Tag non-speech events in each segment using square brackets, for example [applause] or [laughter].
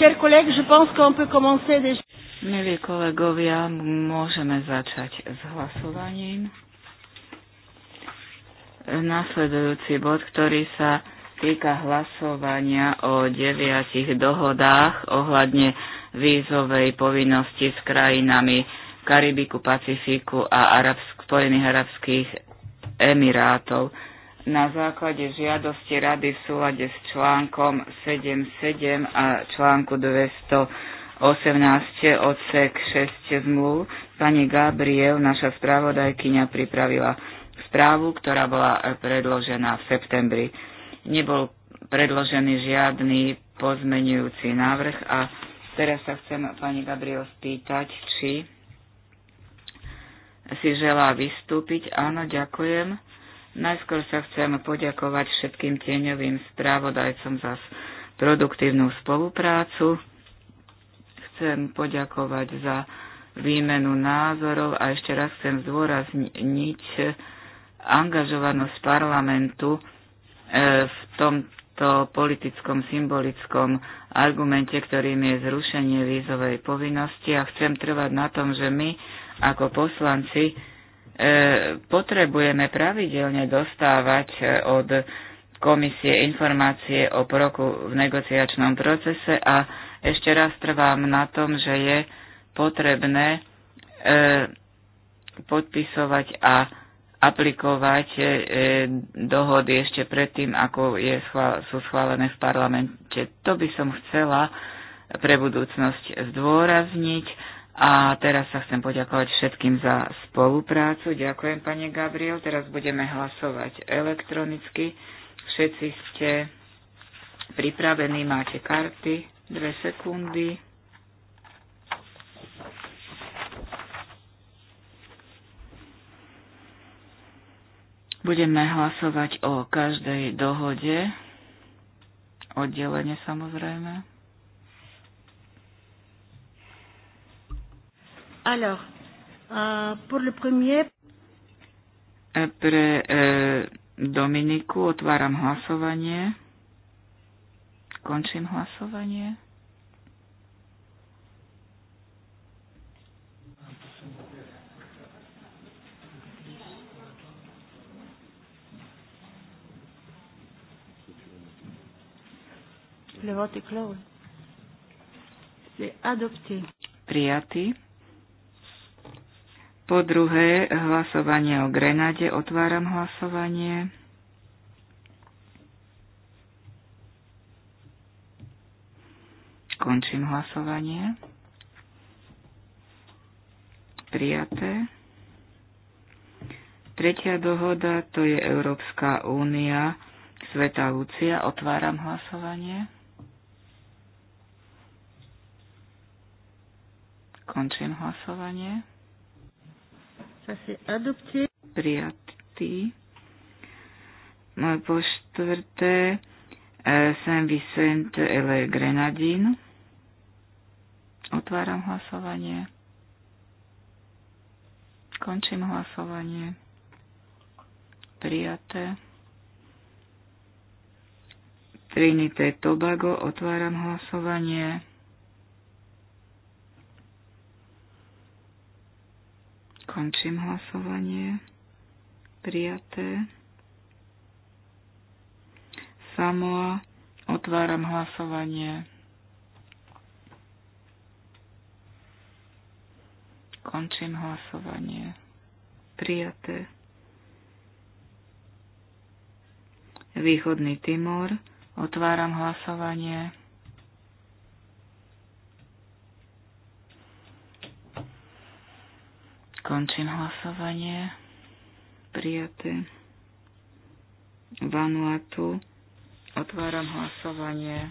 Chers collègues, je pense qu'on peut commencer déjà. Milí kolegovia, môžeme začať s hlasovaním. Nasledujúci bod, ktorý sa týka hlasovania o deviatich dohodách ohľadne vízovej povinnosti s krajinami Karibiku, Pacifiku a Arabsk, Spojených arabských emirátov na základe žiadosti rady v súlade s článkom 7.7 a článku 218 odsek 6 zmluv pani Gabriel, naša spravodajkyňa, pripravila správu, ktorá bola predložená v septembri. Nebol predložený žiadny pozmenujúci návrh a teraz sa chcem pani Gabriel spýtať, či si želá vystúpiť. Áno, ďakujem Najskôr sa chcem poďakovať všetkým tieňovým správodajcom za produktívnu spoluprácu. Chcem poďakovať za výmenu názorov a ešte raz chcem zdôrazniť angažovanosť parlamentu e, v tomto politickom symbolickom argumente, ktorým je zrušenie vízovej povinnosti a chcem trvať na tom, že my ako poslanci E, potrebujeme pravidelne dostávať e, od komisie informácie o proku v negociačnom procese a ešte raz trvám na tom, že je potrebné e, podpisovať a aplikovať dohody ešte predtým, ako je, sú schválené v parlamente. To by som chcela pre budúcnosť zdôrazniť a teraz sa chcem poďakovať všetkým za spoluprácu. Ďakujem, pani Gabriel. Teraz budeme hlasovať elektronicky. Všetci ste pripravení, máte karty. Dve sekundy. Budeme hlasovať o každej dohode, oddelenie samozrejme. Alors, euh, pour le premier... E, pre euh, Dominiku otváram hlasovanie. Končím hlasovanie. Le vote est clos. C'est adopté. Priati. Po druhé, hlasovanie o Grenade. Otváram hlasovanie. Končím hlasovanie. Prijaté. Tretia dohoda to je Európska únia, Sveta Lucia. Otváram hlasovanie. Končím hlasovanie. Prijatý. No po štvrté, e, Saint Vicent Ele Grenadín. Otváram hlasovanie. Končím hlasovanie. Prijaté. Trinité Tobago. Otváram hlasovanie. Končím hlasovanie. Prijaté. Samoa. Otváram hlasovanie. Končím hlasovanie. Prijaté. Východný Timor. Otváram hlasovanie. Končím hlasovanie. Prijaté. Vanuatu. Otváram hlasovanie.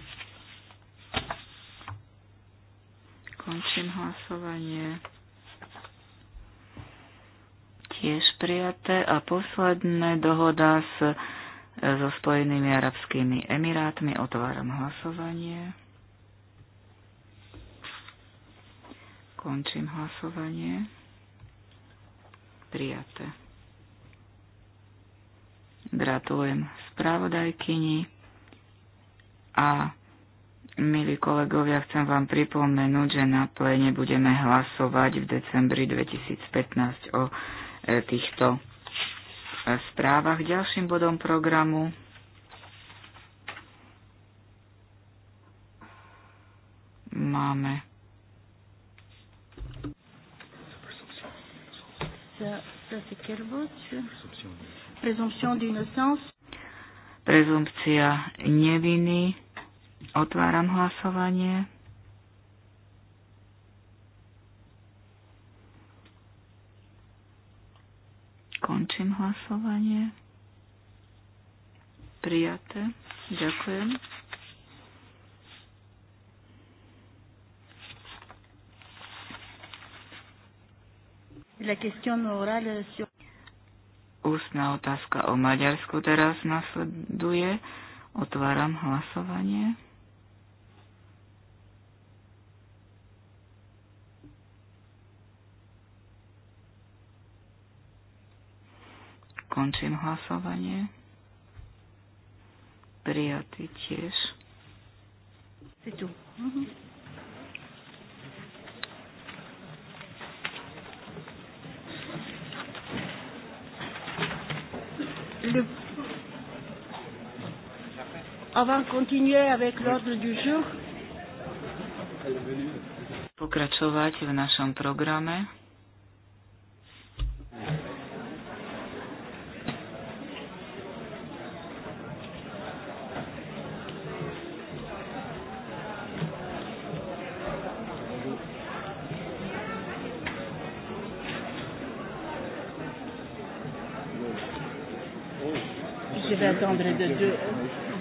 Končím hlasovanie. Tiež prijaté. A posledné dohoda s, so Spojenými arabskými emirátmi. Otváram hlasovanie. Končím hlasovanie prijaté. Gratulujem správodajkyni a milí kolegovia, chcem vám pripomenúť, že na plene budeme hlasovať v decembri 2015 o e, týchto e, správach. Ďalším bodom programu máme ça, d'innocence. Prezumpcia neviny. Otváram hlasovanie. Končím hlasovanie. Prijaté. Ďakujem. Ústna otázka o Maďarsku teraz nasleduje. Otváram hlasovanie. Končím hlasovanie. Prijatý tiež. C'est tout. Mm-hmm. le... Avant de continuer avec l'ordre du jour, pokračovať v našom programe. délai de deux,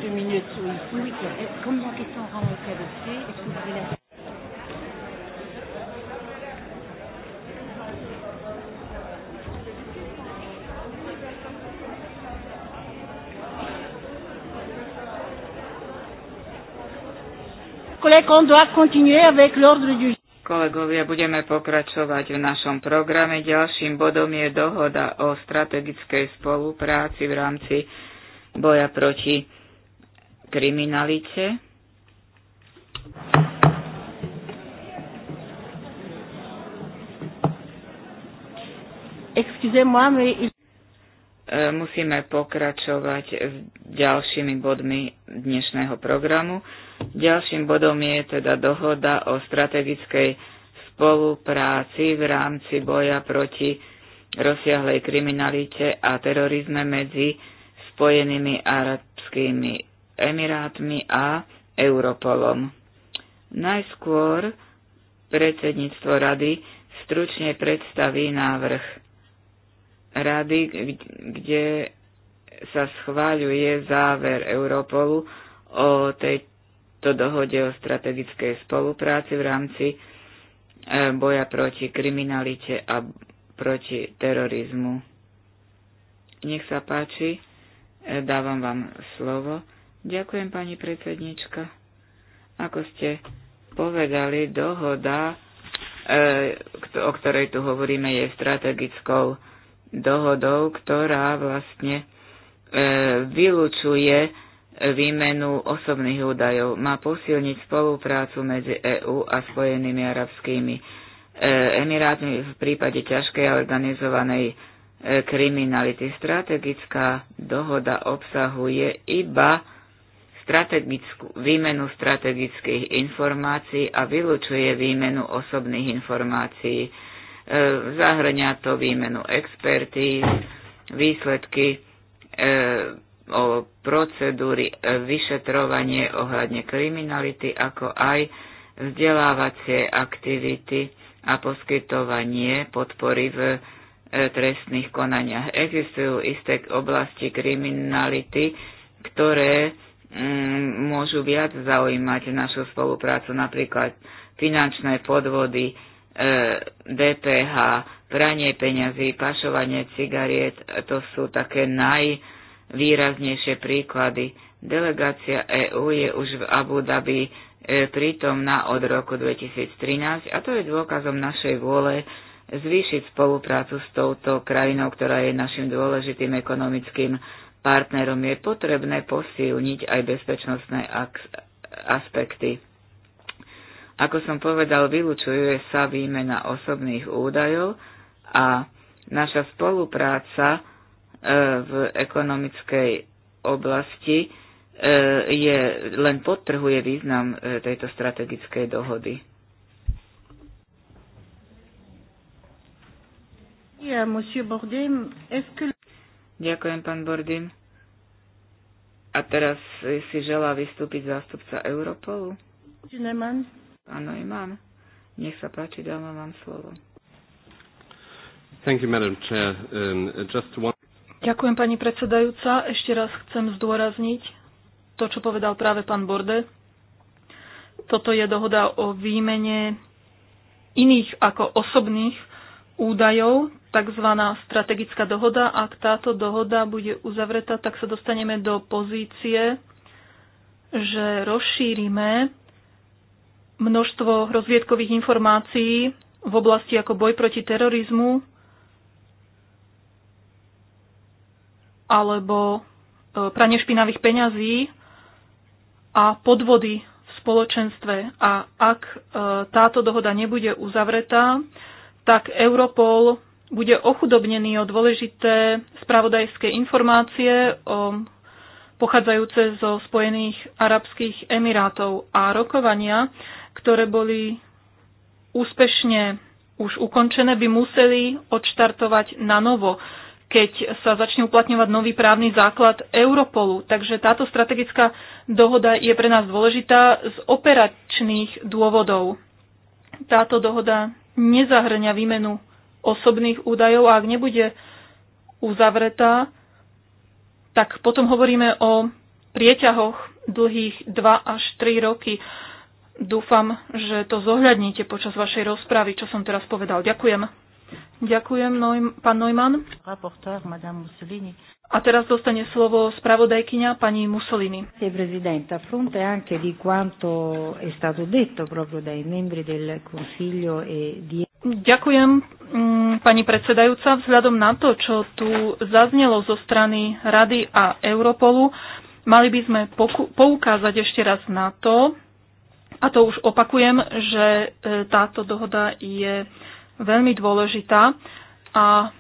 deux minutes. Oui, oui, oui. Euh, comme la question orale a été adoptée, est-ce que vous avez la Kolegovia, budeme pokračovať v našom programe. Ďalším bodom je dohoda o strategickej spolupráci v rámci boja proti kriminalite. E, musíme pokračovať s ďalšími bodmi dnešného programu. Ďalším bodom je teda dohoda o strategickej spolupráci v rámci boja proti rozsiahlej kriminalite a terorizme medzi Spojenými arabskými emirátmi a Europolom. Najskôr predsedníctvo rady stručne predstaví návrh rady, kde sa schváľuje záver Europolu o tejto dohode o strategickej spolupráci v rámci e, boja proti kriminalite a proti terorizmu. Nech sa páči. Dávam vám slovo. Ďakujem, pani predsednička. Ako ste povedali, dohoda, e, o ktorej tu hovoríme, je strategickou dohodou, ktorá vlastne e, vylučuje výmenu osobných údajov. Má posilniť spoluprácu medzi EÚ a Spojenými arabskými e, emirátmi v prípade ťažkej a organizovanej E, kriminality. Strategická dohoda obsahuje iba strategickú, výmenu strategických informácií a vylučuje výmenu osobných informácií. E, zahrňa to výmenu expertíz, výsledky e, o procedúry vyšetrovanie ohľadne kriminality, ako aj vzdelávacie aktivity a poskytovanie podpory v E, trestných konaniach. Existujú isté oblasti kriminality, ktoré mm, môžu viac zaujímať našu spoluprácu, napríklad finančné podvody, e, DPH, pranie peňazí, pašovanie cigariet, to sú také najvýraznejšie príklady. Delegácia EÚ je už v Abu Dhabi e, prítomná od roku 2013 a to je dôkazom našej vôle zvýšiť spoluprácu s touto krajinou, ktorá je našim dôležitým ekonomickým partnerom. Je potrebné posilniť aj bezpečnostné aspekty. Ako som povedal, vylučuje sa výmena osobných údajov a naša spolupráca e, v ekonomickej oblasti e, je, len podtrhuje význam e, tejto strategickej dohody. Ďakujem, pán Bordin. A teraz si želá vystúpiť zástupca Europolu? Áno, imám. Nech sa páči, dávam vám slovo. Thank you, Madam Chair. Um, just one... Ďakujem, pani predsedajúca. Ešte raz chcem zdôrazniť to, čo povedal práve pán Borde. Toto je dohoda o výmene iných ako osobných údajov tzv. strategická dohoda. Ak táto dohoda bude uzavretá, tak sa dostaneme do pozície, že rozšírime množstvo rozviedkových informácií v oblasti ako boj proti terorizmu alebo e, pranie špinavých peňazí a podvody v spoločenstve. A ak e, táto dohoda nebude uzavretá, tak Europol bude ochudobnený o dôležité spravodajské informácie o pochádzajúce zo Spojených arabských emirátov a rokovania, ktoré boli úspešne už ukončené, by museli odštartovať na novo keď sa začne uplatňovať nový právny základ Europolu. Takže táto strategická dohoda je pre nás dôležitá z operačných dôvodov. Táto dohoda nezahrňa výmenu osobných údajov a ak nebude uzavretá, tak potom hovoríme o prieťahoch dlhých 2 až 3 roky. Dúfam, že to zohľadníte počas vašej rozpravy, čo som teraz povedal. Ďakujem. Ďakujem, Neum- pán Neumann. A teraz dostane slovo spravodajkyňa pani Mussolini. Grazie Presidente, a fronte anche di quanto è stato detto proprio dai membri del Consiglio e di... Ďakujem, mm, pani predsedajúca. Vzhľadom na to, čo tu zaznelo zo strany Rady a Europolu, mali by sme poukázať ešte raz na to, a to už opakujem, že e, táto dohoda je veľmi dôležitá a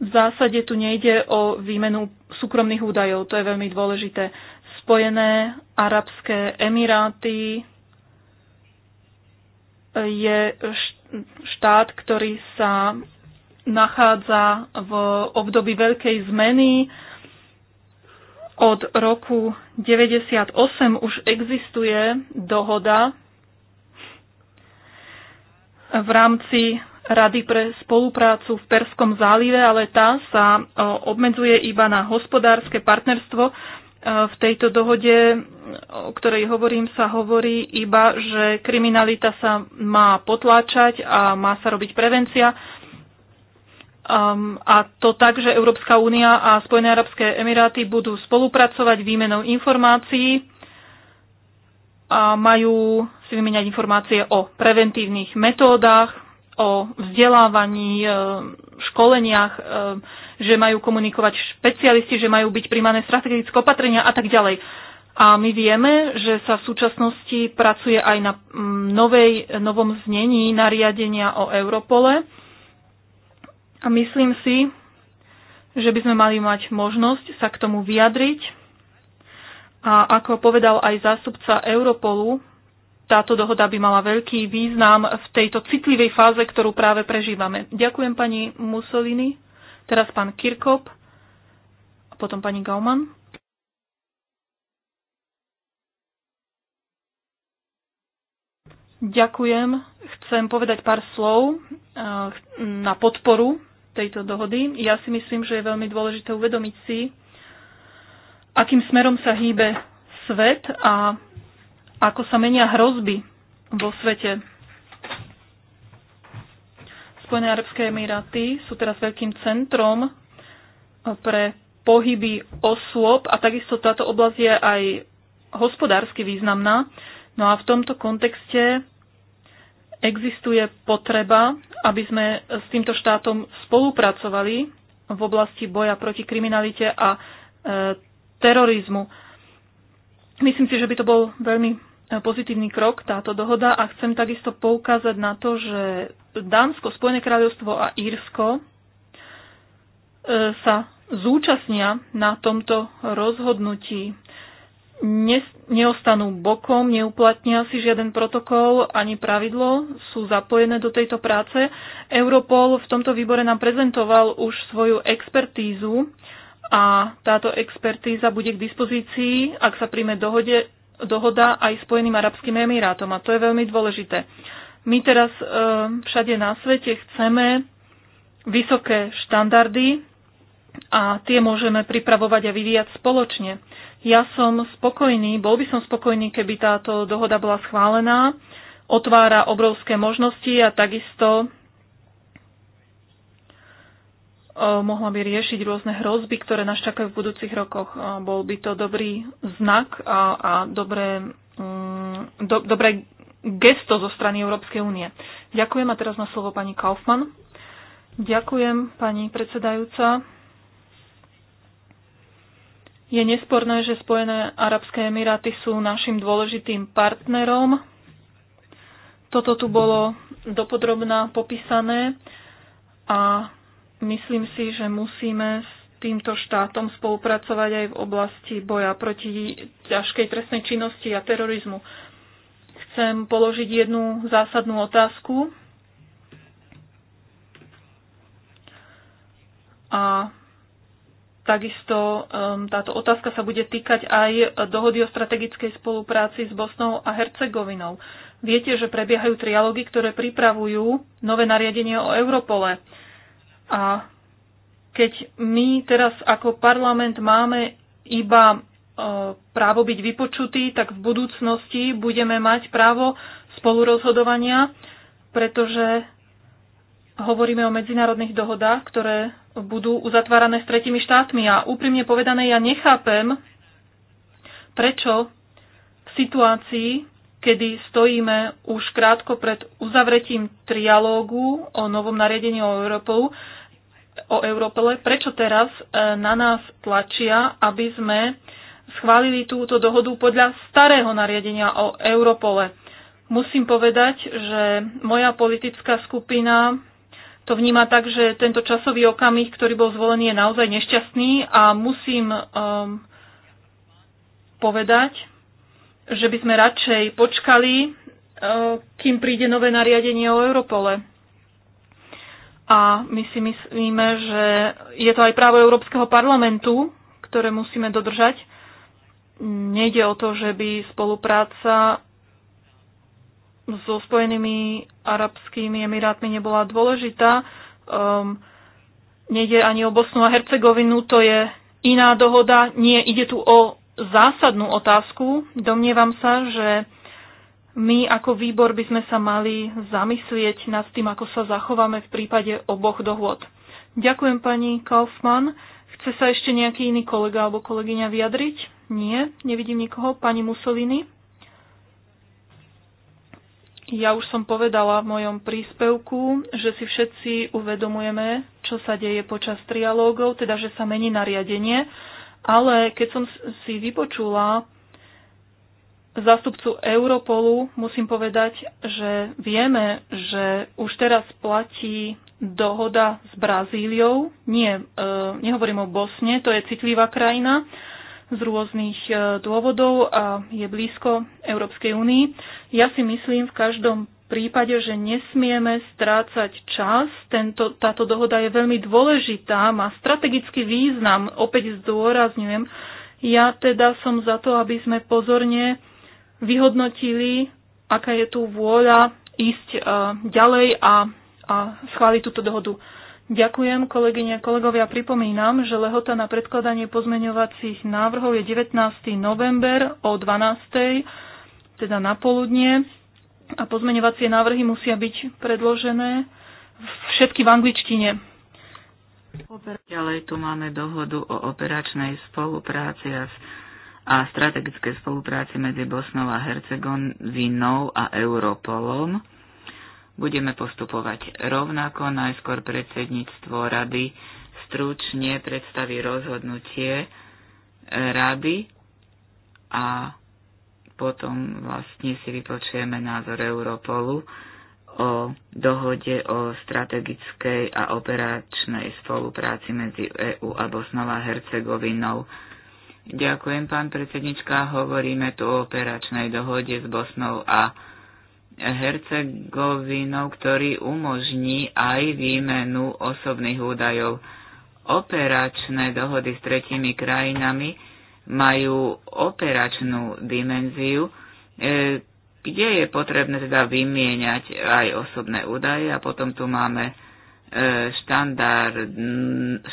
v zásade tu nejde o výmenu súkromných údajov, to je veľmi dôležité. Spojené arabské emiráty je štát, ktorý sa nachádza v období veľkej zmeny. Od roku 98 už existuje dohoda v rámci Rady pre spoluprácu v Perskom zálive, ale tá sa e, obmedzuje iba na hospodárske partnerstvo. E, v tejto dohode, e, o ktorej hovorím, sa hovorí iba, že kriminalita sa má potláčať a má sa robiť prevencia. Ehm, a to tak, že Európska únia a Spojené arabské emiráty budú spolupracovať výmenou informácií a majú si vymeniať informácie o preventívnych metódach, o vzdelávaní, e, školeniach, e, že majú komunikovať špecialisti, že majú byť príjmané strategické opatrenia a tak ďalej. A my vieme, že sa v súčasnosti pracuje aj na novej, novom znení nariadenia o Europole. A myslím si, že by sme mali mať možnosť sa k tomu vyjadriť. A ako povedal aj zástupca Europolu, táto dohoda by mala veľký význam v tejto citlivej fáze, ktorú práve prežívame. Ďakujem pani Mussolini, teraz pán Kirkop a potom pani Gauman. Ďakujem. Chcem povedať pár slov eh, na podporu tejto dohody. Ja si myslím, že je veľmi dôležité uvedomiť si, akým smerom sa hýbe svet a ako sa menia hrozby vo svete. Spojené arabské emiráty sú teraz veľkým centrom pre pohyby osôb a takisto táto oblasť je aj hospodársky významná. No a v tomto kontexte existuje potreba, aby sme s týmto štátom spolupracovali v oblasti boja proti kriminalite a e, terorizmu. Myslím si, že by to bol veľmi pozitívny krok táto dohoda a chcem takisto poukázať na to, že Dánsko, Spojené kráľovstvo a Írsko e, sa zúčastnia na tomto rozhodnutí. Ne, neostanú bokom, neuplatnia si žiaden protokol ani pravidlo, sú zapojené do tejto práce. Europol v tomto výbore nám prezentoval už svoju expertízu a táto expertíza bude k dispozícii, ak sa príjme dohode, dohoda aj Spojeným arabským emirátom a to je veľmi dôležité. My teraz e, všade na svete chceme vysoké štandardy a tie môžeme pripravovať a vyvíjať spoločne. Ja som spokojný, bol by som spokojný, keby táto dohoda bola schválená, otvára obrovské možnosti a takisto E, mohla by riešiť rôzne hrozby, ktoré nás čakajú v budúcich rokoch. E, bol by to dobrý znak a, a dobré, mm, do, dobré gesto zo strany Európskej únie. Ďakujem a teraz na slovo pani Kaufmann. Ďakujem, pani predsedajúca. Je nesporné, že Spojené arabské emiráty sú našim dôležitým partnerom. Toto tu bolo dopodrobná popísané a Myslím si, že musíme s týmto štátom spolupracovať aj v oblasti boja proti ťažkej trestnej činnosti a terorizmu. Chcem položiť jednu zásadnú otázku. A takisto um, táto otázka sa bude týkať aj dohody o strategickej spolupráci s Bosnou a Hercegovinou. Viete, že prebiehajú trialógy, ktoré pripravujú nové nariadenie o Europole. A keď my teraz ako parlament máme iba e, právo byť vypočutý, tak v budúcnosti budeme mať právo spolurozhodovania, pretože hovoríme o medzinárodných dohodách, ktoré budú uzatvárané s tretimi štátmi. A úprimne povedané, ja nechápem, prečo v situácii, kedy stojíme už krátko pred uzavretím trialógu o novom nariadení o Európou, o Europole, prečo teraz e, na nás tlačia, aby sme schválili túto dohodu podľa starého nariadenia o Europole. Musím povedať, že moja politická skupina to vníma tak, že tento časový okamih, ktorý bol zvolený, je naozaj nešťastný a musím um, povedať, že by sme radšej počkali, um, kým príde nové nariadenie o Europole. A my si myslíme, že je to aj právo Európskeho parlamentu, ktoré musíme dodržať. Nejde o to, že by spolupráca so Spojenými arabskými emirátmi nebola dôležitá. Um, nejde ani o Bosnu a Hercegovinu, to je iná dohoda. Nie, ide tu o zásadnú otázku. Domnievam sa, že my ako výbor by sme sa mali zamyslieť nad tým, ako sa zachováme v prípade oboch dohôd. Ďakujem pani Kaufmann. Chce sa ešte nejaký iný kolega alebo kolegyňa vyjadriť? Nie, nevidím nikoho. Pani Mussolini? Ja už som povedala v mojom príspevku, že si všetci uvedomujeme, čo sa deje počas trialógov, teda že sa mení nariadenie, ale keď som si vypočula zástupcu Europolu musím povedať, že vieme, že už teraz platí dohoda s Brazíliou. Nie, e, nehovorím o Bosne, to je citlivá krajina z rôznych e, dôvodov a je blízko Európskej únii. Ja si myslím v každom prípade, že nesmieme strácať čas. Tento, táto dohoda je veľmi dôležitá, má strategický význam, opäť zdôrazňujem. Ja teda som za to, aby sme pozorne vyhodnotili, aká je tu vôľa ísť e, ďalej a, a schváliť túto dohodu. Ďakujem, kolegyne a kolegovia. Pripomínam, že lehota na predkladanie pozmeňovacích návrhov je 19. november o 12. teda na poludnie a pozmeňovacie návrhy musia byť predložené všetky v angličtine. Ďalej tu máme dohodu o operačnej spolupráci a s a strategické spolupráce medzi Bosnou a Hercegovinou a Europolom. Budeme postupovať rovnako, najskôr predsedníctvo rady stručne predstaví rozhodnutie rady a potom vlastne si vypočujeme názor Europolu o dohode o strategickej a operačnej spolupráci medzi EÚ a Bosnou a Hercegovinou. Ďakujem, pán predsednička. Hovoríme tu o operačnej dohode s Bosnou a Hercegovinou, ktorý umožní aj výmenu osobných údajov. Operačné dohody s tretimi krajinami majú operačnú dimenziu, e, kde je potrebné teda vymieňať aj osobné údaje a potom tu máme E, štandard,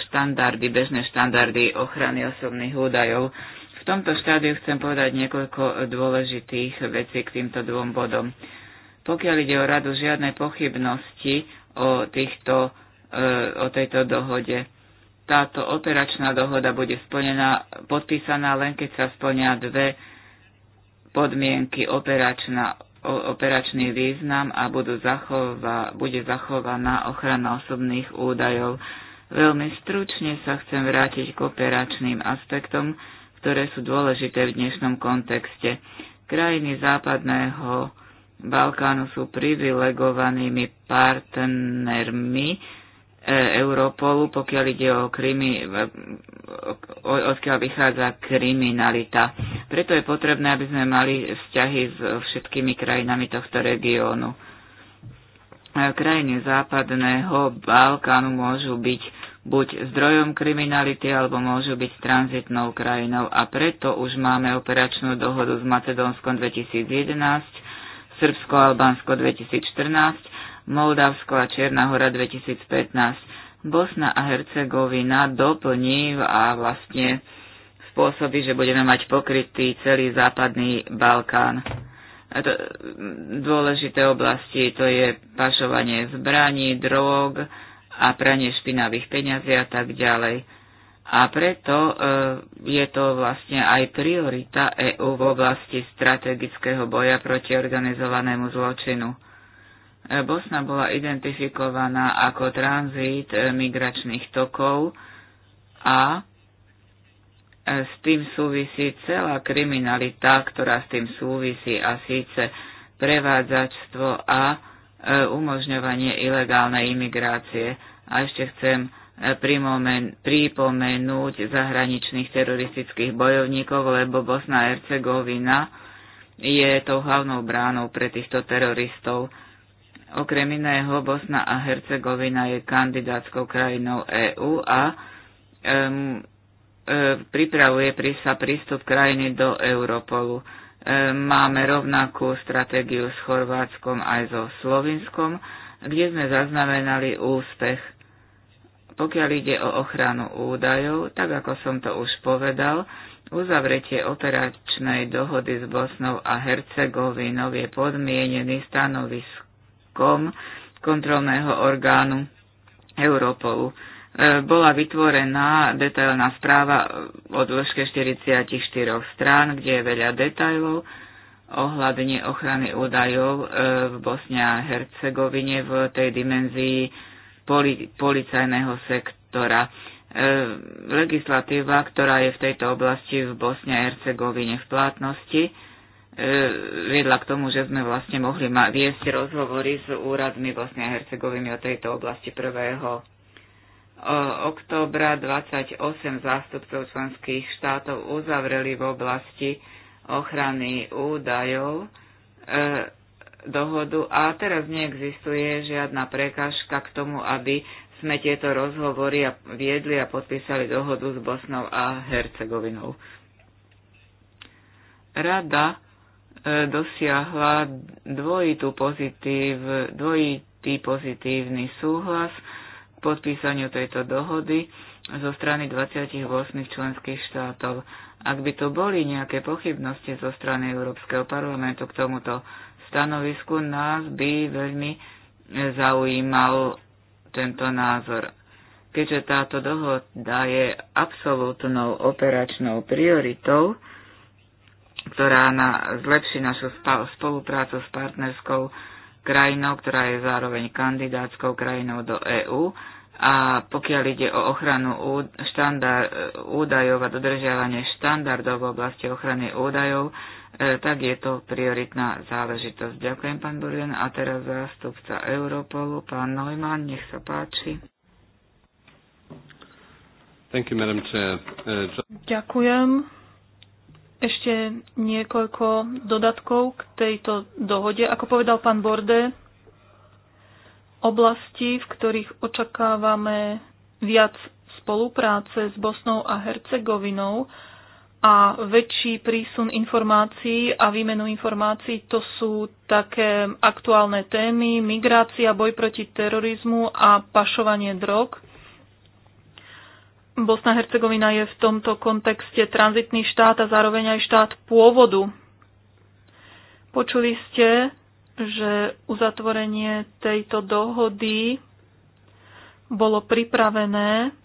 štandardy, bežné štandardy ochrany osobných údajov. V tomto štádiu chcem povedať niekoľko dôležitých vecí k týmto dvom bodom. Pokiaľ ide o radu, žiadne pochybnosti o, týchto, e, o tejto dohode. Táto operačná dohoda bude splnená, podpísaná len keď sa splnia dve podmienky. Operačná operačný význam a budú zachova, bude zachovaná ochrana osobných údajov. Veľmi stručne sa chcem vrátiť k operačným aspektom, ktoré sú dôležité v dnešnom kontexte. Krajiny západného Balkánu sú privilegovanými partnermi E, Europolu, pokiaľ ide o krimi, odkiaľ vychádza kriminalita. Preto je potrebné, aby sme mali vzťahy s všetkými krajinami tohto regiónu. E, krajiny západného Balkánu môžu byť buď zdrojom kriminality, alebo môžu byť tranzitnou krajinou. A preto už máme operačnú dohodu s Macedónskom 2011, Srbsko-Albánsko 2014 Moldavsko a Čierna hora 2015. Bosna a Hercegovina doplní a vlastne spôsobí, že budeme mať pokrytý celý západný Balkán. Mm, dôležité oblasti to je pašovanie zbraní, drog a pranie špinavých peňazí a tak ďalej. A preto e, je to vlastne aj priorita EÚ v oblasti strategického boja proti organizovanému zločinu. Bosna bola identifikovaná ako tranzit e, migračných tokov a e, s tým súvisí celá kriminalita, ktorá s tým súvisí a síce prevádzačstvo a e, umožňovanie ilegálnej imigrácie. A ešte chcem pripomenúť zahraničných teroristických bojovníkov, lebo Bosna Hercegovina je tou hlavnou bránou pre týchto teroristov. Okrem iného Bosna a Hercegovina je kandidátskou krajinou EÚ a um, um, pripravuje pri sa prístup krajiny do Europolu. Um, máme rovnakú stratégiu s Chorvátskom aj so Slovinskom, kde sme zaznamenali úspech. Pokiaľ ide o ochranu údajov, tak ako som to už povedal, Uzavretie operačnej dohody s Bosnou a Hercegovinou je podmienený stanovisk výsledkom kontrolného orgánu Europolu. E, bola vytvorená detailná správa o dĺžke 44 strán, kde je veľa detajlov ohľadne ochrany údajov e, v Bosne a Hercegovine v tej dimenzii poli- policajného sektora. E, legislatíva, ktorá je v tejto oblasti v Bosne a Hercegovine v platnosti, E, viedla k tomu, že sme vlastne mohli viesť rozhovory s úradmi Bosny a Hercegoviny o tejto oblasti 1. októbra 28 zástupcov členských štátov uzavreli v oblasti ochrany údajov e, dohodu a teraz neexistuje žiadna prekážka k tomu, aby sme tieto rozhovory a viedli a podpísali dohodu s Bosnou a Hercegovinou. Rada dosiahla dvojitú pozitív, dvojitý pozitívny súhlas k podpísaniu tejto dohody zo strany 28 členských štátov. Ak by tu boli nejaké pochybnosti zo strany Európskeho parlamentu k tomuto stanovisku, nás by veľmi zaujímal tento názor. Keďže táto dohoda je absolútnou operačnou prioritou, ktorá na, zlepší našu spoluprácu s partnerskou krajinou, ktorá je zároveň kandidátskou krajinou do EÚ. A pokiaľ ide o ochranu štandard, údajov a dodržiavanie štandardov v oblasti ochrany údajov, e, tak je to prioritná záležitosť. Ďakujem, pán Burian. A teraz zástupca Europolu, pán Neumann, nech sa páči. Thank you, Madam Chair. Uh, Ďakujem. Ešte niekoľko dodatkov k tejto dohode. Ako povedal pán Borde, oblasti, v ktorých očakávame viac spolupráce s Bosnou a Hercegovinou a väčší prísun informácií a výmenu informácií, to sú také aktuálne témy, migrácia, boj proti terorizmu a pašovanie drog Bosna Hercegovina je v tomto kontexte tranzitný štát a zároveň aj štát pôvodu. Počuli ste, že uzatvorenie tejto dohody bolo pripravené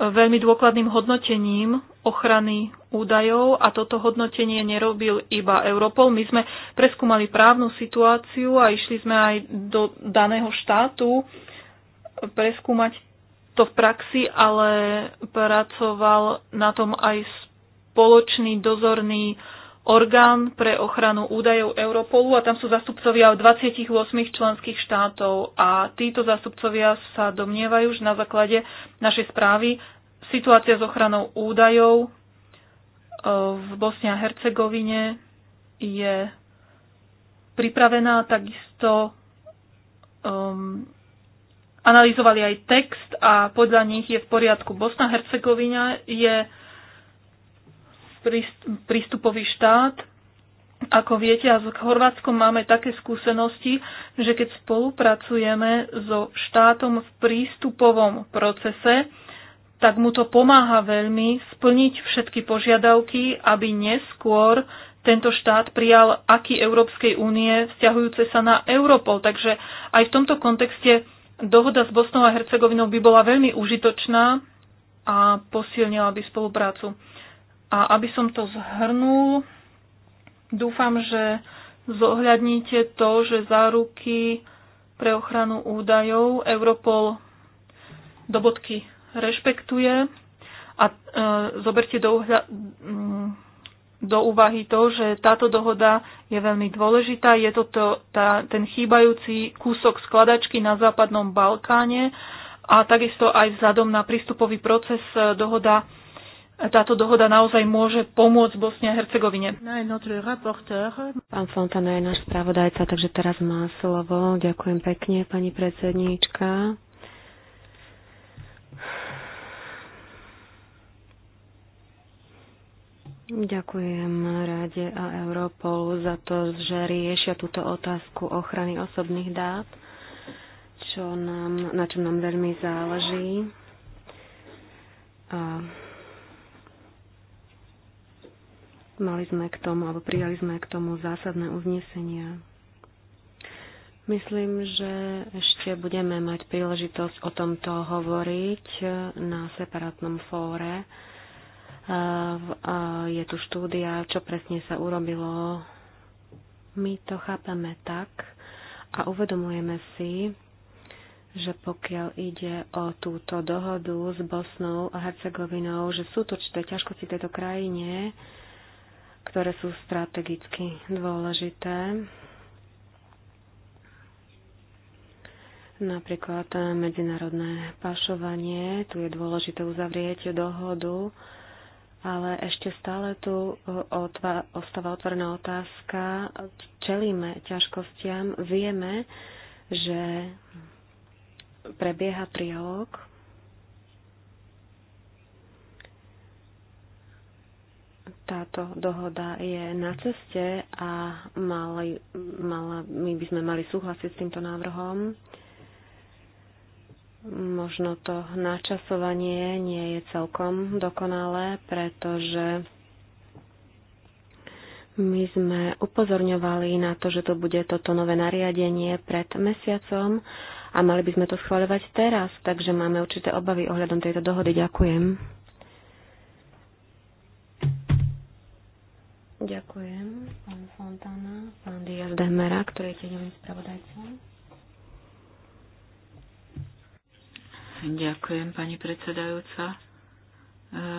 veľmi dôkladným hodnotením ochrany údajov a toto hodnotenie nerobil iba Europol. My sme preskúmali právnu situáciu a išli sme aj do daného štátu preskúmať to v praxi, ale pracoval na tom aj spoločný dozorný orgán pre ochranu údajov Europolu a tam sú zastupcovia od 28 členských štátov a títo zastupcovia sa domnievajú, že na základe našej správy situácia s ochranou údajov e, v Bosne a Hercegovine je pripravená, takisto um, analyzovali aj text a podľa nich je v poriadku. Bosna Hercegovina je prístupový štát. Ako viete, a s Chorvátskom máme také skúsenosti, že keď spolupracujeme so štátom v prístupovom procese, tak mu to pomáha veľmi splniť všetky požiadavky, aby neskôr tento štát prijal aký Európskej únie vzťahujúce sa na Europol. Takže aj v tomto kontexte Dohoda s Bosnou a Hercegovinou by bola veľmi užitočná a posilnila by spoluprácu. A aby som to zhrnul, dúfam, že zohľadníte to, že záruky pre ochranu údajov Europol do bodky rešpektuje a e, zoberte do, ohľa, do úvahy to, že táto dohoda je veľmi dôležitá. Je to, to tá, ten chýbajúci kúsok skladačky na západnom Balkáne a takisto aj vzhľadom na prístupový proces e, dohoda táto dohoda naozaj môže pomôcť Bosne a Hercegovine. Pán Fontana je náš spravodajca, takže teraz má slovo. Ďakujem pekne, pani predsedníčka. Ďakujem Rade a Europolu za to, že riešia túto otázku ochrany osobných dát, čo nám, na čom nám veľmi záleží. A mali sme k tomu, alebo prijali sme k tomu zásadné uznesenia. Myslím, že ešte budeme mať príležitosť o tomto hovoriť na separátnom fóre je tu štúdia, čo presne sa urobilo. My to chápeme tak a uvedomujeme si, že pokiaľ ide o túto dohodu s Bosnou a Hercegovinou, že sú to čité ťažkosti tejto krajine, ktoré sú strategicky dôležité. Napríklad medzinárodné pašovanie, tu je dôležité uzavrieť dohodu ale ešte stále tu e, ostáva otvorená otázka. Čelíme ťažkostiam, vieme, že prebieha trialóg. Táto dohoda je na ceste a mali, mala, my by sme mali súhlasiť s týmto návrhom. Možno to načasovanie nie je celkom dokonalé, pretože my sme upozorňovali na to, že to bude toto nové nariadenie pred mesiacom a mali by sme to schváľovať teraz, takže máme určité obavy ohľadom tejto dohody. Ďakujem. Ďakujem, pán Fontana, pán Diaz Demera, ktorý je tieňovým spravodajcom. Ďakujem, pani predsedajúca. E,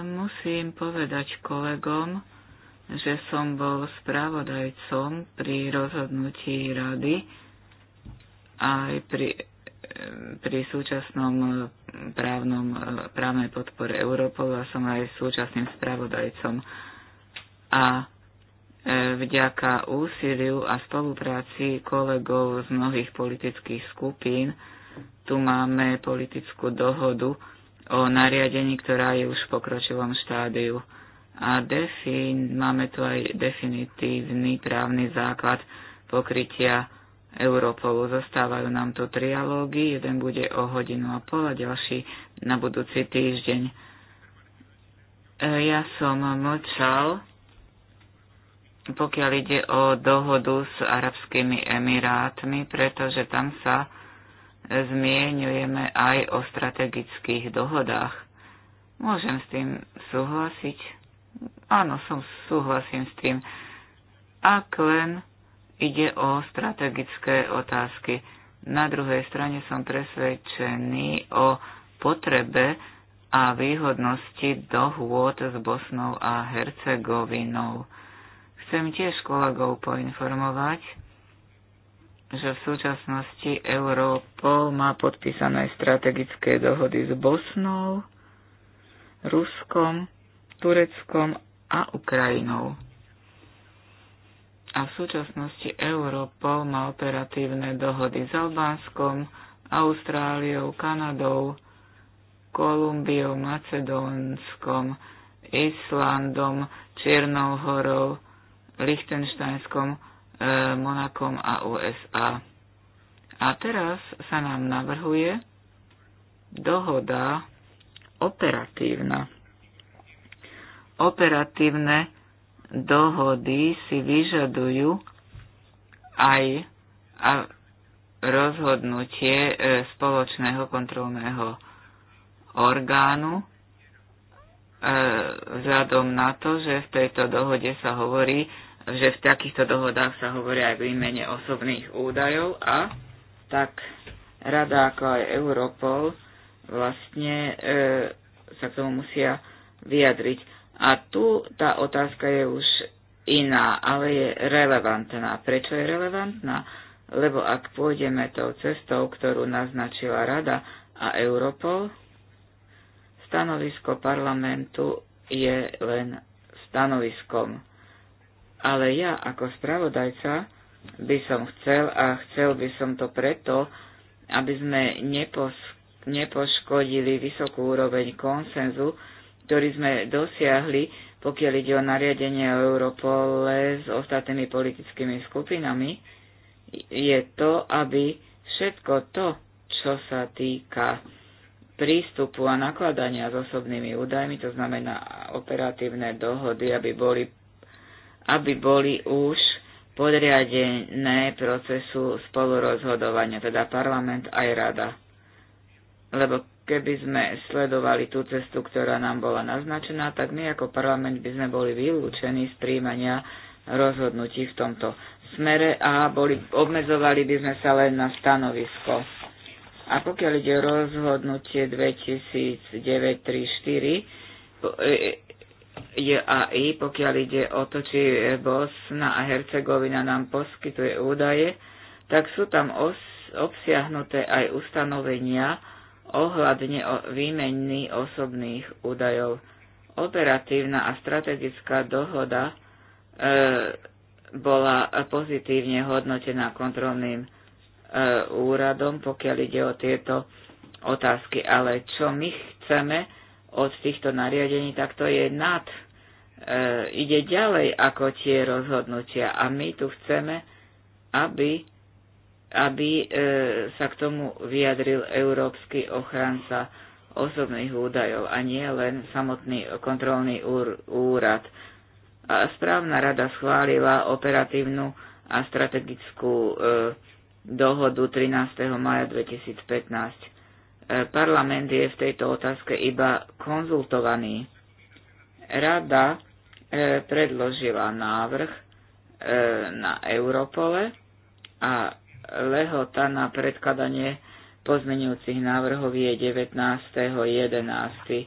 musím povedať kolegom, že som bol spravodajcom pri rozhodnutí rady aj pri, e, pri súčasnom e, právnom, právnej podpore Europolu a som aj súčasným spravodajcom. A vďaka úsiliu a spolupráci kolegov z mnohých politických skupín, tu máme politickú dohodu o nariadení, ktorá je už v pokročilom štádiu. A defin, máme tu aj definitívny právny základ pokrytia Europolu. Zostávajú nám tu trialógy, jeden bude o hodinu a pol a ďalší na budúci týždeň. E, ja som mlčal, pokiaľ ide o dohodu s Arabskými Emirátmi, pretože tam sa zmieňujeme aj o strategických dohodách. Môžem s tým súhlasiť? Áno, som súhlasím s tým. Ak len ide o strategické otázky. Na druhej strane som presvedčený o potrebe a výhodnosti dohôd s Bosnou a Hercegovinou. Chcem tiež kolegov poinformovať, že v súčasnosti Europol má podpísané strategické dohody s Bosnou, Ruskom, Tureckom a Ukrajinou. A v súčasnosti Europol má operatívne dohody s Albánskom, Austráliou, Kanadou, Kolumbiou, Macedónskom, Islandom, Čiernou horou, Lichtenštajnskom, E, Monakom a USA. A teraz sa nám navrhuje dohoda operatívna. Operatívne dohody si vyžadujú aj rozhodnutie e, spoločného kontrolného orgánu e, vzhľadom na to, že v tejto dohode sa hovorí, že v takýchto dohodách sa hovoria aj výmene osobných údajov a tak rada ako aj Europol vlastne e, sa k tomu musia vyjadriť. A tu tá otázka je už iná, ale je relevantná. Prečo je relevantná? Lebo ak pôjdeme tou cestou, ktorú naznačila Rada a Europol, stanovisko parlamentu je len stanoviskom ale ja ako spravodajca by som chcel a chcel by som to preto, aby sme nepos, nepoškodili vysokú úroveň konsenzu, ktorý sme dosiahli, pokiaľ ide o nariadenie o Europole s ostatnými politickými skupinami, je to, aby všetko to, čo sa týka prístupu a nakladania s osobnými údajmi, to znamená operatívne dohody, aby boli aby boli už podriadené procesu spolurozhodovania, teda parlament aj rada. Lebo keby sme sledovali tú cestu, ktorá nám bola naznačená, tak my ako parlament by sme boli vylúčení z príjmania rozhodnutí v tomto smere a boli, obmedzovali by sme sa len na stanovisko. A pokiaľ ide o rozhodnutie 2934, JAI, pokiaľ ide o to, či Bosna a Hercegovina nám poskytuje údaje, tak sú tam os- obsiahnuté aj ustanovenia ohľadne o výmeny osobných údajov. Operatívna a strategická dohoda e, bola pozitívne hodnotená kontrolným e, úradom, pokiaľ ide o tieto otázky. Ale čo my chceme, od týchto nariadení, tak to je nad, e, ide ďalej ako tie rozhodnutia. A my tu chceme, aby, aby e, sa k tomu vyjadril európsky ochranca osobných údajov a nie len samotný kontrolný úr, úrad. A správna rada schválila operatívnu a strategickú e, dohodu 13. maja 2015 parlament je v tejto otázke iba konzultovaný. Rada e, predložila návrh e, na Europole a lehota na predkladanie pozmenujúcich návrhov je 19.11.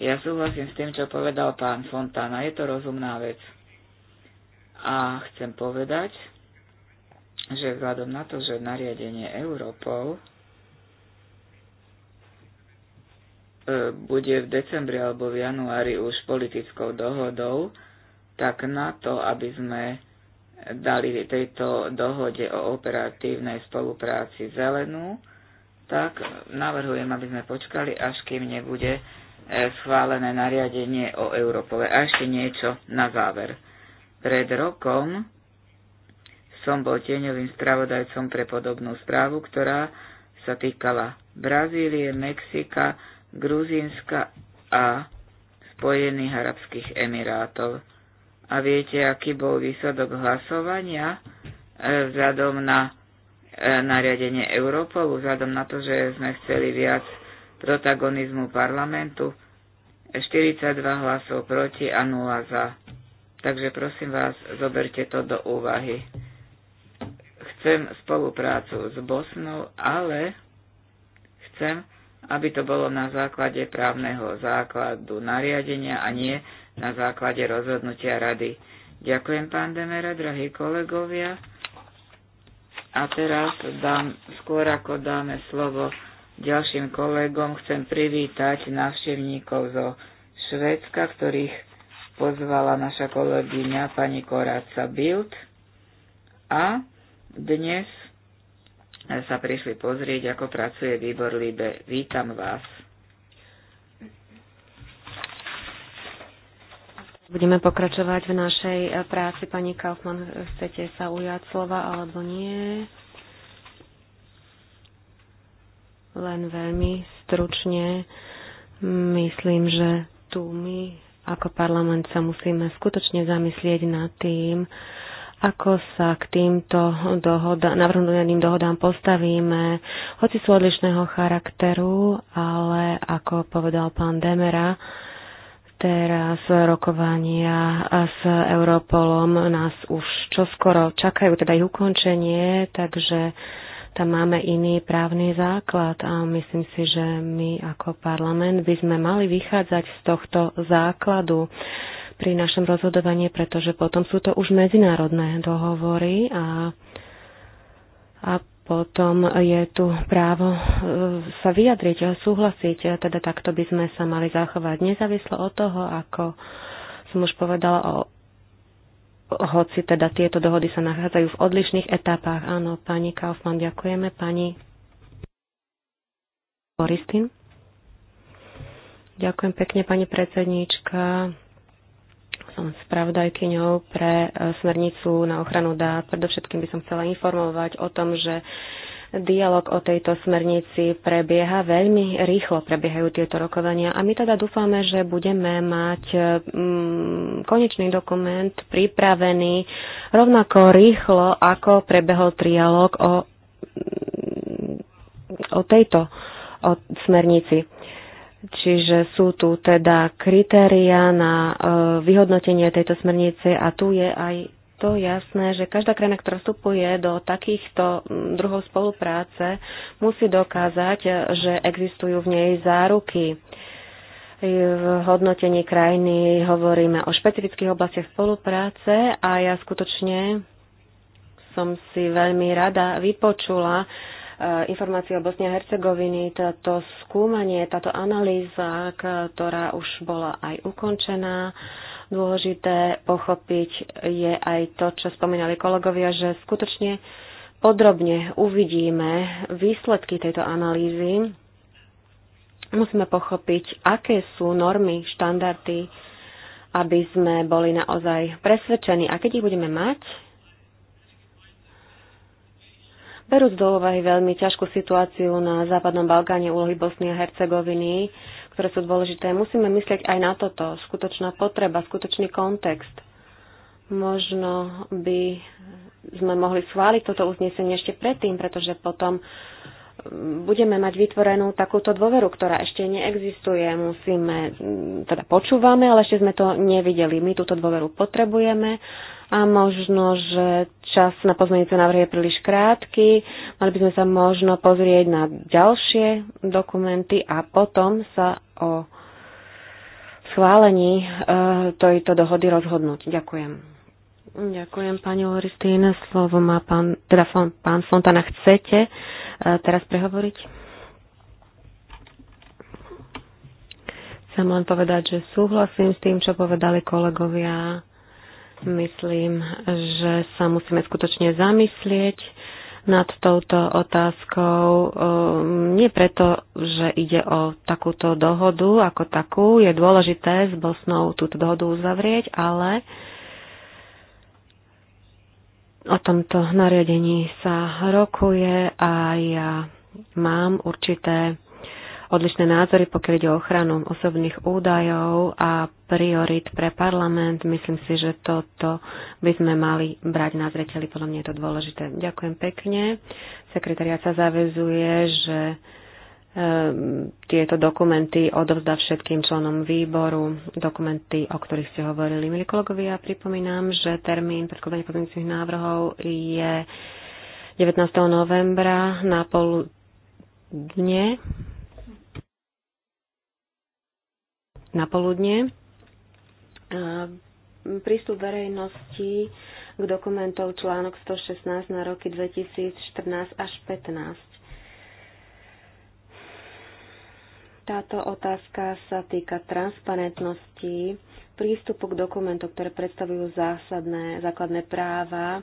Ja súhlasím s tým, čo povedal pán Fontana. Je to rozumná vec. A chcem povedať, že vzhľadom na to, že nariadenie Europol E, bude v decembri alebo v januári už politickou dohodou, tak na to, aby sme dali tejto dohode o operatívnej spolupráci zelenú, tak navrhujem, aby sme počkali, až kým nebude e, schválené nariadenie o Európove. A ešte niečo na záver. Pred rokom som bol tieňovým spravodajcom pre podobnú správu, ktorá sa týkala Brazílie, Mexika, Gruzínska a Spojených arabských emirátov. A viete, aký bol výsledok hlasovania e, vzhľadom na e, nariadenie Europolu, vzhľadom na to, že sme chceli viac protagonizmu parlamentu, 42 hlasov proti a 0 za. Takže prosím vás, zoberte to do úvahy. Chcem spoluprácu s Bosnou, ale chcem, aby to bolo na základe právneho základu nariadenia a nie na základe rozhodnutia rady. Ďakujem, pán Demera, drahí kolegovia. A teraz dám, skôr ako dáme slovo ďalším kolegom, chcem privítať návštevníkov zo Švédska, ktorých pozvala naša kolegyňa pani Koráca Bild. A dnes sa prišli pozrieť, ako pracuje výbor Libe. Vítam vás. Budeme pokračovať v našej eh, práci. Pani Kaufmann, chcete sa ujať slova alebo nie? Len veľmi stručne myslím, že tu my ako parlament sa musíme skutočne zamyslieť nad tým, ako sa k týmto dohoda, navrhnutým dohodám postavíme. Hoci sú odlišného charakteru, ale ako povedal pán Demera, teraz rokovania s Europolom nás už čoskoro čakajú, teda ich ukončenie, takže tam máme iný právny základ a myslím si, že my ako parlament by sme mali vychádzať z tohto základu pri našom rozhodovaní, pretože potom sú to už medzinárodné dohovory a, a potom je tu právo e, sa vyjadriť a súhlasiť. Teda takto by sme sa mali zachovať nezávislo od toho, ako som už povedala o hoci teda tieto dohody sa nachádzajú v odlišných etapách. Áno, pani Kaufmann, ďakujeme. Pani Boristin. Ďakujem pekne, pani predsedníčka som spravodajkyňou pre e, smernicu na ochranu dát. Predovšetkým by som chcela informovať o tom, že dialog o tejto smernici prebieha veľmi rýchlo, prebiehajú tieto rokovania a my teda dúfame, že budeme mať e, mm, konečný dokument pripravený rovnako rýchlo, ako prebehol trialog o, mm, o tejto o smernici. Čiže sú tu teda kritéria na e, vyhodnotenie tejto smernice a tu je aj to jasné, že každá krajina, ktorá vstupuje do takýchto druhov spolupráce, musí dokázať, e, že existujú v nej záruky. V hodnotení krajiny hovoríme o špecifických oblastiach spolupráce a ja skutočne som si veľmi rada vypočula informácií o Bosne a Hercegoviny. Toto skúmanie, táto analýza, ktorá už bola aj ukončená, dôležité pochopiť je aj to, čo spomínali kolegovia, že skutočne podrobne uvidíme výsledky tejto analýzy. Musíme pochopiť, aké sú normy, štandardy, aby sme boli naozaj presvedčení. A keď ich budeme mať, Berúc do úvahy veľmi ťažkú situáciu na Západnom Balkáne úlohy Bosny a Hercegoviny, ktoré sú dôležité, musíme myslieť aj na toto. Skutočná potreba, skutočný kontext. Možno by sme mohli schváliť toto uznesenie ešte predtým, pretože potom mm, budeme mať vytvorenú takúto dôveru, ktorá ešte neexistuje. Musíme, mm, teda počúvame, ale ešte sme to nevideli. My túto dôveru potrebujeme a možno, že čas na pozmeňujúce návrhy je príliš krátky. Mali by sme sa možno pozrieť na ďalšie dokumenty a potom sa o schválení e, tejto dohody rozhodnúť. Ďakujem. Ďakujem, pani Loristín. Slovo má pán, teda pán Fontana. Chcete e, teraz prehovoriť? Chcem len povedať, že súhlasím s tým, čo povedali kolegovia. Myslím, že sa musíme skutočne zamyslieť nad touto otázkou. Ehm, nie preto, že ide o takúto dohodu ako takú. Je dôležité s Bosnou túto dohodu uzavrieť, ale o tomto nariadení sa rokuje a ja mám určité odlišné názory, pokiaľ ide o ochranu osobných údajov a priorit pre parlament. Myslím si, že toto by sme mali brať na zreteli. Podľa mňa je to dôležité. Ďakujem pekne. Sekretariat sa zavezuje, že ehm, tieto dokumenty odovzdá všetkým členom výboru, dokumenty, o ktorých ste hovorili. Milí kolegovia, pripomínam, že termín predkladania pozmeňujúcich návrhov je 19. novembra na pol dne poludne. Ehm, prístup verejnosti k dokumentov článok 116 na roky 2014 až 15. Táto otázka sa týka transparentnosti, prístupu k dokumentom, ktoré predstavujú zásadné, základné práva,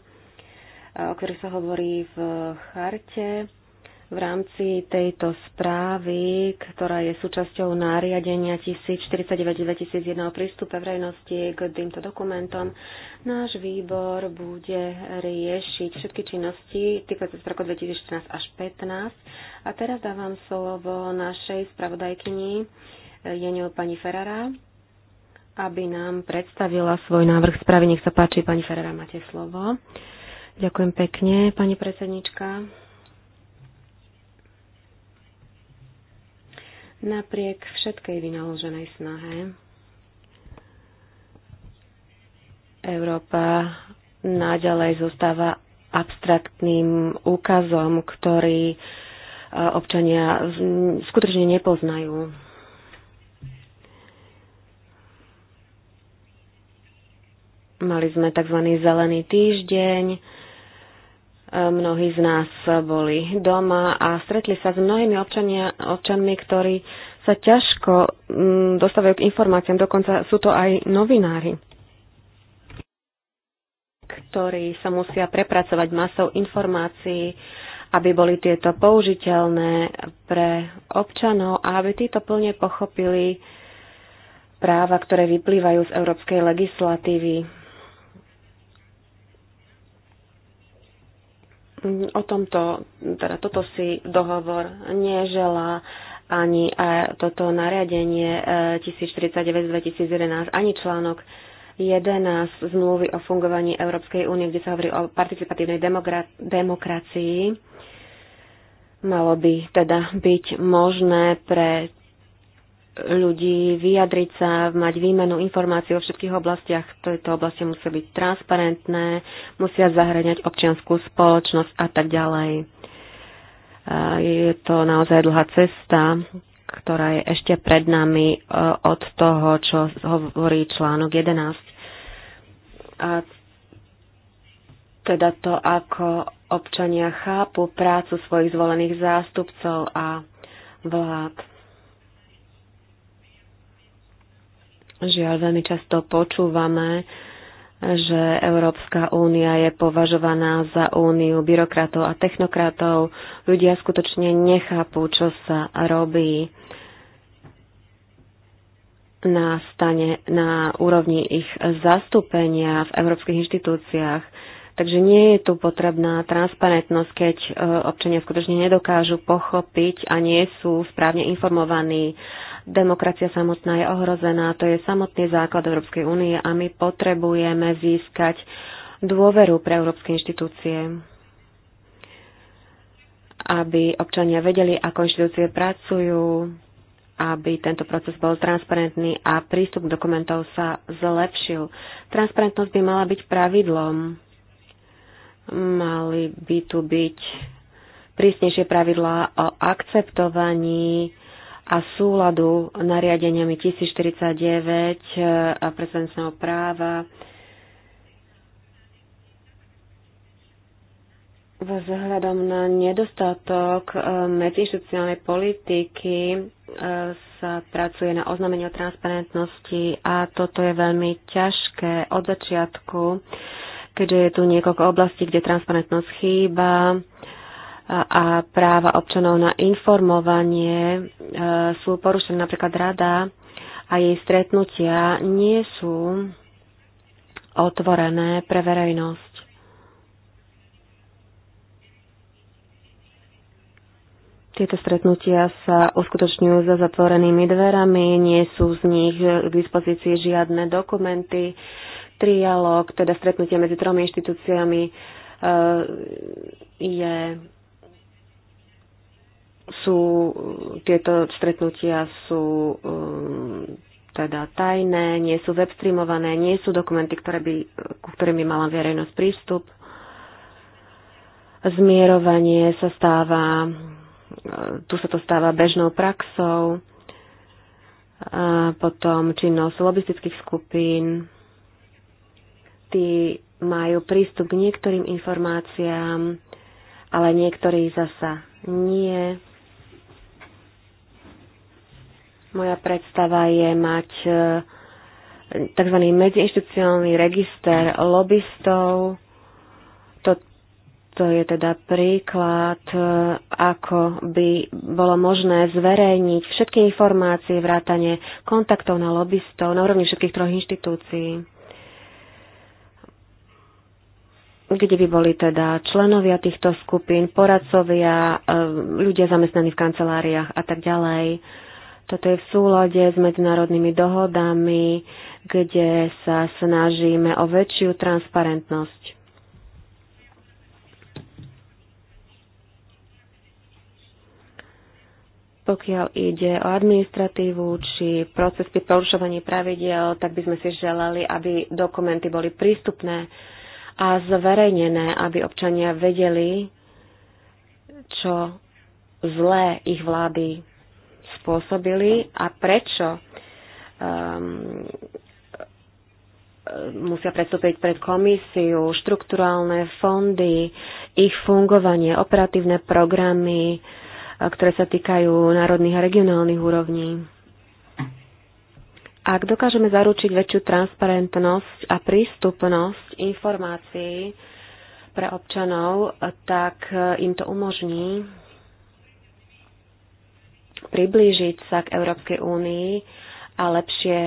o ktorých sa hovorí v charte v rámci tejto správy, ktorá je súčasťou nariadenia 1049-2001 o prístupe verejnosti k týmto dokumentom, náš výbor bude riešiť všetky činnosti týkajúce sa roku 2014 až 15. A teraz dávam slovo našej spravodajkyni Jeniu pani Ferrara, aby nám predstavila svoj návrh správy. Nech sa páči, pani Ferrara, máte slovo. Ďakujem pekne, pani predsednička. napriek všetkej vynaloženej snahe. Európa naďalej zostáva abstraktným úkazom, ktorý e, občania skutočne nepoznajú. Mali sme tzv. zelený týždeň, Mnohí z nás boli doma a stretli sa s mnohými občania, občanmi, ktorí sa ťažko mm, dostávajú k informáciám, dokonca sú to aj novinári ktorí sa musia prepracovať masou informácií, aby boli tieto použiteľné pre občanov a aby títo plne pochopili práva, ktoré vyplývajú z európskej legislatívy. O tomto, teda toto si dohovor neželá ani toto nariadenie 1049 e, 2011, ani článok 11 zmluvy o fungovaní Európskej únie, kde sa hovorí o participatívnej demokra- demokracii. Malo by teda byť možné pre ľudí, vyjadriť sa, mať výmenu informácií o všetkých oblastiach. Tieto oblasti musia byť transparentné, musia zahraniať občianskú spoločnosť a tak ďalej. Je to naozaj dlhá cesta, ktorá je ešte pred nami e, od toho, čo hovorí článok 11. A teda to, ako občania chápu prácu svojich zvolených zástupcov a vlád. Žiaľ, veľmi často počúvame, že Európska únia je považovaná za úniu byrokratov a technokratov. Ľudia skutočne nechápu, čo sa robí na, stane, na úrovni ich zastúpenia v európskych inštitúciách. Takže nie je tu potrebná transparentnosť, keď e, občania skutočne nedokážu pochopiť a nie sú správne informovaní Demokracia samotná je ohrozená, to je samotný základ Európskej únie a my potrebujeme získať dôveru pre európske inštitúcie, aby občania vedeli, ako inštitúcie pracujú, aby tento proces bol transparentný a prístup k dokumentov sa zlepšil. Transparentnosť by mala byť pravidlom. Mali by tu byť prísnejšie pravidlá o akceptovaní a súladu nariadeniami 1049 e, a predsednicného práva Vzhľadom na nedostatok e, medzištucionálnej politiky e, sa pracuje na oznámení o transparentnosti a toto je veľmi ťažké od začiatku, keďže je tu niekoľko oblastí, kde transparentnosť chýba a práva občanov na informovanie e, sú porušené. Napríklad rada a jej stretnutia nie sú otvorené pre verejnosť. Tieto stretnutia sa uskutočňujú za zatvorenými dverami, nie sú z nich k dispozícii žiadne dokumenty. Trialóg, teda stretnutie medzi tromi inštitúciami, e, je sú tieto stretnutia sú um, teda tajné, nie sú webstreamované, nie sú dokumenty, ktoré by, ku ktorým by mala verejnosť prístup. Zmierovanie sa stáva, tu sa to stáva bežnou praxou, a potom činnosť lobistických skupín. Tí majú prístup k niektorým informáciám, ale niektorí zasa nie. Moja predstava je mať e, tzv. medziinstitucionálny register lobbystov. To, to je teda príklad, e, ako by bolo možné zverejniť všetky informácie, vrátane kontaktov na lobbystov na úrovni všetkých troch inštitúcií kde by boli teda členovia týchto skupín, poradcovia, e, ľudia zamestnaní v kanceláriách a tak ďalej. Toto je v súlade s medzinárodnými dohodami, kde sa snažíme o väčšiu transparentnosť. Pokiaľ ide o administratívu či proces pri porušovaní pravidel, tak by sme si želali, aby dokumenty boli prístupné a zverejnené, aby občania vedeli, čo zlé ich vlády spôsobili a prečo um, musia predstúpiť pred komisiu, štrukturálne fondy, ich fungovanie, operatívne programy, eh, ktoré sa týkajú národných a regionálnych úrovní. Ak dokážeme zaručiť väčšiu transparentnosť a prístupnosť informácií pre občanov, eh, tak eh, im to umožní priblížiť sa k Európskej únii a lepšie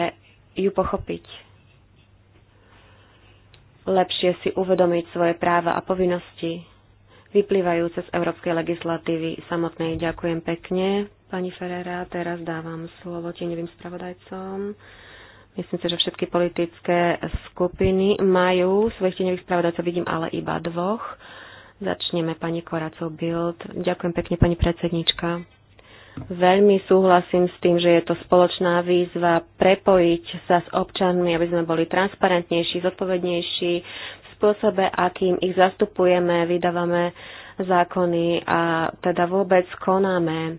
ju pochopiť. Lepšie si uvedomiť svoje práva a povinnosti vyplývajúce z európskej legislatívy samotnej. Ďakujem pekne, pani Ferrera. Teraz dávam slovo tieňovým spravodajcom. Myslím si, že všetky politické skupiny majú svojich tieňových spravodajcov, vidím ale iba dvoch. Začneme pani Koracov Bild. Ďakujem pekne, pani predsednička. Veľmi súhlasím s tým, že je to spoločná výzva prepojiť sa s občanmi, aby sme boli transparentnejší, zodpovednejší v spôsobe, akým ich zastupujeme, vydávame zákony a teda vôbec konáme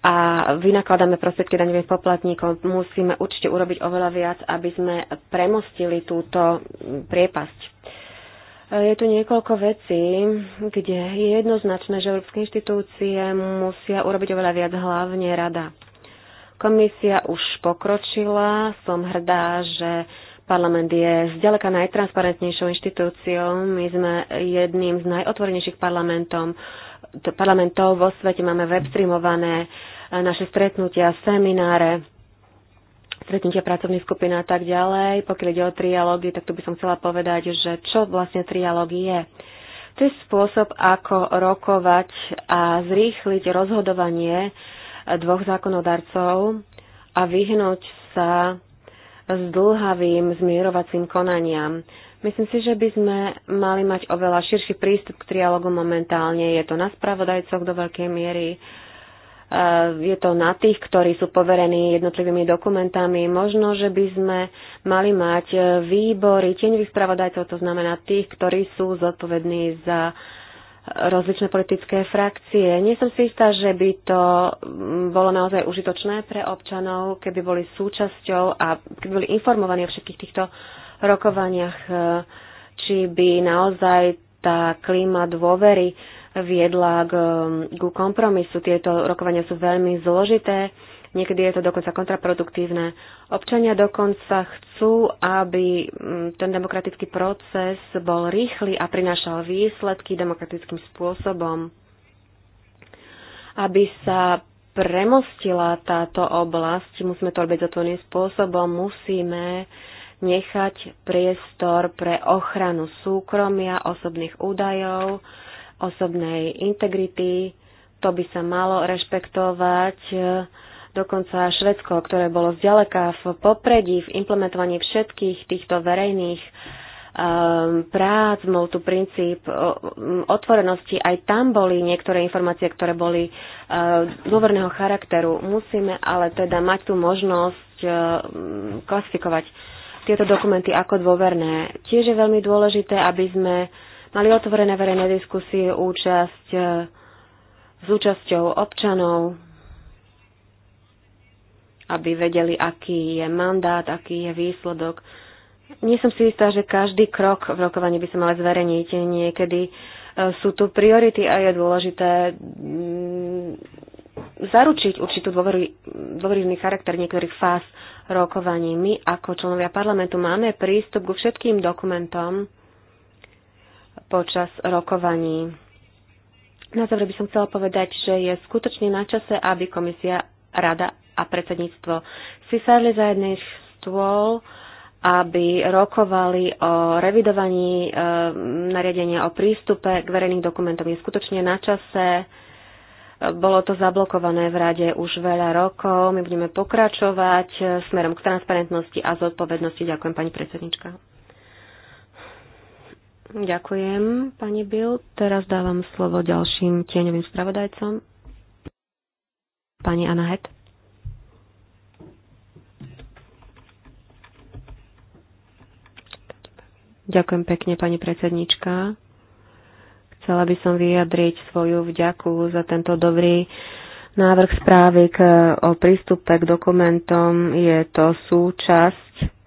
a vynakladáme prostriedky daňových poplatníkov. Musíme určite urobiť oveľa viac, aby sme premostili túto priepasť. Je tu niekoľko vecí, kde je jednoznačné, že európske inštitúcie musia urobiť oveľa viac, hlavne rada. Komisia už pokročila, som hrdá, že parlament je zďaleka najtransparentnejšou inštitúciou. My sme jedným z najotvorenejších parlamentov. parlamentov vo svete. Máme webstreamované e, naše stretnutia, semináre stretnutia pracovných skupín a tak ďalej. Pokiaľ ide o trialógy, tak tu by som chcela povedať, že čo vlastne trialóg je. To je spôsob, ako rokovať a zrýchliť rozhodovanie dvoch zákonodarcov a vyhnúť sa s dlhavým zmierovacím konaniam. Myslím si, že by sme mali mať oveľa širší prístup k trialogu momentálne. Je to na spravodajcoch do veľkej miery. Uh, Eh, je to na tých, ktorí sú poverení jednotlivými dokumentami. Možno, že by sme mali mať eh, výbory tieňových spravodajcov, to znamená tých, ktorí sú zodpovední za eh, rozličné politické frakcie. Nie som si istá, že by to mm, bolo naozaj užitočné pre občanov, keby boli súčasťou a keby boli informovaní o všetkých týchto rokovaniach, či by naozaj tá klíma dôvery viedla k, um, k kompromisu. Tieto rokovania sú veľmi zložité, niekedy je to dokonca kontraproduktívne. Občania dokonca chcú, aby um, ten demokratický proces bol rýchly a prinášal výsledky demokratickým spôsobom, aby sa premostila táto oblasť, musíme to robiť zatvoreným spôsobom, musíme nechať priestor pre ochranu súkromia, osobných údajov, osobnej integrity. To by sa malo rešpektovať. Dokonca Švedsko, ktoré bolo zďaleka v popredí v implementovaní všetkých týchto verejných ehm, prác, bol tu princíp otvorenosti. Aj tam boli niektoré informácie, ktoré boli ehm, dôverného charakteru. Musíme ale teda mať tú možnosť ehm, klasifikovať tieto dokumenty ako dôverné. Tiež je veľmi dôležité, aby sme mali otvorené verejné diskusie, účasť e, s účasťou občanov, aby vedeli, aký je mandát, aký je výsledok. Nie som si istá, že každý krok v rokovaní by sa mal zverejniť. Niekedy e, sú tu priority a je dôležité mm, zaručiť určitú dôvery, charakter niektorých fáz rokovaní. My ako členovia parlamentu máme prístup ku všetkým dokumentom, počas rokovaní. Na záver by som chcela povedať, že je skutočne na čase, aby komisia, rada a predsedníctvo si sadli za jedný stôl, aby rokovali o revidovaní e, nariadenia o prístupe k verejným dokumentom. Je skutočne na čase. E, bolo to zablokované v rade už veľa rokov. My budeme pokračovať e, smerom k transparentnosti a zodpovednosti. Ďakujem, pani predsednička. Ďakujem, pani Bill. Teraz dávam slovo ďalším tieňovým spravodajcom. Pani Anna Het. Ďakujem pekne, pani predsednička. Chcela by som vyjadriť svoju vďaku za tento dobrý návrh správy k, o prístupe k dokumentom. Je to súčasť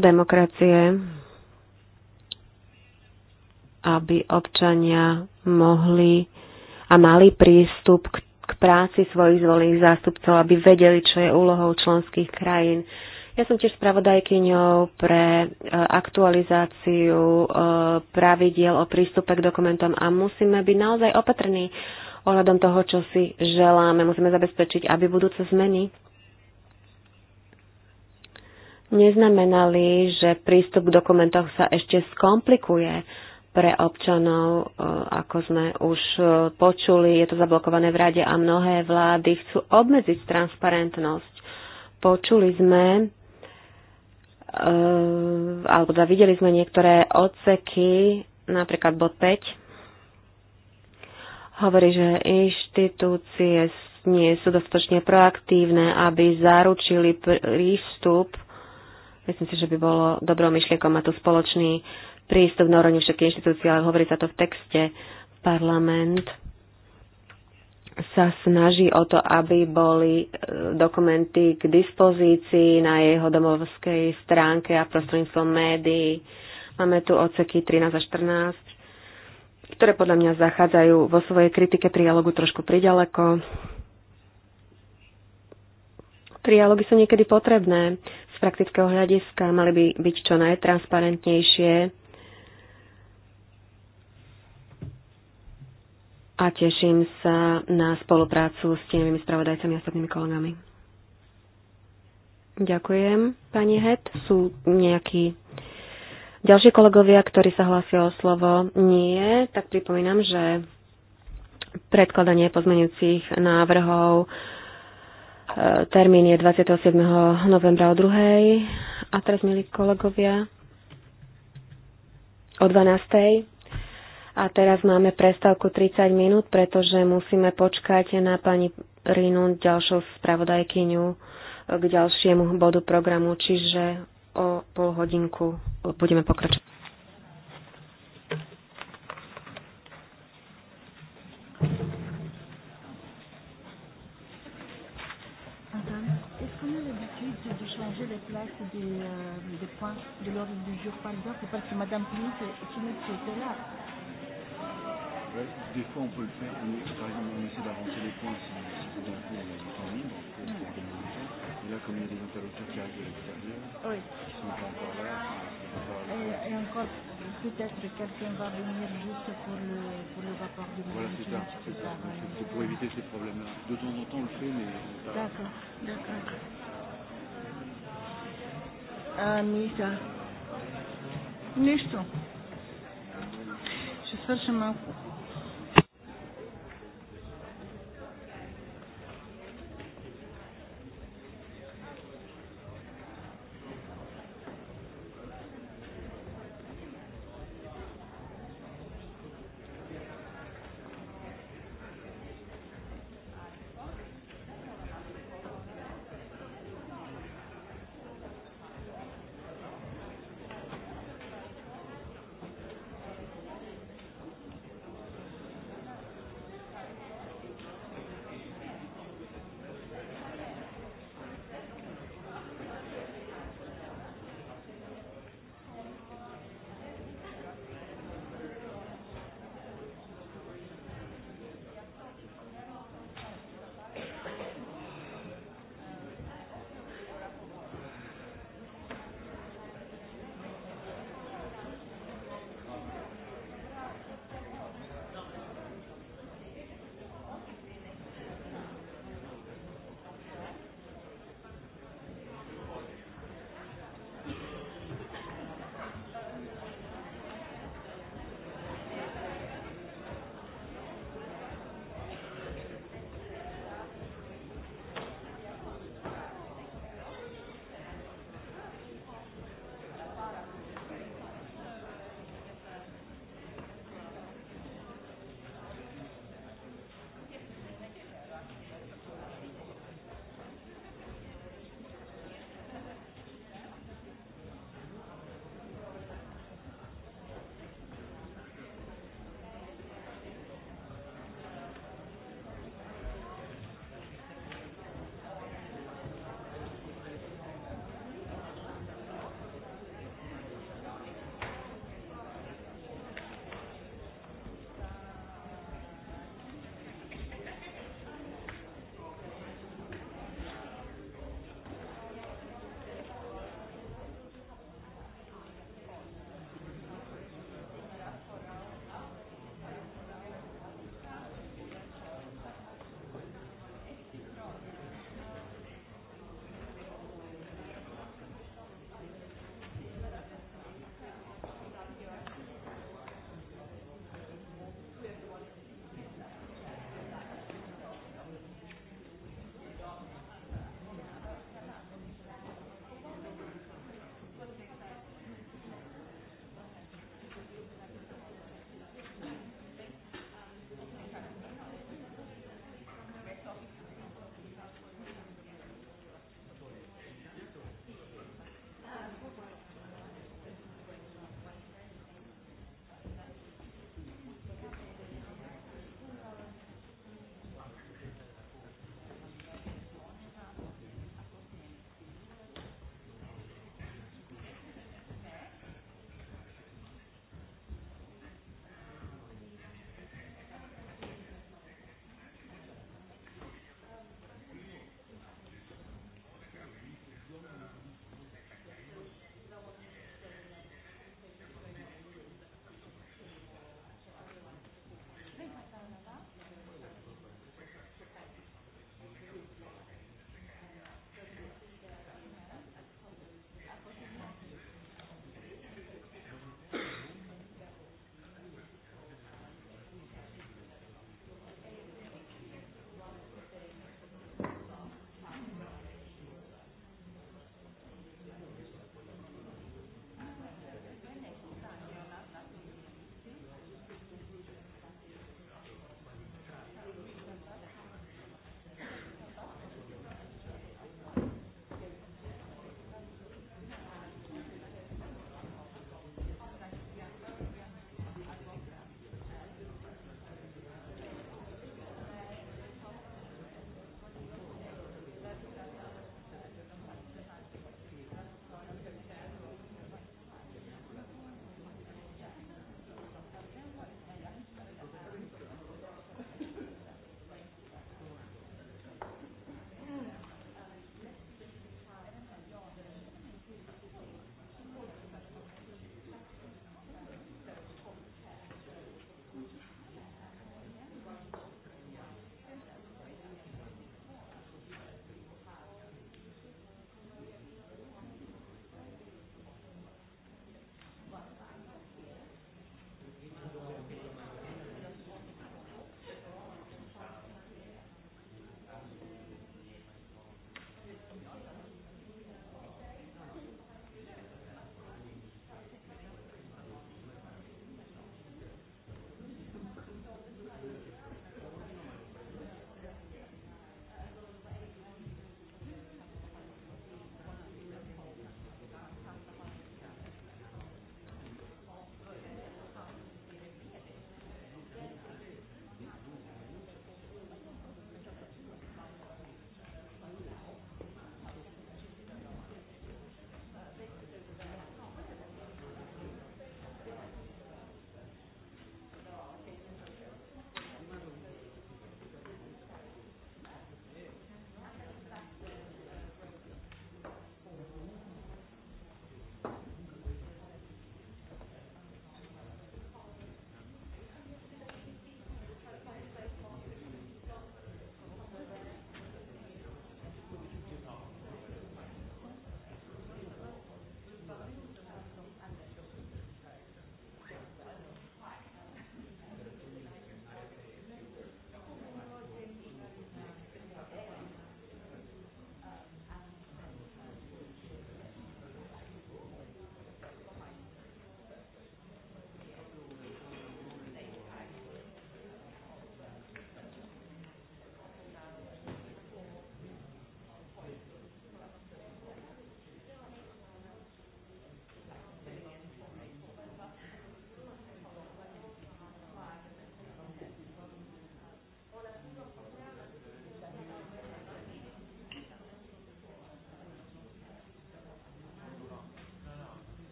demokracie, aby občania mohli a mali prístup k, k práci svojich zvolených zástupcov, aby vedeli, čo je úlohou členských krajín. Ja som tiež spravodajkyňou pre e, aktualizáciu e, pravidiel o prístupe k dokumentom a musíme byť naozaj opatrní ohľadom toho, čo si želáme. Musíme zabezpečiť, aby budúce zmeny neznamenali, že prístup k dokumentoch sa ešte skomplikuje pre občanov, e, ako sme už e, počuli, je to zablokované v rade a mnohé vlády chcú obmedziť transparentnosť. Počuli sme, e, alebo teda videli sme niektoré odseky, napríklad bod 5, hovorí, že inštitúcie nie sú dostatočne proaktívne, aby zaručili prístup Myslím si, že by bolo dobrou myšlienkou mať tu spoločný prístup na úrovni všetkých inštitúcií, ale hovorí sa to v texte. Parlament sa snaží o to, aby boli e, dokumenty k dispozícii na jeho domovskej stránke a prostredníctvom médií. Máme tu odseky 13 a 14, ktoré podľa mňa zachádzajú vo svojej kritike trialogu trošku priďaleko. Trialógy sú niekedy potrebné, z praktického hľadiska mali by byť čo najtransparentnejšie a teším sa na spoluprácu s tými spravodajcami a ostatnými kolegami. Ďakujem, pani Het. Sú nejakí ďalší kolegovia, ktorí sa hlásia o slovo? Nie, tak pripomínam, že predkladanie pozmenujúcich návrhov E, termín je 27. novembra o 2. A teraz, milí kolegovia, o 12. A teraz máme prestávku 30 minút, pretože musíme počkať na pani Rinu ďalšou spravodajkyňu e, k ďalšiemu bodu programu, čiže o pol hodinku budeme pokračovať. changer les places des, euh, des points de l'ordre du jour, par exemple, parce que Mme Pini, est une autre qui était là. Ouais, des fois, on peut le faire. On, par exemple, on essaie d'avancer les points si, si coup, on a du temps libre. Pour, hmm. pour et là, comme il y a des interlocuteurs qui arrivent de l'extérieur, oui. qui ne sont pas encore là, et, et encore, peut-être quelqu'un va venir juste pour le, pour le rapport de Voilà, c'est ça. C'est pour éviter ces problèmes-là. De temps en temps, on le fait, mais... D'accord, d'accord. Anita. Нищо. Ще свършим малко.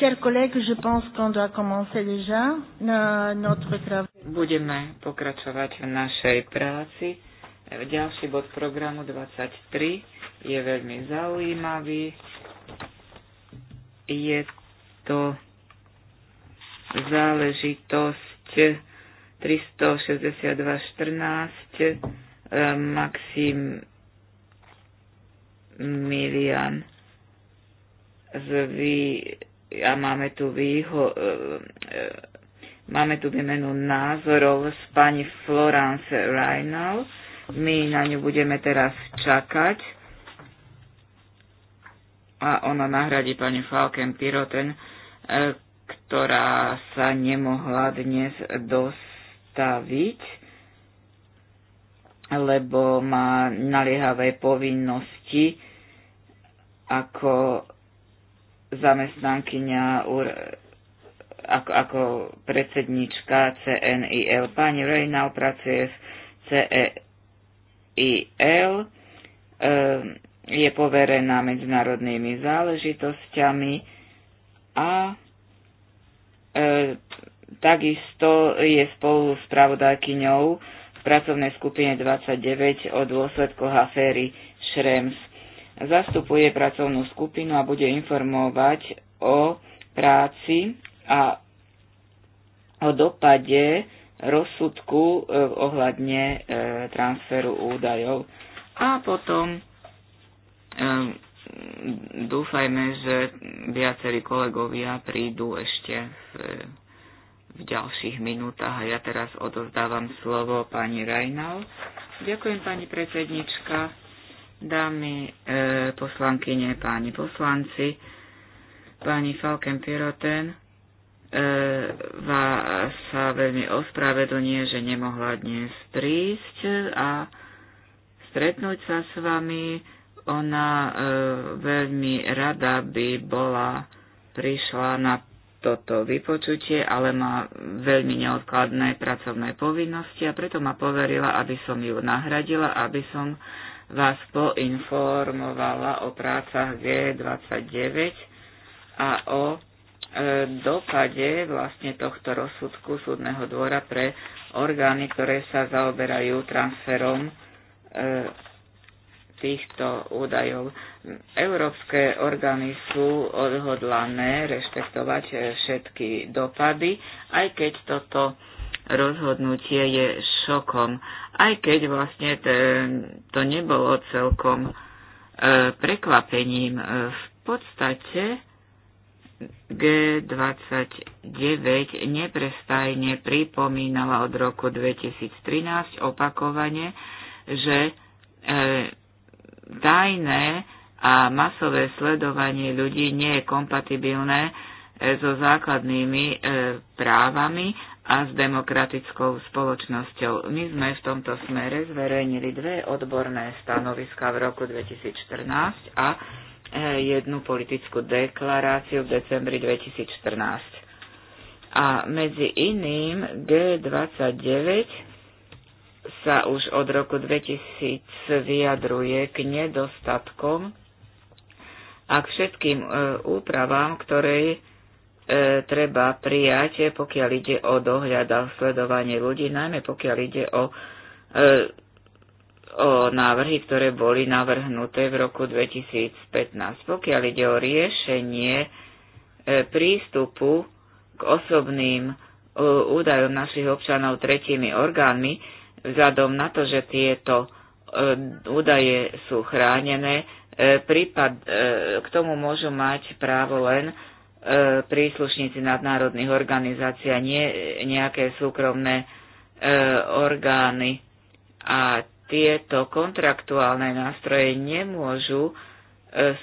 Chers collègues, je pense qu'on doit commencer déjà no, notre travail. Budeme pokračovať v našej práci. Ďalší bod programu 23 je veľmi zaujímavý. Je to záležitosť 362.14 eh, Maxim Milian z a máme tu výho, e, e, máme tu výmenu názorov s pani Florence Reinal. My na ňu budeme teraz čakať a ona nahradí pani Falken Piroten, e, ktorá sa nemohla dnes dostaviť, lebo má naliehavé povinnosti ako zamestnankyňa ako, ako predsednička CNIL. Pani Rejnal pracuje v CEIL, e, eh, je poverená medzinárodnými záležitosťami a e, takisto je spolu s pravodajkyňou v pracovnej skupine 29 o dôsledkoch aféry Šrems zastupuje pracovnú skupinu a bude informovať o práci a o dopade rozsudku e, ohľadne e, transferu údajov. A potom e, dúfajme, že viacerí kolegovia prídu ešte v, v ďalších minútach. A ja teraz odozdávam slovo pani Rajnal. Ďakujem, pani predsednička. Dámy e, poslankyne, páni poslanci, pani Falken Piroten e, vás sa veľmi ospravedlňuje, že nemohla dnes prísť a stretnúť sa s vami. Ona e, veľmi rada by bola prišla na toto vypočutie, ale má veľmi neodkladné pracovné povinnosti a preto ma poverila, aby som ju nahradila, aby som vás poinformovala o prácach G29 a o e, dopade vlastne tohto rozsudku súdneho dvora pre orgány, ktoré sa zaoberajú transferom e, týchto údajov. Európske orgány sú odhodlané rešpektovať e, všetky dopady, aj keď toto rozhodnutie je šokom, aj keď vlastne to nebolo celkom e, prekvapením. E, v podstate G29 neprestajne pripomínala od roku 2013 opakovane, že e, tajné a masové sledovanie ľudí nie je kompatibilné so základnými právami a s demokratickou spoločnosťou. My sme v tomto smere zverejnili dve odborné stanoviska v roku 2014 a e, jednu politickú deklaráciu v decembri 2014. A medzi iným G29 sa už od roku 2000 vyjadruje k nedostatkom a k všetkým e, úpravám, ktoré E, treba prijať, pokiaľ ide o dohľad a sledovanie ľudí, najmä pokiaľ ide o, e, o návrhy, ktoré boli navrhnuté v roku 2015. Pokiaľ ide o riešenie e, prístupu k osobným údajom našich občanov tretími orgánmi, vzhľadom na to, že tieto údaje sú chránené, prípad, k tomu môžu mať právo len E, príslušníci nadnárodných organizácií a nie nejaké súkromné e, orgány. A tieto kontraktuálne nástroje nemôžu e,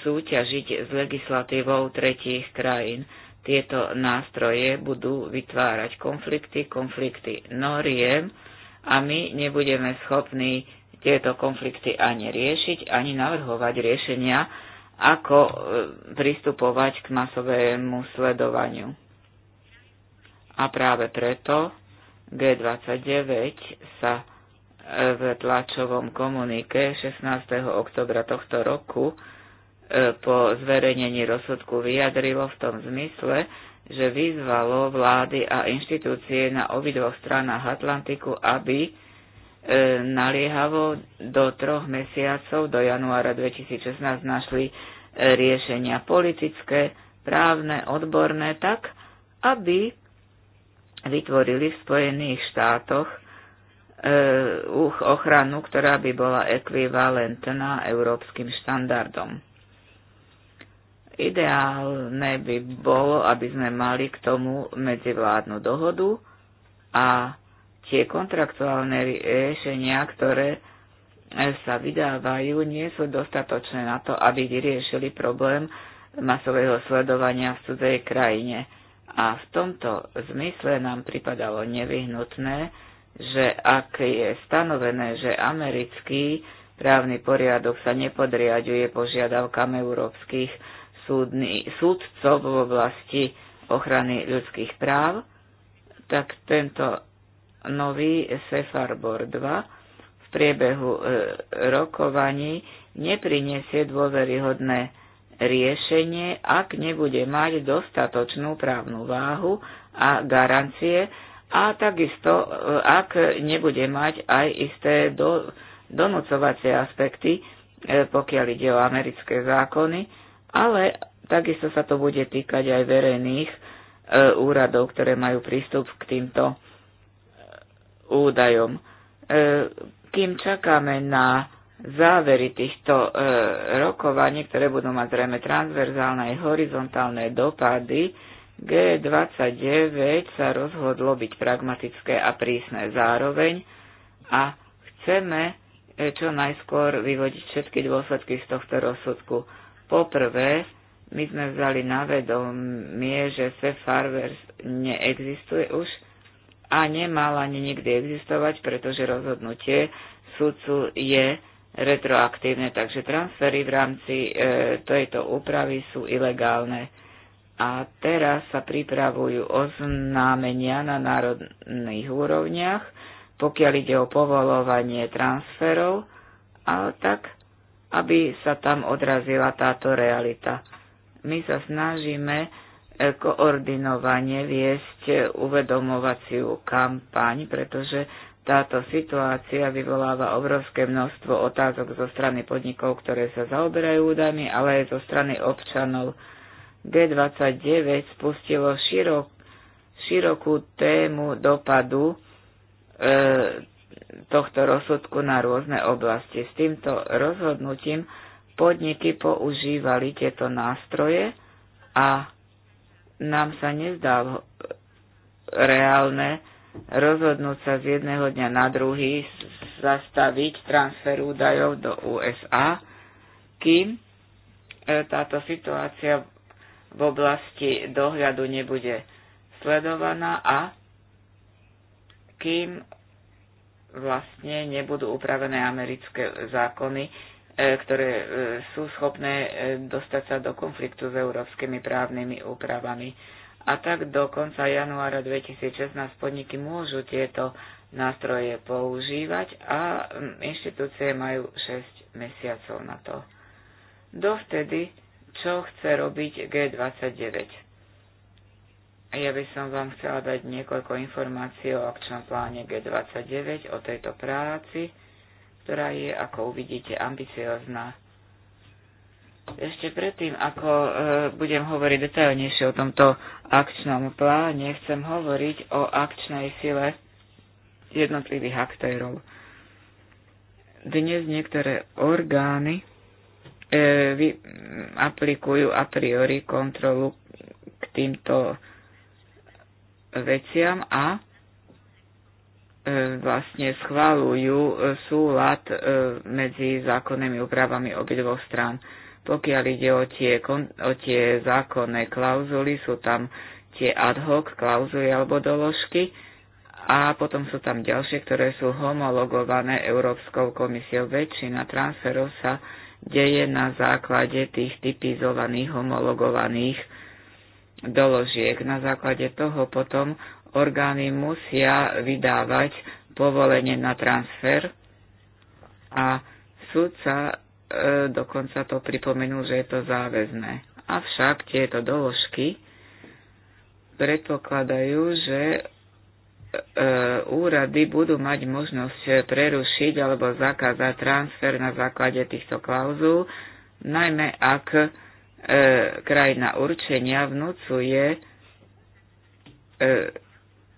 súťažiť s legislatívou tretích krajín. Tieto nástroje budú vytvárať konflikty, konflikty noriem a my nebudeme schopní tieto konflikty ani riešiť, ani navrhovať riešenia, ako e, pristupovať k masovému sledovaniu. A práve preto G29 sa e, v tlačovom komunike 16. oktobra tohto roku e, po zverejnení rozsudku vyjadrilo v tom zmysle, že vyzvalo vlády a inštitúcie na obidvoch stranách Atlantiku, aby E, naliehavo do troch mesiacov, do januára 2016 našli e, riešenia politické, právne, odborné tak, aby vytvorili v Spojených štátoch e, ochranu, ktorá by bola ekvivalentná európskym štandardom. Ideálne by bolo, aby sme mali k tomu medzivládnu dohodu a tie kontraktuálne riešenia, ktoré e, sa vydávajú, nie sú dostatočné na to, aby vyriešili problém masového sledovania v cudzej krajine. A v tomto zmysle nám pripadalo nevyhnutné, že ak je stanovené, že americký právny poriadok sa nepodriaduje požiadavkám európskych súdny, súdcov v oblasti ochrany ľudských práv, tak tento nový Sefarbor 2 v priebehu e, rokovaní nepriniesie dôveryhodné riešenie, ak nebude mať dostatočnú právnu váhu a garancie a takisto, e, ak nebude mať aj isté do, donúcovacie aspekty, e, pokiaľ ide o americké zákony, ale takisto sa to bude týkať aj verejných e, úradov, ktoré majú prístup k týmto údajom. E, kým čakáme na závery týchto e, rokovaní, ktoré budú mať zrejme transverzálne aj horizontálne dopady, G29 sa rozhodlo byť pragmatické a prísne zároveň a chceme e, čo najskôr vyvodiť všetky dôsledky z tohto rozsudku. Poprvé, my sme vzali na vedomie, že Safe Harbor neexistuje už a nemal ani nikdy existovať, pretože rozhodnutie sudcu je retroaktívne, takže transfery v rámci e, tejto úpravy sú ilegálne. A teraz sa pripravujú oznámenia na národných úrovniach, pokiaľ ide o povolovanie transferov, a tak, aby sa tam odrazila táto realita. My sa snažíme koordinovane viesť uvedomovaciu kampaň, pretože táto situácia vyvoláva obrovské množstvo otázok zo strany podnikov, ktoré sa zaoberajú údami, ale aj zo strany občanov. G29 spustilo širok, širokú tému dopadu e, tohto rozsudku na rôzne oblasti. S týmto rozhodnutím podniky používali tieto nástroje a nám sa nezdá reálne rozhodnúť sa z jedného dňa na druhý zastaviť transfer údajov do USA, kým e, táto situácia v oblasti dohľadu nebude sledovaná a kým vlastne nebudú upravené americké zákony E, ktoré e, sú schopné e, dostať sa do konfliktu s európskymi právnymi úpravami. A tak do konca januára 2016 podniky môžu tieto nástroje používať a inštitúcie majú 6 mesiacov na to. Dovtedy, čo chce robiť G29? Ja by som vám chcela dať niekoľko informácií o akčnom pláne G29, o tejto práci, ktorá je, ako uvidíte, ambiciozná. Ešte predtým, ako e, budem hovoriť detailnejšie o tomto akčnom pláne, chcem hovoriť o akčnej sile jednotlivých aktérov. Dnes niektoré orgány e, vy, aplikujú a priori kontrolu k týmto veciam a E, vlastne schválujú e, súlad e, medzi zákonnými úpravami obidvoch strán. Pokiaľ ide o tie, o tie zákonné klauzuly, sú tam tie ad hoc klauzuly alebo doložky a potom sú tam ďalšie, ktoré sú homologované Európskou komisiou. Väčšina transferov sa deje na základe tých typizovaných, homologovaných doložiek. Na základe toho potom orgány musia vydávať povolenie na transfer a sudca e, dokonca to pripomenul, že je to záväzné. Avšak tieto doložky predpokladajú, že e, úrady budú mať možnosť prerušiť alebo zakázať transfer na základe týchto klauzul, najmä ak e, krajina určenia vnúcuje e,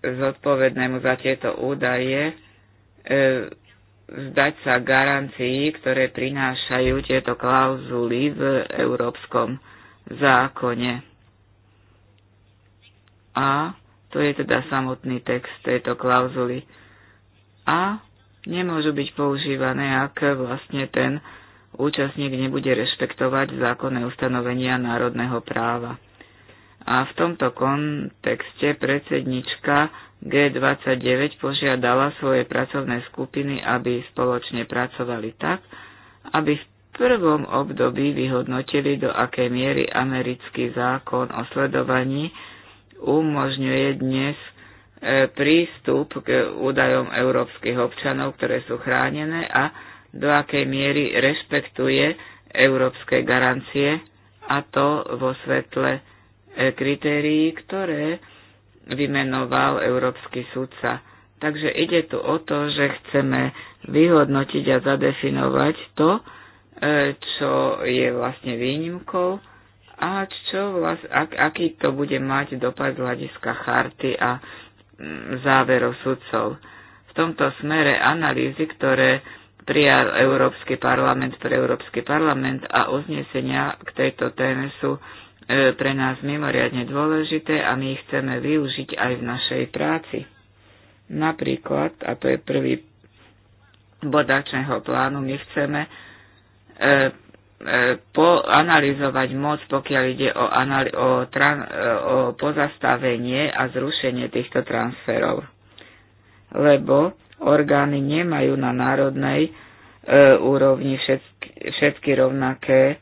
zodpovednému za tieto údaje e, vzdať sa garancií, ktoré prinášajú tieto klauzuly v európskom zákone. A to je teda samotný text tejto klauzuly. A nemôžu byť používané, ak vlastne ten účastník nebude rešpektovať zákonné ustanovenia národného práva. A v tomto kontexte predsednička G29 požiadala svoje pracovné skupiny, aby spoločne pracovali tak, aby v prvom období vyhodnotili, do akej miery americký zákon o sledovaní umožňuje dnes e, prístup k údajom európskych občanov, ktoré sú chránené a do akej miery rešpektuje európske garancie a to vo svetle E, kritérií, ktoré vymenoval Európsky súdca. Takže ide tu o to, že chceme vyhodnotiť a zadefinovať to, e, čo je vlastne výnimkou a čo vlast, ak, aký to bude mať dopad z hľadiska charty a mm, záverov sudcov. V tomto smere analýzy, ktoré prijal Európsky parlament pre Európsky parlament a uznesenia k tejto téme sú E, pre nás mimoriadne dôležité a my ich chceme využiť aj v našej práci. Napríklad, a to je prvý bod akčného plánu, my chceme e, e, poanalizovať moc, pokiaľ ide o, o, tran- e, o pozastavenie a zrušenie týchto transferov. Lebo orgány nemajú na národnej e, úrovni všetky, všetky rovnaké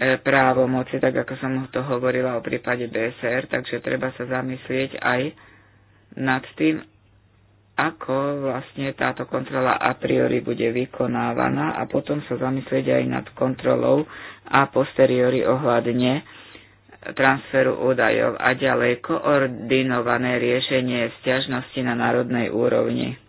E, právomoci, tak ako som to hovorila o prípade BSR, takže treba sa zamyslieť aj nad tým, ako vlastne táto kontrola a priori bude vykonávaná a potom sa zamyslieť aj nad kontrolou a posteriori ohľadne transferu údajov a ďalej koordinované riešenie sťažnosti na národnej úrovni.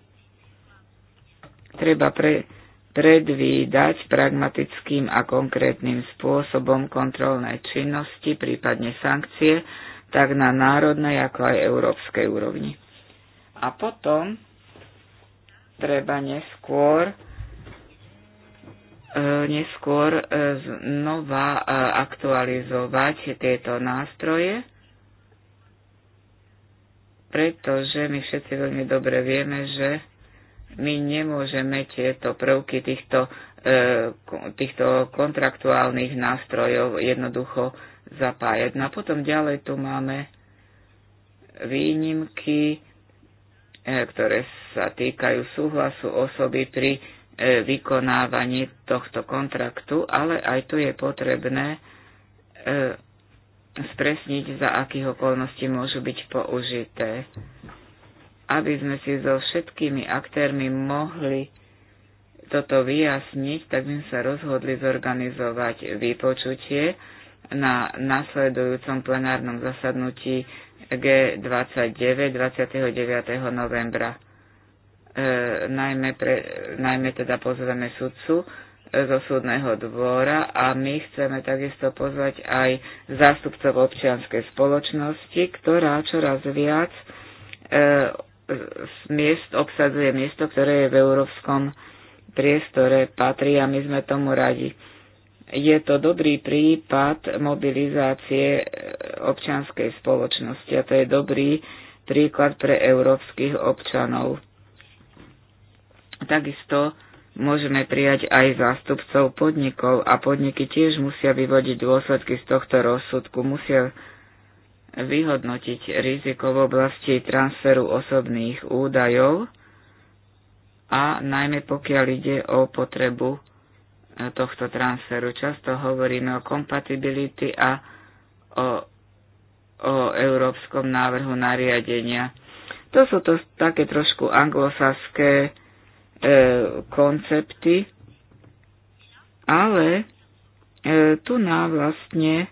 Treba pre, predvídať pragmatickým a konkrétnym spôsobom kontrolné činnosti, prípadne sankcie, tak na národnej ako aj európskej úrovni. A potom treba neskôr e, neskôr e, znova e, aktualizovať tieto nástroje, pretože my všetci veľmi dobre vieme, že my nemôžeme tieto prvky týchto, e, týchto kontraktuálnych nástrojov jednoducho zapájať. No a potom ďalej tu máme výnimky, e, ktoré sa týkajú súhlasu osoby pri e, vykonávaní tohto kontraktu, ale aj tu je potrebné spresniť, za akých okolností môžu byť použité aby sme si so všetkými aktérmi mohli toto vyjasniť, tak sme sa rozhodli zorganizovať vypočutie na nasledujúcom plenárnom zasadnutí G29 29. novembra. E, najmä, pre, najmä teda pozveme sudcu e, zo súdneho dvora a my chceme takisto pozvať aj zástupcov občianskej spoločnosti, ktorá čoraz viac e, miest obsadzuje miesto, ktoré je v európskom priestore patrí a my sme tomu radi. Je to dobrý prípad mobilizácie e, občianskej spoločnosti a to je dobrý príklad pre európskych občanov. Takisto môžeme prijať aj zástupcov podnikov a podniky tiež musia vyvodiť dôsledky z tohto rozsudku, musia vyhodnotiť riziko v oblasti transferu osobných údajov a najmä pokiaľ ide o potrebu e, tohto transferu. Často hovoríme o kompatibility a o, o európskom návrhu nariadenia. To sú to také trošku anglosaské e, koncepty, ale e, tu nám vlastne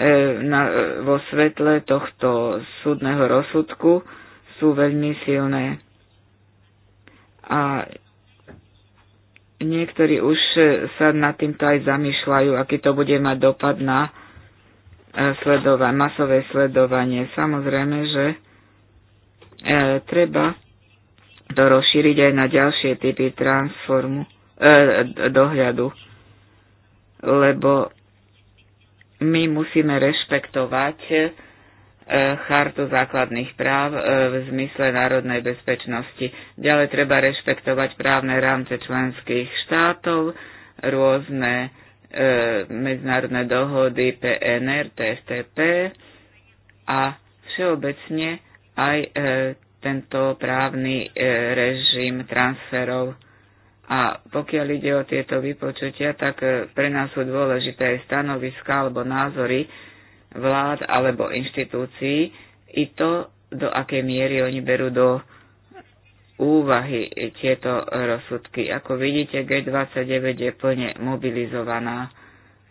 E, na, e, vo svetle tohto súdneho rozsudku sú veľmi silné. A niektorí už sa nad týmto aj zamýšľajú, aký to bude mať dopad na e, sledova- masové sledovanie. Samozrejme, že e, treba to rozšíriť aj na ďalšie typy transformu, e, dohľadu, lebo my musíme rešpektovať e, chartu základných práv e, v zmysle národnej bezpečnosti. Ďalej treba rešpektovať právne rámce členských štátov, rôzne e, medzinárodné dohody PNR, TFTP a všeobecne aj tento právny režim transferov a pokiaľ ide o tieto vypočutia, tak e, pre nás sú dôležité aj stanoviska alebo názory vlád alebo inštitúcií i to, do akej miery oni berú do úvahy tieto rozsudky. Ako vidíte, G29 je plne mobilizovaná.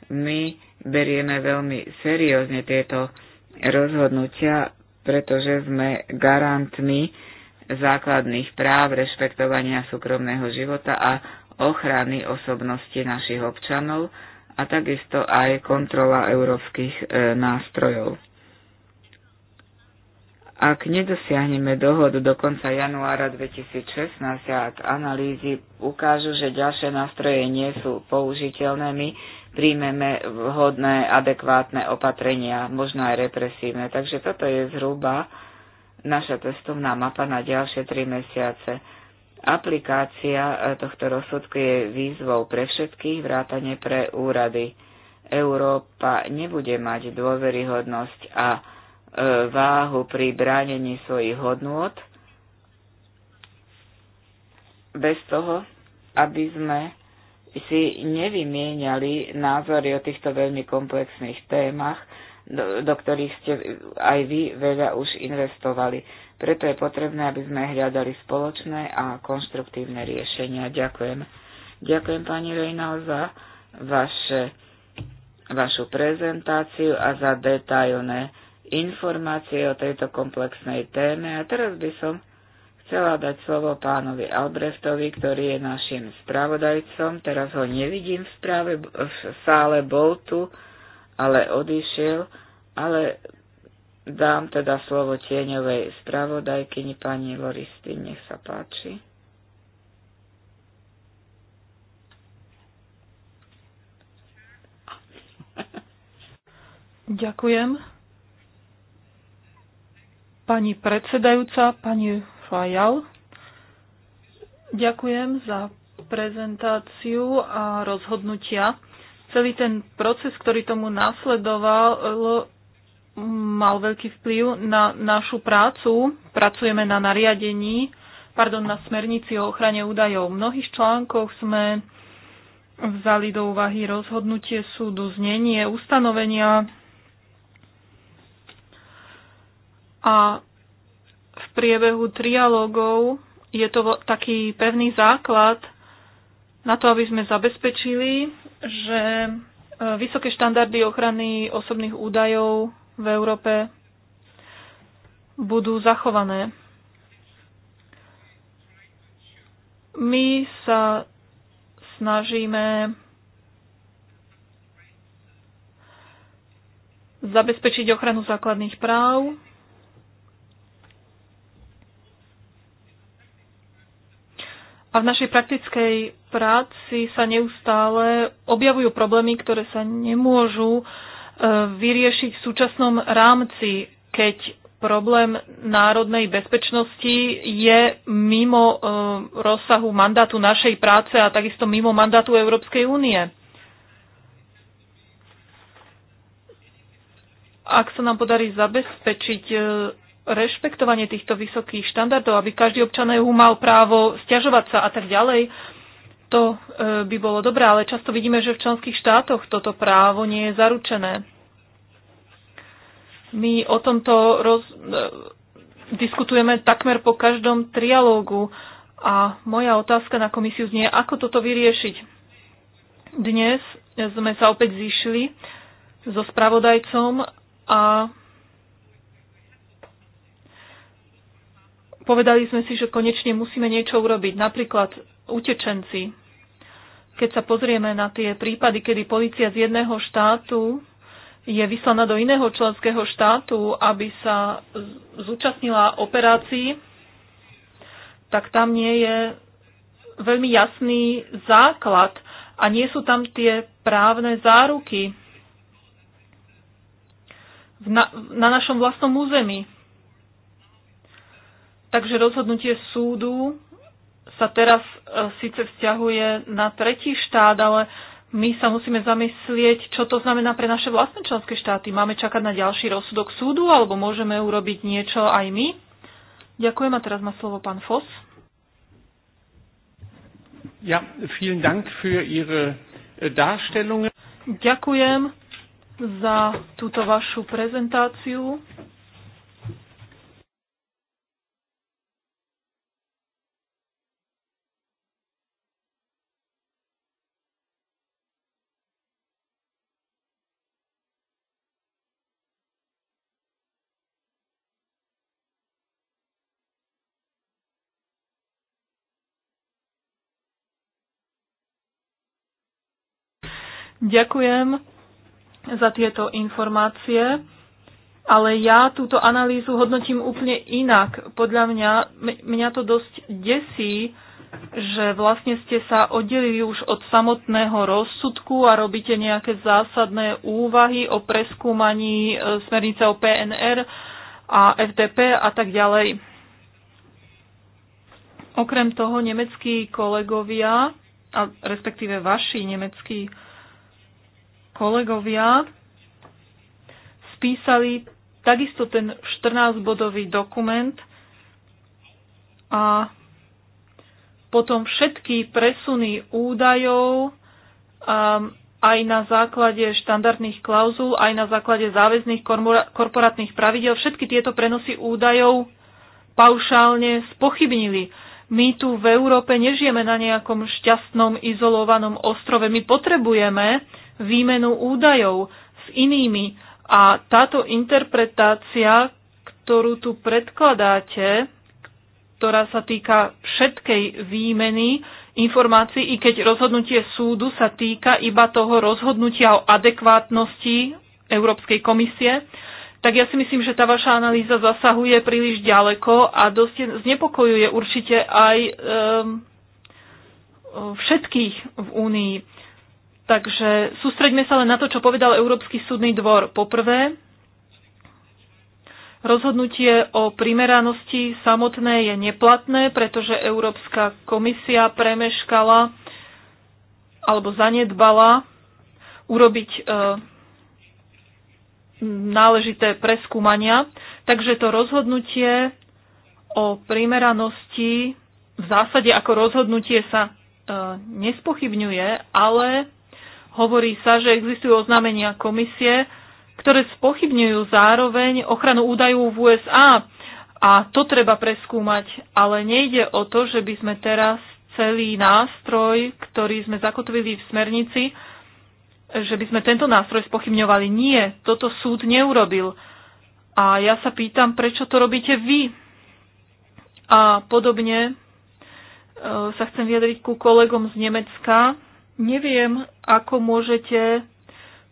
My berieme veľmi seriózne tieto rozhodnutia, pretože sme garantmi základných práv, rešpektovania súkromného života a ochrany osobnosti našich občanov a takisto aj kontrola európskych e, nástrojov. Ak nedosiahneme dohodu do konca januára 2016 a ak analýzy ukážu, že ďalšie nástroje nie sú použiteľné, my príjmeme vhodné, adekvátne opatrenia, možno aj represívne. Takže toto je zhruba naša testovná mapa na ďalšie tri mesiace. Aplikácia e, tohto rozsudku je výzvou pre všetkých, vrátane pre úrady. Európa nebude mať dôveryhodnosť a e, váhu pri bránení svojich hodnôt bez toho, aby sme si nevymieniali názory o týchto veľmi komplexných témach, do, do ktorých ste aj vy veľa už investovali. Preto je potrebné, aby sme hľadali spoločné a konštruktívne riešenia. Ďakujem. Ďakujem pani Rejna za vaše, vašu prezentáciu a za detailné informácie o tejto komplexnej téme. A teraz by som chcela dať slovo pánovi Albrechtovi, ktorý je našim spravodajcom. Teraz ho nevidím v, správe, v sále, bol tu ale odišiel, ale dám teda slovo tieňovej spravodajkyni pani Loristy, nech sa páči. Ďakujem. Pani predsedajúca, pani Fajal, ďakujem za prezentáciu a rozhodnutia Celý ten proces, ktorý tomu nasledoval, mal veľký vplyv na našu prácu. Pracujeme na nariadení, pardon, na smernici o ochrane údajov. V mnohých článkoch sme vzali do úvahy rozhodnutie súdu, znenie, ustanovenia a v priebehu trialógov je to taký pevný základ na to, aby sme zabezpečili, že e, vysoké štandardy ochrany osobných údajov v Európe budú zachované. My sa snažíme zabezpečiť ochranu základných práv, A v našej praktickej práci sa neustále objavujú problémy, ktoré sa nemôžu e, vyriešiť v súčasnom rámci, keď problém národnej bezpečnosti je mimo e, rozsahu mandátu našej práce a takisto mimo mandátu Európskej únie. Ak sa nám podarí zabezpečiť e, rešpektovanie týchto vysokých štandardov, aby každý občan EU mal právo stiažovať sa a tak ďalej, to e, by bolo dobré, ale často vidíme, že v členských štátoch toto právo nie je zaručené. My o tomto roz, e, diskutujeme takmer po každom trialógu a moja otázka na komisiu znie, ako toto vyriešiť. Dnes sme sa opäť zišli so spravodajcom a povedali sme si, že konečne musíme niečo urobiť. Napríklad utečenci. Keď sa pozrieme na tie prípady, kedy policia z jedného štátu je vyslaná do iného členského štátu, aby sa zúčastnila operácií, tak tam nie je veľmi jasný základ a nie sú tam tie právne záruky na, na našom vlastnom území. Takže rozhodnutie súdu sa teraz e, síce vzťahuje na tretí štát, ale my sa musíme zamyslieť, čo to znamená pre naše vlastné členské štáty. Máme čakať na ďalší rozsudok súdu, alebo môžeme urobiť niečo aj my? Ďakujem a teraz má slovo pán Foss. Ja, vielen Dank für Ihre äh, Darstellung. Ďakujem za túto vašu prezentáciu. Ďakujem za tieto informácie, ale ja túto analýzu hodnotím úplne inak. Podľa mňa, mňa to dosť desí, že vlastne ste sa oddelili už od samotného rozsudku a robíte nejaké zásadné úvahy o preskúmaní e, smernice o PNR a FDP a tak ďalej. Okrem toho nemeckí kolegovia, a respektíve vaši nemeckí kolegovia, kolegovia spísali takisto ten 14-bodový dokument a potom všetky presuny údajov um, aj na základe štandardných klauzul, aj na základe záväzných korporátnych pravidel, všetky tieto prenosy údajov paušálne spochybnili. My tu v Európe nežijeme na nejakom šťastnom, izolovanom ostrove. My potrebujeme výmenu údajov s inými. A táto interpretácia, ktorú tu predkladáte, ktorá sa týka všetkej výmeny informácií, i keď rozhodnutie súdu sa týka iba toho rozhodnutia o adekvátnosti Európskej komisie, tak ja si myslím, že tá vaša analýza zasahuje príliš ďaleko a dosť znepokojuje určite aj e, všetkých v Únii. Takže sústreďme sa len na to, čo povedal Európsky súdny dvor. Poprvé, rozhodnutie o primeranosti samotné je neplatné, pretože Európska komisia premeškala alebo zanedbala urobiť e, náležité preskúmania. Takže to rozhodnutie o primeranosti v zásade ako rozhodnutie sa e, nespochybňuje, ale Hovorí sa, že existujú oznámenia komisie, ktoré spochybňujú zároveň ochranu údajov v USA. A to treba preskúmať, ale nejde o to, že by sme teraz celý nástroj, ktorý sme zakotvili v smernici, že by sme tento nástroj spochybňovali. Nie, toto súd neurobil. A ja sa pýtam, prečo to robíte vy? A podobne e, sa chcem vyjadriť ku kolegom z Nemecka, Neviem, ako môžete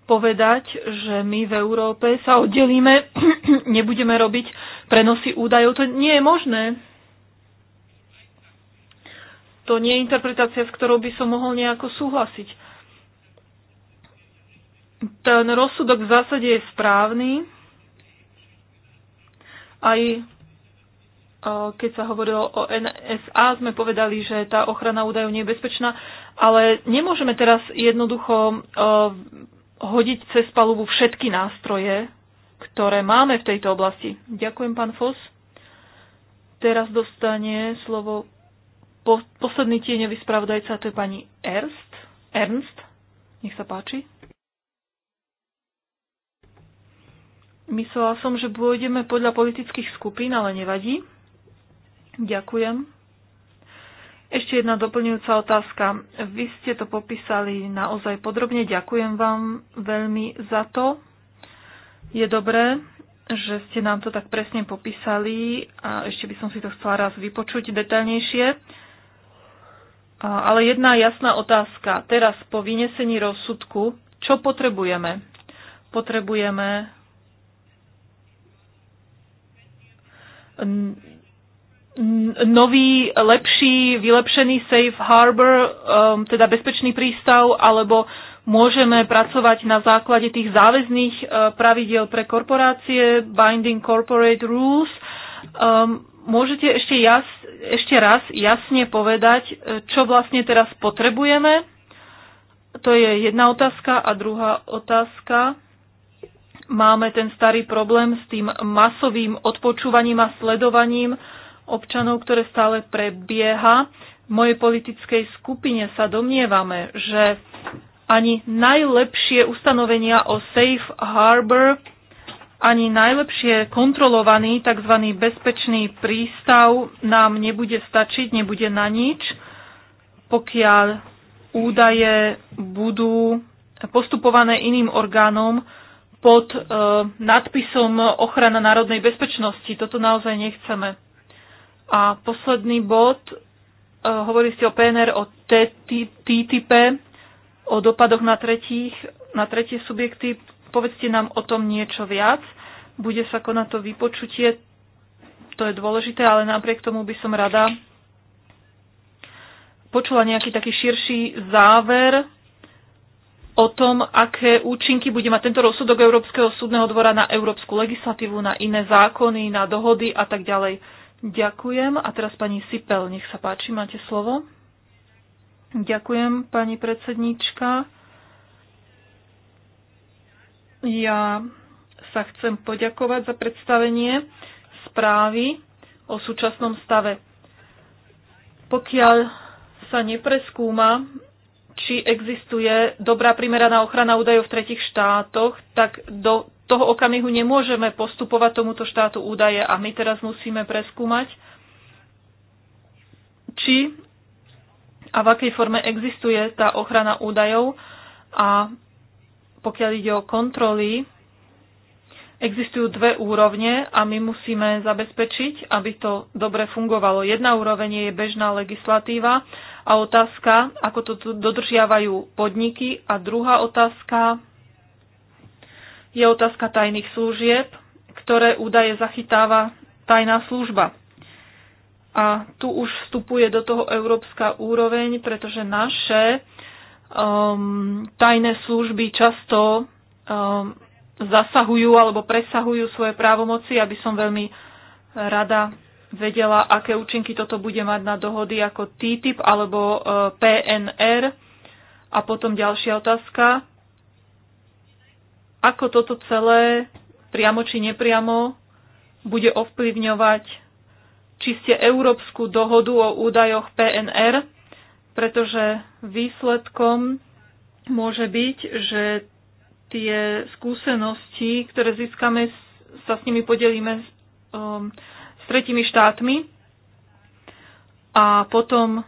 povedať, že my v Európe sa oddelíme, [clears throat] nebudeme robiť prenosy údajov. To nie je možné. To nie je interpretácia, s ktorou by som mohol nejako súhlasiť. Ten rozsudok v zásade je správny. Aj keď sa hovorilo o NSA, sme povedali, že tá ochrana údajov nie je bezpečná, ale nemôžeme teraz jednoducho e, hodiť cez palubu všetky nástroje, ktoré máme v tejto oblasti. Ďakujem, pán Fos. Teraz dostane slovo posledný tieňový spravodajca, to je pani Ernst. Ernst, nech sa páči. Myslela som, že budeme podľa politických skupín, ale nevadí. Ďakujem. Ešte jedna doplňujúca otázka. Vy ste to popísali naozaj podrobne. Ďakujem vám veľmi za to. Je dobré, že ste nám to tak presne popísali a ešte by som si to chcela raz vypočuť detaľnejšie. Ale jedna jasná otázka. Teraz po vynesení rozsudku, čo potrebujeme? Potrebujeme nový, lepší, vylepšený safe harbor, um, teda bezpečný prístav, alebo môžeme pracovať na základe tých záväzných uh, pravidiel pre korporácie, binding corporate rules. Um, môžete ešte, jas, ešte raz jasne povedať, uh, čo vlastne teraz potrebujeme? To je jedna otázka. A druhá otázka máme ten starý problém s tým masovým odpočúvaním a sledovaním občanov, ktoré stále prebieha. V mojej politickej skupine sa domnievame, že ani najlepšie ustanovenia o safe harbor, ani najlepšie kontrolovaný tzv. bezpečný prístav nám nebude stačiť, nebude na nič, pokiaľ údaje budú postupované iným orgánom pod e, nadpisom ochrana národnej bezpečnosti. Toto naozaj nechceme. A posledný bod, e, hovorili ste o PNR, o TTIP, o dopadoch na, tretích, na tretie subjekty. Povedzte nám o tom niečo viac. Bude sa konať to vypočutie, to je dôležité, ale napriek tomu by som rada počula nejaký taký širší záver o tom, aké účinky bude mať tento rozsudok Európskeho súdneho dvora na európsku legislatívu, na iné zákony, na dohody a tak ďalej. Ďakujem. A teraz pani Sipel, nech sa páči, máte slovo. Ďakujem, pani predsednička. Ja sa chcem poďakovať za predstavenie správy o súčasnom stave. Pokiaľ sa nepreskúma, či existuje dobrá primeraná ochrana údajov v tretich štátoch, tak do toho okamihu nemôžeme postupovať tomuto štátu údaje a my teraz musíme preskúmať, či a v akej forme existuje tá ochrana údajov a pokiaľ ide o kontroly, existujú dve úrovne a my musíme zabezpečiť, aby to dobre fungovalo. Jedna úroveň je bežná legislatíva a otázka, ako to dodržiavajú podniky a druhá otázka je otázka tajných služieb, ktoré údaje zachytáva tajná služba. A tu už vstupuje do toho európska úroveň, pretože naše um, tajné služby často um, zasahujú alebo presahujú svoje právomoci, aby som veľmi rada vedela, aké účinky toto bude mať na dohody ako TTIP alebo uh, PNR. A potom ďalšia otázka ako toto celé priamo či nepriamo bude ovplyvňovať čiste európsku dohodu o údajoch PNR, pretože výsledkom môže byť, že tie skúsenosti, ktoré získame, sa s nimi podelíme s, um, s tretimi štátmi a potom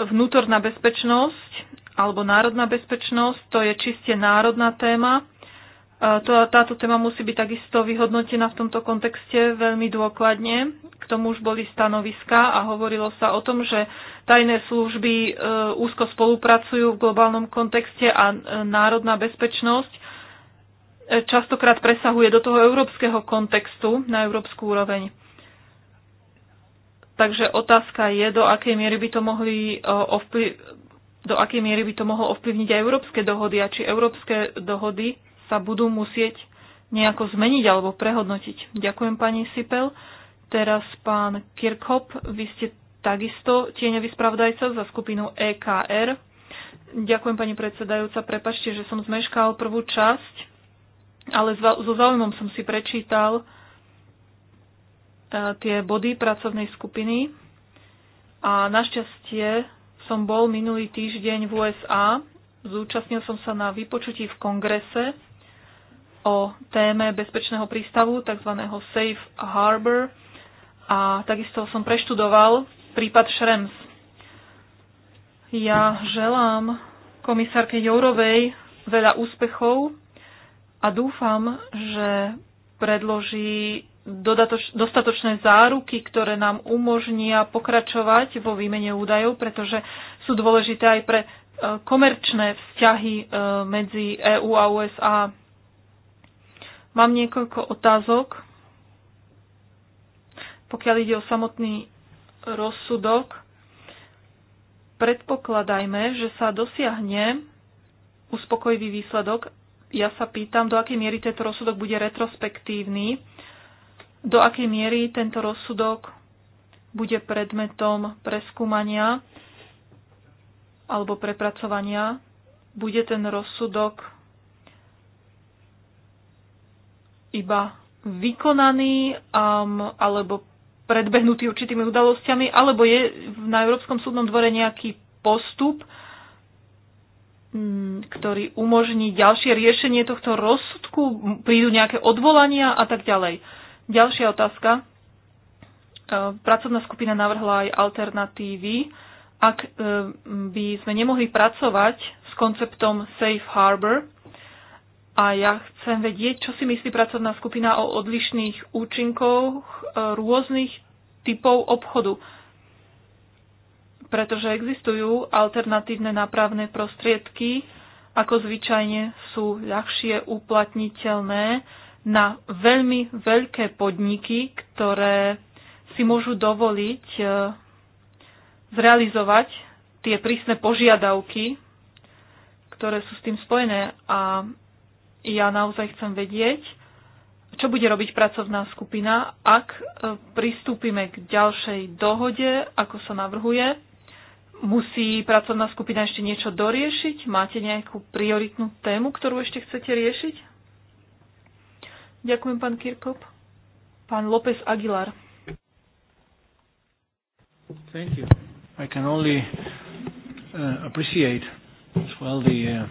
vnútorná bezpečnosť alebo národná bezpečnosť, to je čiste národná téma to, táto téma musí byť takisto vyhodnotená v tomto kontexte veľmi dôkladne. K tomu už boli stanoviska a hovorilo sa o tom, že tajné služby e, úzko spolupracujú v globálnom kontexte a e, národná bezpečnosť e, častokrát presahuje do toho európskeho kontextu na európsku úroveň. Takže otázka je, do akej miery by to mohli ovplyvniť do akej miery by to mohlo ovplyvniť aj európske dohody a či európske dohody sa budú musieť nejako zmeniť alebo prehodnotiť. Ďakujem pani Sipel. Teraz pán Kirkhop, vy ste takisto tieňový spravodajca za skupinu EKR. Ďakujem pani predsedajúca, prepačte, že som zmeškal prvú časť, ale so záujmom som si prečítal e, tie body pracovnej skupiny a našťastie som bol minulý týždeň v USA, zúčastnil som sa na vypočutí v kongrese o téme bezpečného prístavu, tzv. Safe Harbor. A takisto som preštudoval prípad Šrems. Ja želám komisárke Jourovej veľa úspechov a dúfam, že predloží dodatoč, dostatočné záruky, ktoré nám umožnia pokračovať vo výmene údajov, pretože sú dôležité aj pre e, komerčné vzťahy e, medzi EÚ a USA. Mám niekoľko otázok. Pokiaľ ide o samotný rozsudok, predpokladajme, že sa dosiahne uspokojivý výsledok. Ja sa pýtam, do akej miery tento rozsudok bude retrospektívny, do akej miery tento rozsudok bude predmetom preskúmania alebo prepracovania, bude ten rozsudok iba vykonaný um, alebo predbehnutý určitými udalosťami, alebo je na Európskom súdnom dvore nejaký postup, mm, ktorý umožní ďalšie riešenie tohto rozsudku, prídu nejaké odvolania a tak ďalej. Ďalšia otázka. E, pracovná skupina navrhla aj alternatívy. Ak e, by sme nemohli pracovať s konceptom Safe Harbor, a ja chcem vedieť, čo si myslí pracovná skupina o odlišných účinkoch e, rôznych typov obchodu. Pretože existujú alternatívne nápravné prostriedky, ako zvyčajne sú ľahšie uplatniteľné na veľmi veľké podniky, ktoré si môžu dovoliť e, zrealizovať tie prísne požiadavky, ktoré sú s tým spojené. A ja naozaj chcem vedieť, čo bude robiť pracovná skupina, ak e, pristúpime k ďalšej dohode, ako sa navrhuje. Musí pracovná skupina ešte niečo doriešiť? Máte nejakú prioritnú tému, ktorú ešte chcete riešiť? Ďakujem, pán Kirkop. Pán López Aguilar. Thank you. I can only uh, appreciate Uh,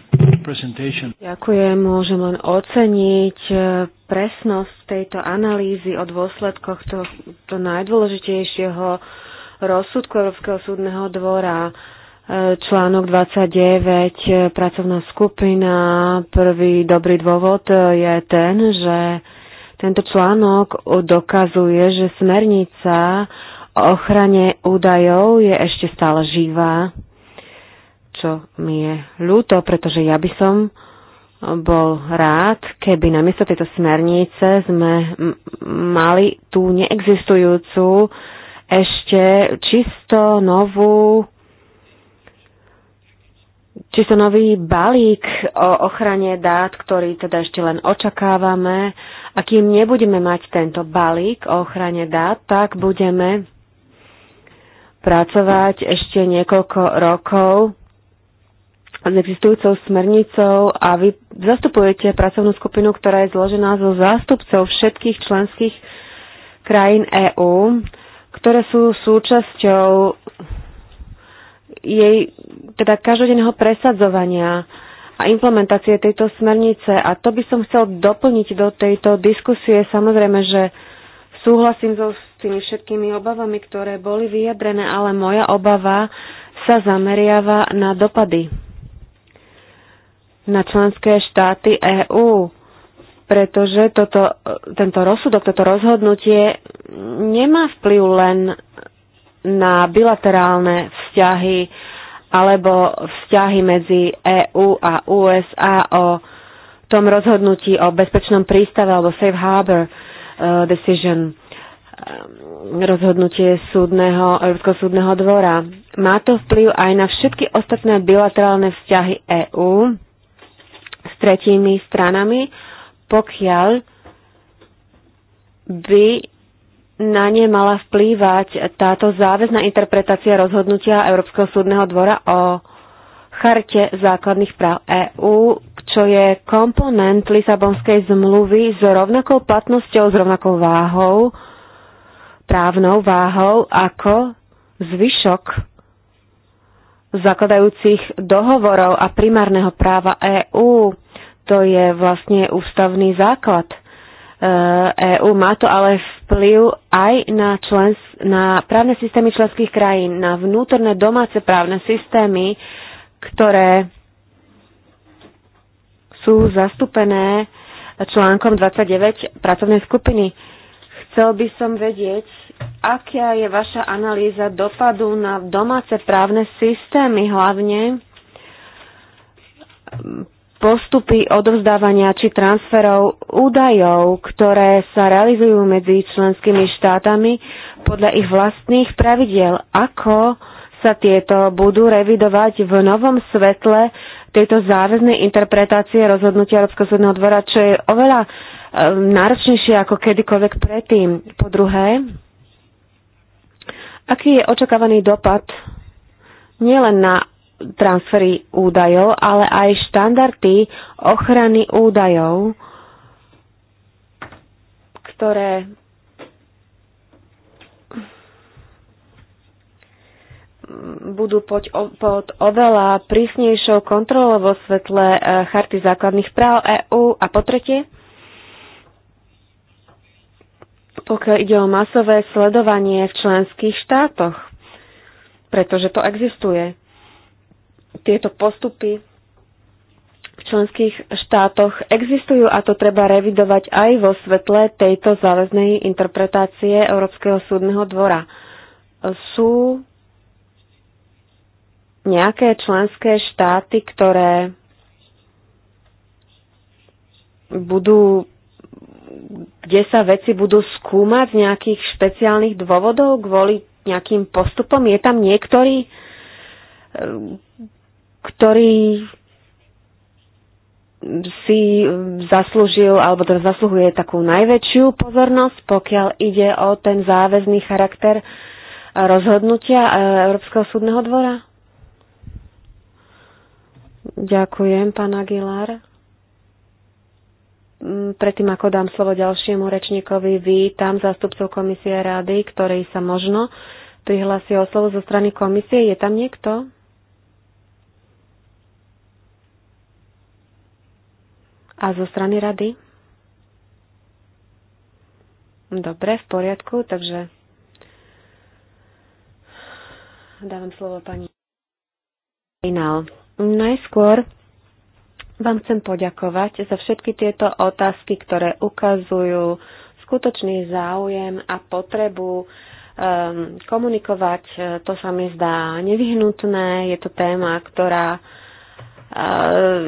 Ďakujem, môžem len oceniť uh, presnosť tejto analýzy o dôsledkoch toho, to najdôležitejšieho rozsudku Európskeho súdneho dvora. Uh, článok 29, pracovná skupina, prvý dobrý dôvod je ten, že tento článok dokazuje, že smernica o ochrane údajov je ešte stále živá čo mi je ľúto, pretože ja by som bol rád, keby namiesto tejto smernice sme mali tú neexistujúcu ešte čisto novú čisto nový balík o ochrane dát, ktorý teda ešte len očakávame. A kým nebudeme mať tento balík o ochrane dát, tak budeme pracovať ešte niekoľko rokov s existujúcou smernicou a vy zastupujete pracovnú skupinu, ktorá je zložená zo zástupcov všetkých členských krajín EÚ, ktoré sú súčasťou jej teda každodenného presadzovania a implementácie tejto smernice. A to by som chcel doplniť do tejto diskusie. Samozrejme, že súhlasím so s tými všetkými obavami, ktoré boli vyjadrené, ale moja obava sa zameriava na dopady na členské štáty EÚ, pretože toto, tento rozsudok, toto rozhodnutie nemá vplyv len na bilaterálne vzťahy alebo vzťahy medzi EÚ a USA o tom rozhodnutí o bezpečnom prístave alebo safe harbor uh, decision um, rozhodnutie súdneho, Európskeho súdneho dvora. Má to vplyv aj na všetky ostatné bilaterálne vzťahy EÚ tretími stranami, pokiaľ by na ne mala vplývať táto záväzná interpretácia rozhodnutia Európskeho súdneho dvora o charte základných práv EÚ, čo je komponent Lisabonskej zmluvy s rovnakou platnosťou, s rovnakou váhou, právnou váhou ako zvyšok zakladajúcich dohovorov a primárneho práva EÚ to je vlastne ústavný základ EÚ. Eh, e Má to ale vplyv aj na, člens, na právne systémy členských krajín, na vnútorné domáce právne systémy, ktoré sú zastúpené článkom 29 pracovnej skupiny. Chcel by som vedieť, aká je vaša analýza dopadu na domáce právne systémy, hlavne postupy odovzdávania či transferov údajov, ktoré sa realizujú medzi členskými štátami podľa ich vlastných pravidiel. Ako sa tieto budú revidovať v novom svetle tejto záväznej interpretácie rozhodnutia Európskeho súdneho dvora, čo je oveľa e, náročnejšie ako kedykoľvek predtým. Po druhé, aký je očakávaný dopad nielen na transfery údajov, ale aj štandardy ochrany údajov, ktoré budú pod, pod oveľa prísnejšou kontrolou vo svetle e, Charty základných práv EÚ. A po tretie, pokiaľ ide o masové sledovanie v členských štátoch, pretože to existuje tieto postupy v členských štátoch existujú a to treba revidovať aj vo svetle tejto záväznej interpretácie Európskeho súdneho dvora. Sú nejaké členské štáty, ktoré budú kde sa veci budú skúmať z nejakých špeciálnych dôvodov kvôli nejakým postupom? Je tam niektorý, ktorý si zaslúžil, alebo teda zasluhuje takú najväčšiu pozornosť, pokiaľ ide o ten záväzný charakter rozhodnutia e, Európskeho súdneho dvora? Ďakujem, pán Aguilar. Mm, predtým, ako dám slovo ďalšiemu rečníkovi, vítam zástupcov komisie rady, ktorý sa možno prihlásil o slovo zo strany komisie. Je tam niekto? A zo strany rady? Dobre, v poriadku, takže dávam slovo pani Inal. Najskôr vám chcem poďakovať za všetky tieto otázky, ktoré ukazujú skutočný záujem a potrebu um, komunikovať. To sa mi zdá nevyhnutné. Je to téma, ktorá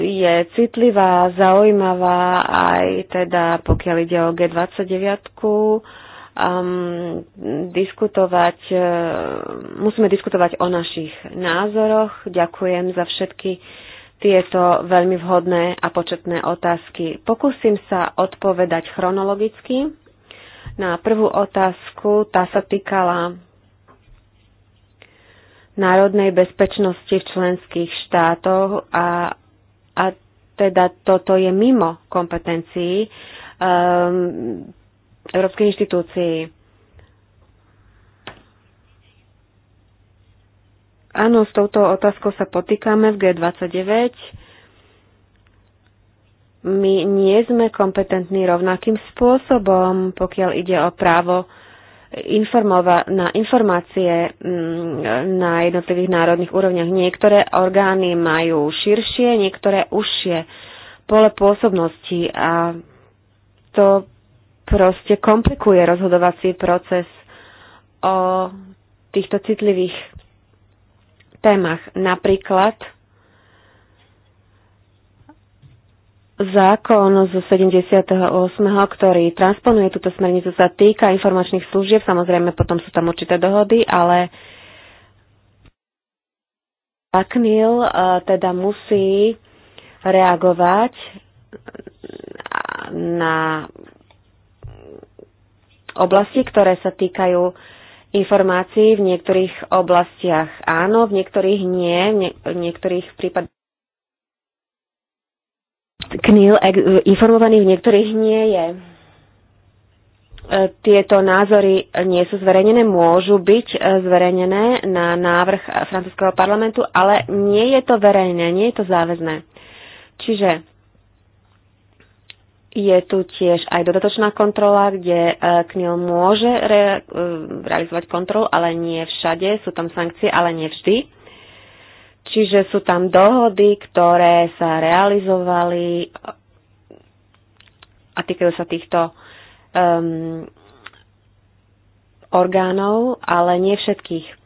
je citlivá, zaujímavá aj teda pokiaľ ide o G29 um, diskutovať, uh, musíme diskutovať o našich názoroch. Ďakujem za všetky tieto veľmi vhodné a početné otázky. Pokúsim sa odpovedať chronologicky. Na prvú otázku, tá sa týkala národnej bezpečnosti v členských štátoch a, a teda toto je mimo kompetencií um, európskej inštitúcii. Áno, s touto otázkou sa potýkame v G29. My nie sme kompetentní rovnakým spôsobom, pokiaľ ide o právo informova- na informácie mm, na jednotlivých národných úrovniach. Niektoré orgány majú širšie, niektoré užšie pole pôsobnosti a to proste komplikuje rozhodovací proces o týchto citlivých témach. Napríklad zákon z 78., ktorý transponuje túto smernicu, sa týka informačných služieb. Samozrejme, potom sú tam určité dohody, ale ACNIL eh, teda musí reagovať na oblasti, ktoré sa týkajú informácií v niektorých oblastiach áno, v niektorých nie, v niektorých prípadoch kníh e, informovaný, v niektorých nie je. E, tieto názory nie sú zverejnené, môžu byť e, zverejnené na návrh francúzského parlamentu, ale nie je to verejné, nie je to záväzné. Čiže je tu tiež aj dodatočná kontrola, kde KNIL môže re, realizovať kontrolu, ale nie všade. Sú tam sankcie, ale nie vždy. Čiže sú tam dohody, ktoré sa realizovali a týkajú sa týchto um, orgánov, ale nie všetkých.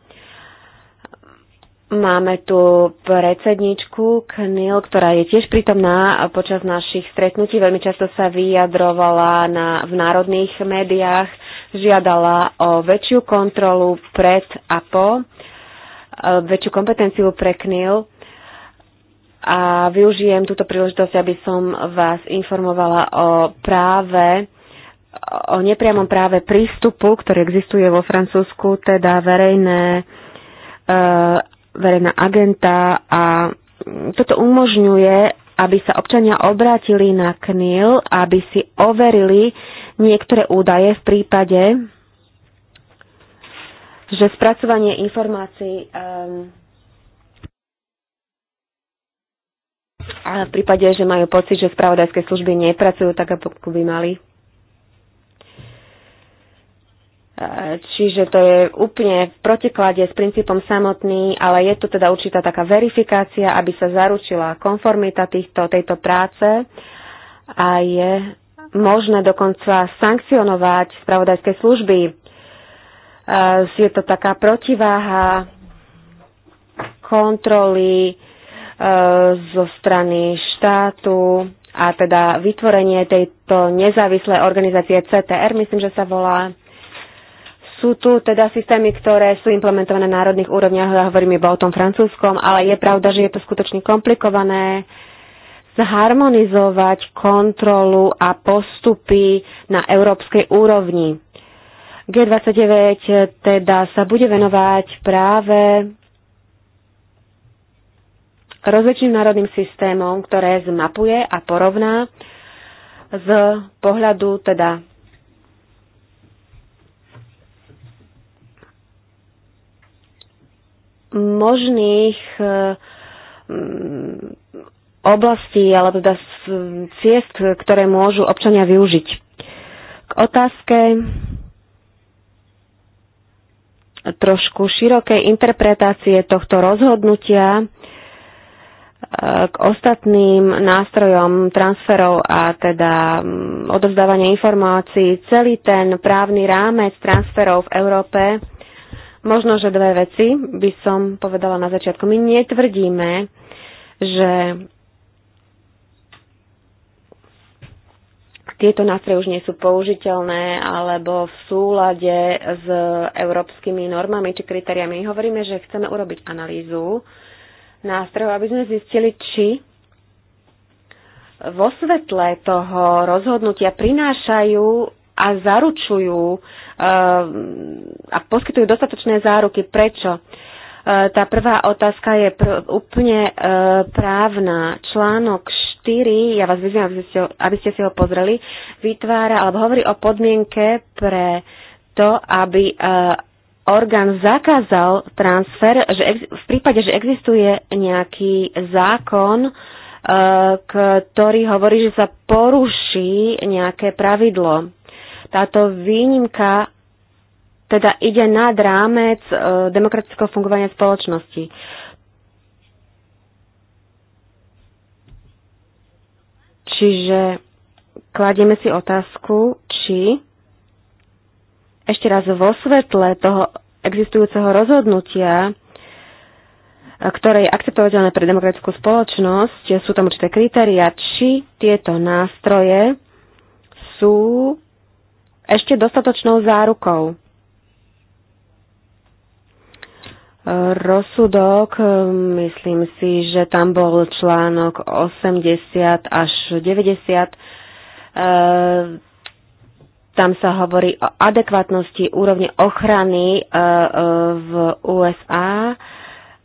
Máme tu predsedničku Knil, ktorá je tiež prítomná počas našich stretnutí. Veľmi často sa vyjadrovala na, v národných médiách, žiadala o väčšiu kontrolu pred a po väčšiu kompetenciu pre KNIL a využijem túto príležitosť, aby som vás informovala o práve o nepriamom práve prístupu, ktorý existuje vo Francúzsku, teda verejné, e, verejná agenta a toto umožňuje aby sa občania obrátili na KNIL, aby si overili niektoré údaje v prípade, že spracovanie informácií um, a v prípade, že majú pocit, že spravodajské služby nepracujú tak, ako by mali. E, čiže to je úplne v protiklade s princípom samotný, ale je tu teda určitá taká verifikácia, aby sa zaručila konformita týchto, tejto práce a je možné dokonca sankcionovať spravodajské služby Eh, je to taká protiváha kontroly eh, zo strany štátu a teda vytvorenie tejto nezávislej organizácie CTR, myslím, že sa volá. Sú tu teda systémy, ktoré sú implementované na národných úrovniach, ja hovorím iba o tom francúzskom, ale je pravda, že je to skutočne komplikované zharmonizovať kontrolu a postupy na európskej úrovni. G29 teda sa bude venovať práve rozličným národným systémom, ktoré zmapuje a porovná z pohľadu teda možných mm, oblastí alebo teda ciest, ktoré môžu občania využiť. K otázke trošku širokej interpretácie tohto rozhodnutia e, k ostatným nástrojom transferov a teda odovzdávania informácií. Celý ten právny rámec transferov v Európe, možno, že dve veci by som povedala na začiatku. My netvrdíme, že tieto nástroje už nie sú použiteľné alebo v súlade s európskymi normami či kritériami. Hovoríme, že chceme urobiť analýzu nástrojov, aby sme zistili, či vo svetle toho rozhodnutia prinášajú a zaručujú e, a poskytujú dostatočné záruky. Prečo? E, tá prvá otázka je pr- úplne e, právna. Článok 4, ja vás vyzývam, aby ste, aby ste si ho pozreli, vytvára alebo hovorí o podmienke pre to, aby eh, orgán zakázal transfer, že v prípade, že existuje nejaký zákon, eh, ktorý hovorí, že sa poruší nejaké pravidlo. Táto výnimka teda ide nad rámec eh, demokratického fungovania spoločnosti. Čiže kladieme si otázku, či ešte raz vo svetle toho existujúceho rozhodnutia, ktoré je akceptovateľné pre demokratickú spoločnosť, sú tam určité kritéria, či tieto nástroje sú ešte dostatočnou zárukou rozsudok. Um, myslím si, že tam bol článok 80 až 90. Uh, tam sa hovorí o adekvátnosti úrovne ochrany uh, uh, v USA,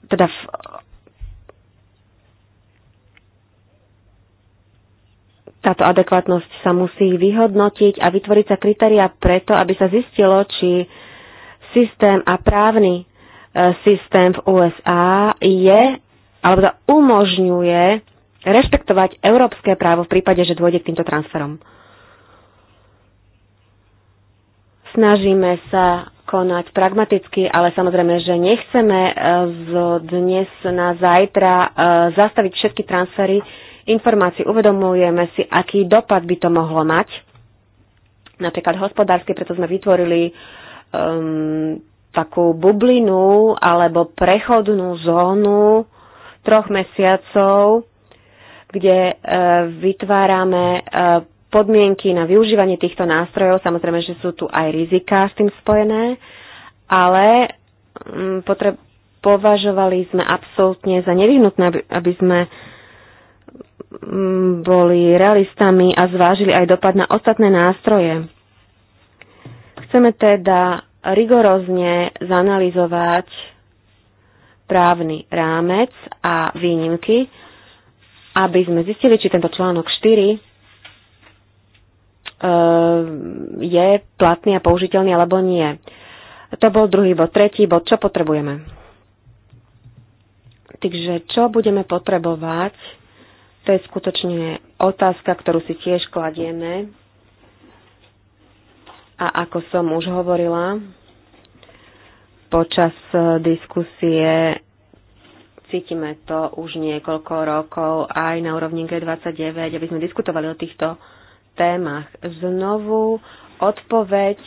teda v Táto adekvátnosť sa musí vyhodnotiť a vytvoriť sa kritéria preto, aby sa zistilo, či systém a právny E, systém v USA je, alebo teda umožňuje rešpektovať európske právo v prípade, že dôjde k týmto transferom. Snažíme sa konať pragmaticky, ale samozrejme, že nechceme e, z dnes na zajtra e, zastaviť všetky transfery informácií. Uvedomujeme si, aký dopad by to mohlo mať, napríklad hospodársky, preto sme vytvorili um, takú bublinu alebo prechodnú zónu troch mesiacov, kde e, vytvárame e, podmienky na využívanie týchto nástrojov. Samozrejme, že sú tu aj rizika s tým spojené, ale mm, potre- považovali sme absolútne za nevyhnutné, aby sme mm, boli realistami a zvážili aj dopad na ostatné nástroje. Chceme teda rigorózne zanalizovať právny rámec a výnimky, aby sme zistili, či tento článok 4 e, je platný a použiteľný alebo nie. To bol druhý bod. Tretí bod, čo potrebujeme? Takže čo budeme potrebovať, to je skutočne otázka, ktorú si tiež kladieme a ako som už hovorila, počas e, diskusie cítime to už niekoľko rokov aj na úrovni G29, aby sme diskutovali o týchto témach. Znovu odpoveď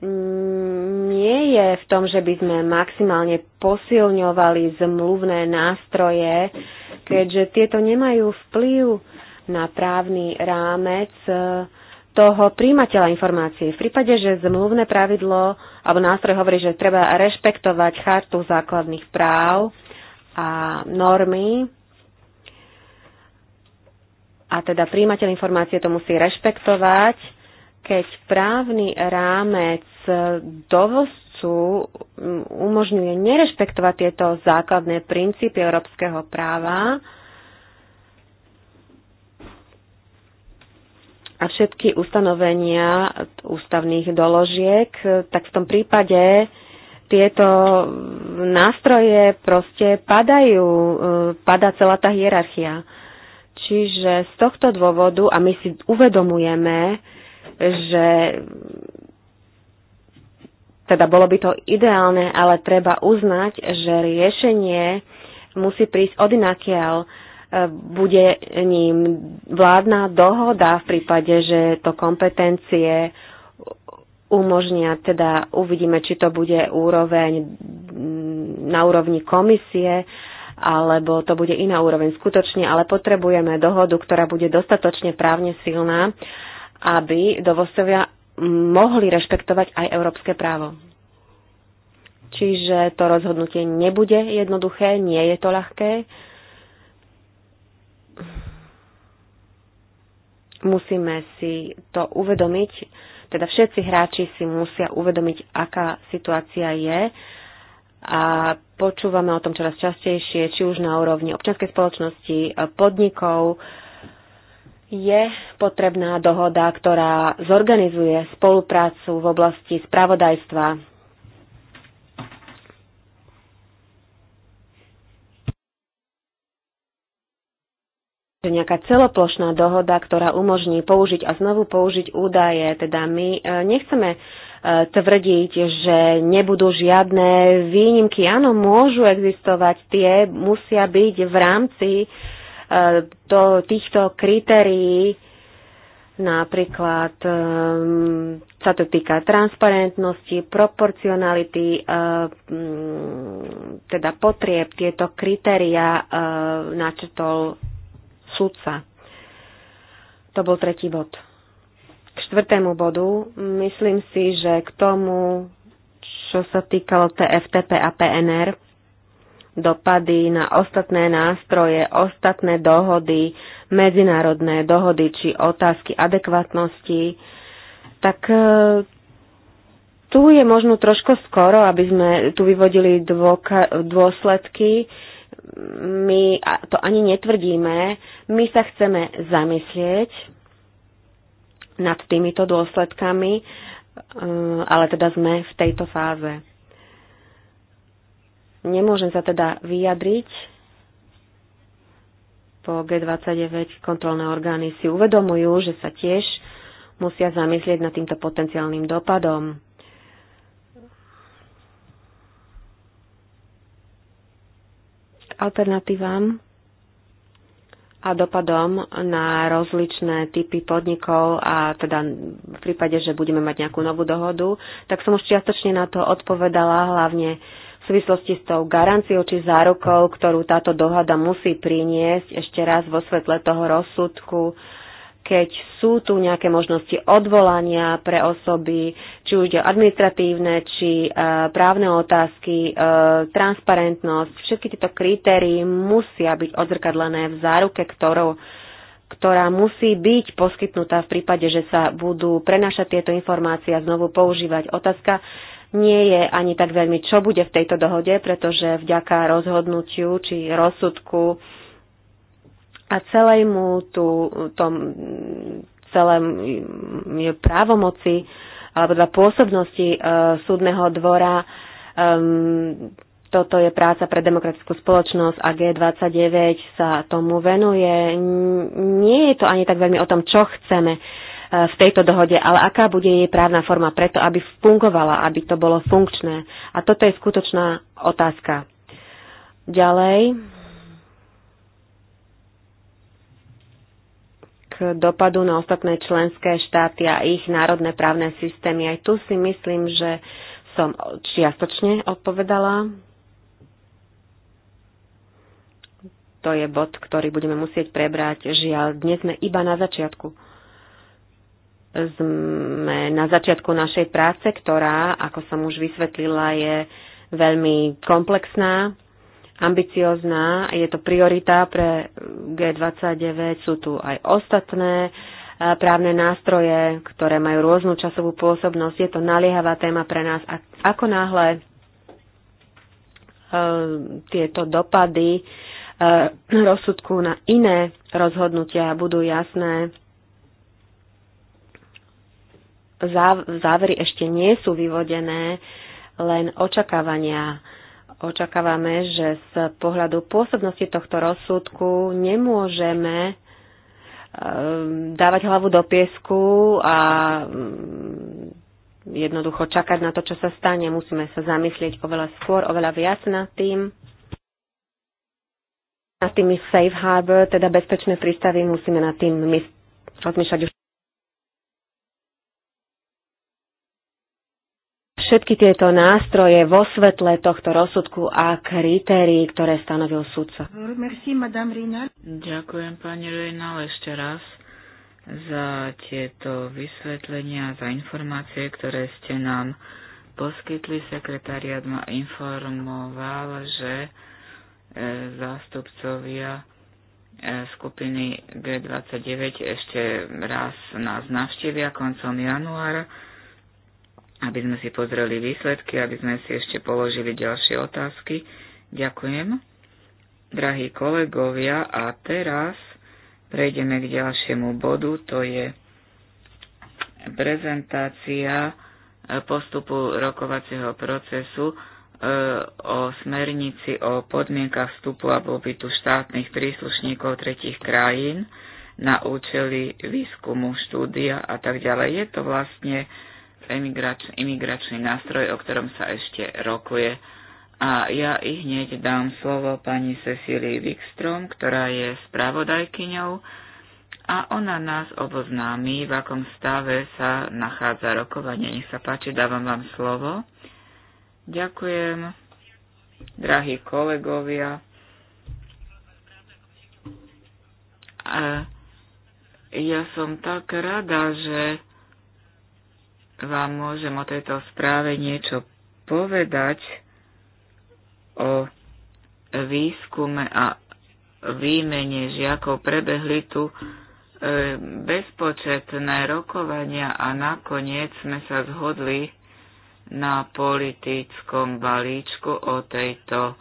mm, nie je v tom, že by sme maximálne posilňovali zmluvné nástroje, keďže tieto nemajú vplyv na právny rámec e, toho príjimateľa informácií. V prípade, že zmluvné pravidlo alebo nástroj hovorí, že treba rešpektovať chartu základných práv a normy, a teda príjimateľ informácie to musí rešpektovať, keď právny rámec e, dovozcu umožňuje nerešpektovať tieto základné princípy európskeho práva, a všetky ustanovenia ústavných doložiek, tak v tom prípade tieto nástroje proste padajú, e, padá celá tá hierarchia. Čiže z tohto dôvodu, a my si uvedomujeme, že teda bolo by to ideálne, ale treba uznať, že riešenie musí prísť odinakiaľ. inakiaľ bude ním vládna dohoda v prípade, že to kompetencie umožnia, teda uvidíme, či to bude úroveň mm, na úrovni komisie, alebo to bude iná úroveň skutočne, ale potrebujeme dohodu, ktorá bude dostatočne právne silná, aby dovozcovia mohli rešpektovať aj európske právo. Čiže to rozhodnutie nebude jednoduché, nie je to ľahké Musíme si to uvedomiť, teda všetci hráči si musia uvedomiť, aká situácia je a počúvame o tom čoraz častejšie, či už na úrovni občianskej spoločnosti, podnikov, je potrebná dohoda, ktorá zorganizuje spoluprácu v oblasti spravodajstva že nejaká celoplošná dohoda, ktorá umožní použiť a znovu použiť údaje. Teda my e, nechceme e, tvrdiť, že nebudú žiadne výnimky. Áno, môžu existovať, tie musia byť v rámci e, to, týchto kritérií, napríklad um, sa to týka transparentnosti, proporcionality, um, teda potrieb, tieto kritéria um, načetol sudca. To bol tretí bod. K štvrtému bodu myslím si, že k tomu, čo sa týkalo TFTP a PNR, dopady na ostatné nástroje, ostatné dohody, medzinárodné dohody či otázky adekvátnosti, tak e, tu je možno trošku skoro, aby sme tu vyvodili dôsledky my to ani netvrdíme, my sa chceme zamyslieť nad týmito dôsledkami, e, ale teda sme v tejto fáze. Nemôžem sa teda vyjadriť. Po G29 kontrolné orgány si uvedomujú, že sa tiež musia zamyslieť nad týmto potenciálnym dopadom. alternatívam a dopadom na rozličné typy podnikov a teda v prípade, že budeme mať nejakú novú dohodu, tak som už čiastočne na to odpovedala hlavne v súvislosti s tou garanciou či zárukou, ktorú táto dohoda musí priniesť ešte raz vo svetle toho rozsudku keď sú tu nejaké možnosti odvolania pre osoby, či už administratívne, či e, právne otázky, e, transparentnosť, všetky tieto kritérii musia byť odzrkadlené v záruke, ktorou ktorá musí byť poskytnutá v prípade, že sa budú prenašať tieto informácie a znovu používať. Otázka nie je ani tak veľmi, čo bude v tejto dohode, pretože vďaka rozhodnutiu či rozsudku a celému tu, tom, celém mm, právomoci alebo dva teda pôsobnosti e, súdneho dvora. E, toto je práca pre demokratickú spoločnosť a G29 sa tomu venuje. Nie je to ani tak veľmi o tom, čo chceme e, v tejto dohode, ale aká bude jej právna forma preto, aby fungovala, aby to bolo funkčné. A toto je skutočná otázka. Ďalej, k dopadu na ostatné členské štáty a ich národné právne systémy. Aj tu si myslím, že som čiastočne odpovedala. To je bod, ktorý budeme musieť prebrať. Žiaľ, dnes sme iba na začiatku. Sme na začiatku našej práce, ktorá, ako som už vysvetlila, je veľmi komplexná ambiciozná, je to priorita pre G29, sú tu aj ostatné eh, právne nástroje, ktoré majú rôznu časovú pôsobnosť. Je to naliehavá téma pre nás. A ako náhle eh, tieto dopady eh, rozsudku na iné rozhodnutia budú jasné. Závery ešte nie sú vyvodené, len očakávania očakávame, že z pohľadu pôsobnosti tohto rozsudku nemôžeme eh, dávať hlavu do piesku a mm, jednoducho čakať na to, čo sa stane. Musíme sa zamyslieť oveľa skôr, oveľa viac nad tým. Nad tými safe harbor, teda bezpečné prístavy, musíme nad tým rozmýšľať už všetky tieto nástroje vo svetle tohto rozsudku a kritérií, ktoré stanovil sudca. Merci, Ďakujem pani Reynal ešte raz za tieto vysvetlenia, za informácie, ktoré ste nám poskytli. Sekretariat ma informoval, že e, zástupcovia e, skupiny G29 ešte raz nás navštívia koncom januára aby sme si pozreli výsledky, aby sme si ešte položili ďalšie otázky. Ďakujem. Drahí kolegovia, a teraz prejdeme k ďalšiemu bodu, to je prezentácia postupu rokovacieho procesu e, o smernici o podmienkach vstupu a pobytu štátnych príslušníkov tretich krajín na účely výskumu, štúdia a tak ďalej. Je to vlastne imigračný nástroj, o ktorom sa ešte rokuje. A ja i hneď dám slovo pani Cecílii Wikström, ktorá je spravodajkyňou a ona nás oboznámi, v akom stave sa nachádza rokovanie. Nech sa páči, dávam vám slovo. Ďakujem, drahí kolegovia. A ja som tak rada, že vám môžem o tejto správe niečo povedať o výskume a výmene žiakov. Prebehli tu e, bezpočetné rokovania a nakoniec sme sa zhodli na politickom balíčku o tejto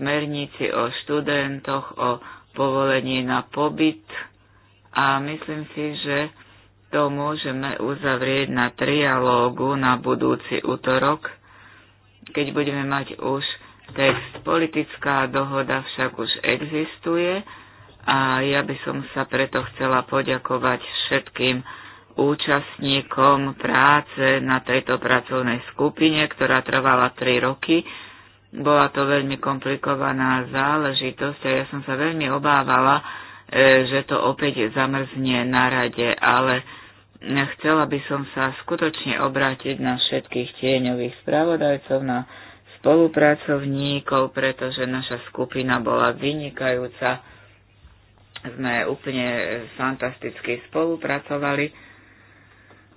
smernici o študentoch, o povolení na pobyt a myslím si, že to môžeme uzavrieť na trialógu na budúci útorok, keď budeme mať už text. Politická dohoda však už existuje a ja by som sa preto chcela poďakovať všetkým účastníkom práce na tejto pracovnej skupine, ktorá trvala 3 roky. Bola to veľmi komplikovaná záležitosť a ja som sa veľmi obávala, e, že to opäť zamrzne na rade, ale Chcela by som sa skutočne obrátiť na všetkých tieňových spravodajcov, na spolupracovníkov, pretože naša skupina bola vynikajúca. Sme úplne fantasticky spolupracovali.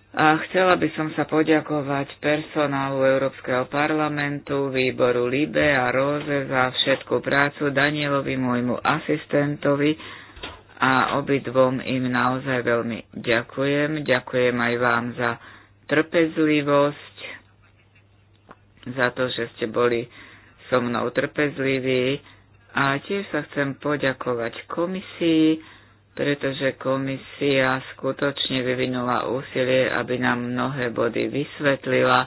A chcela by som sa poďakovať personálu Európskeho parlamentu, výboru Libe a Róze za všetkú prácu, Danielovi, môjmu asistentovi, a obidvom im naozaj veľmi ďakujem. Ďakujem aj vám za trpezlivosť, za to, že ste boli so mnou trpezliví a tiež sa chcem poďakovať komisii, pretože komisia skutočne vyvinula úsilie, aby nám mnohé body vysvetlila,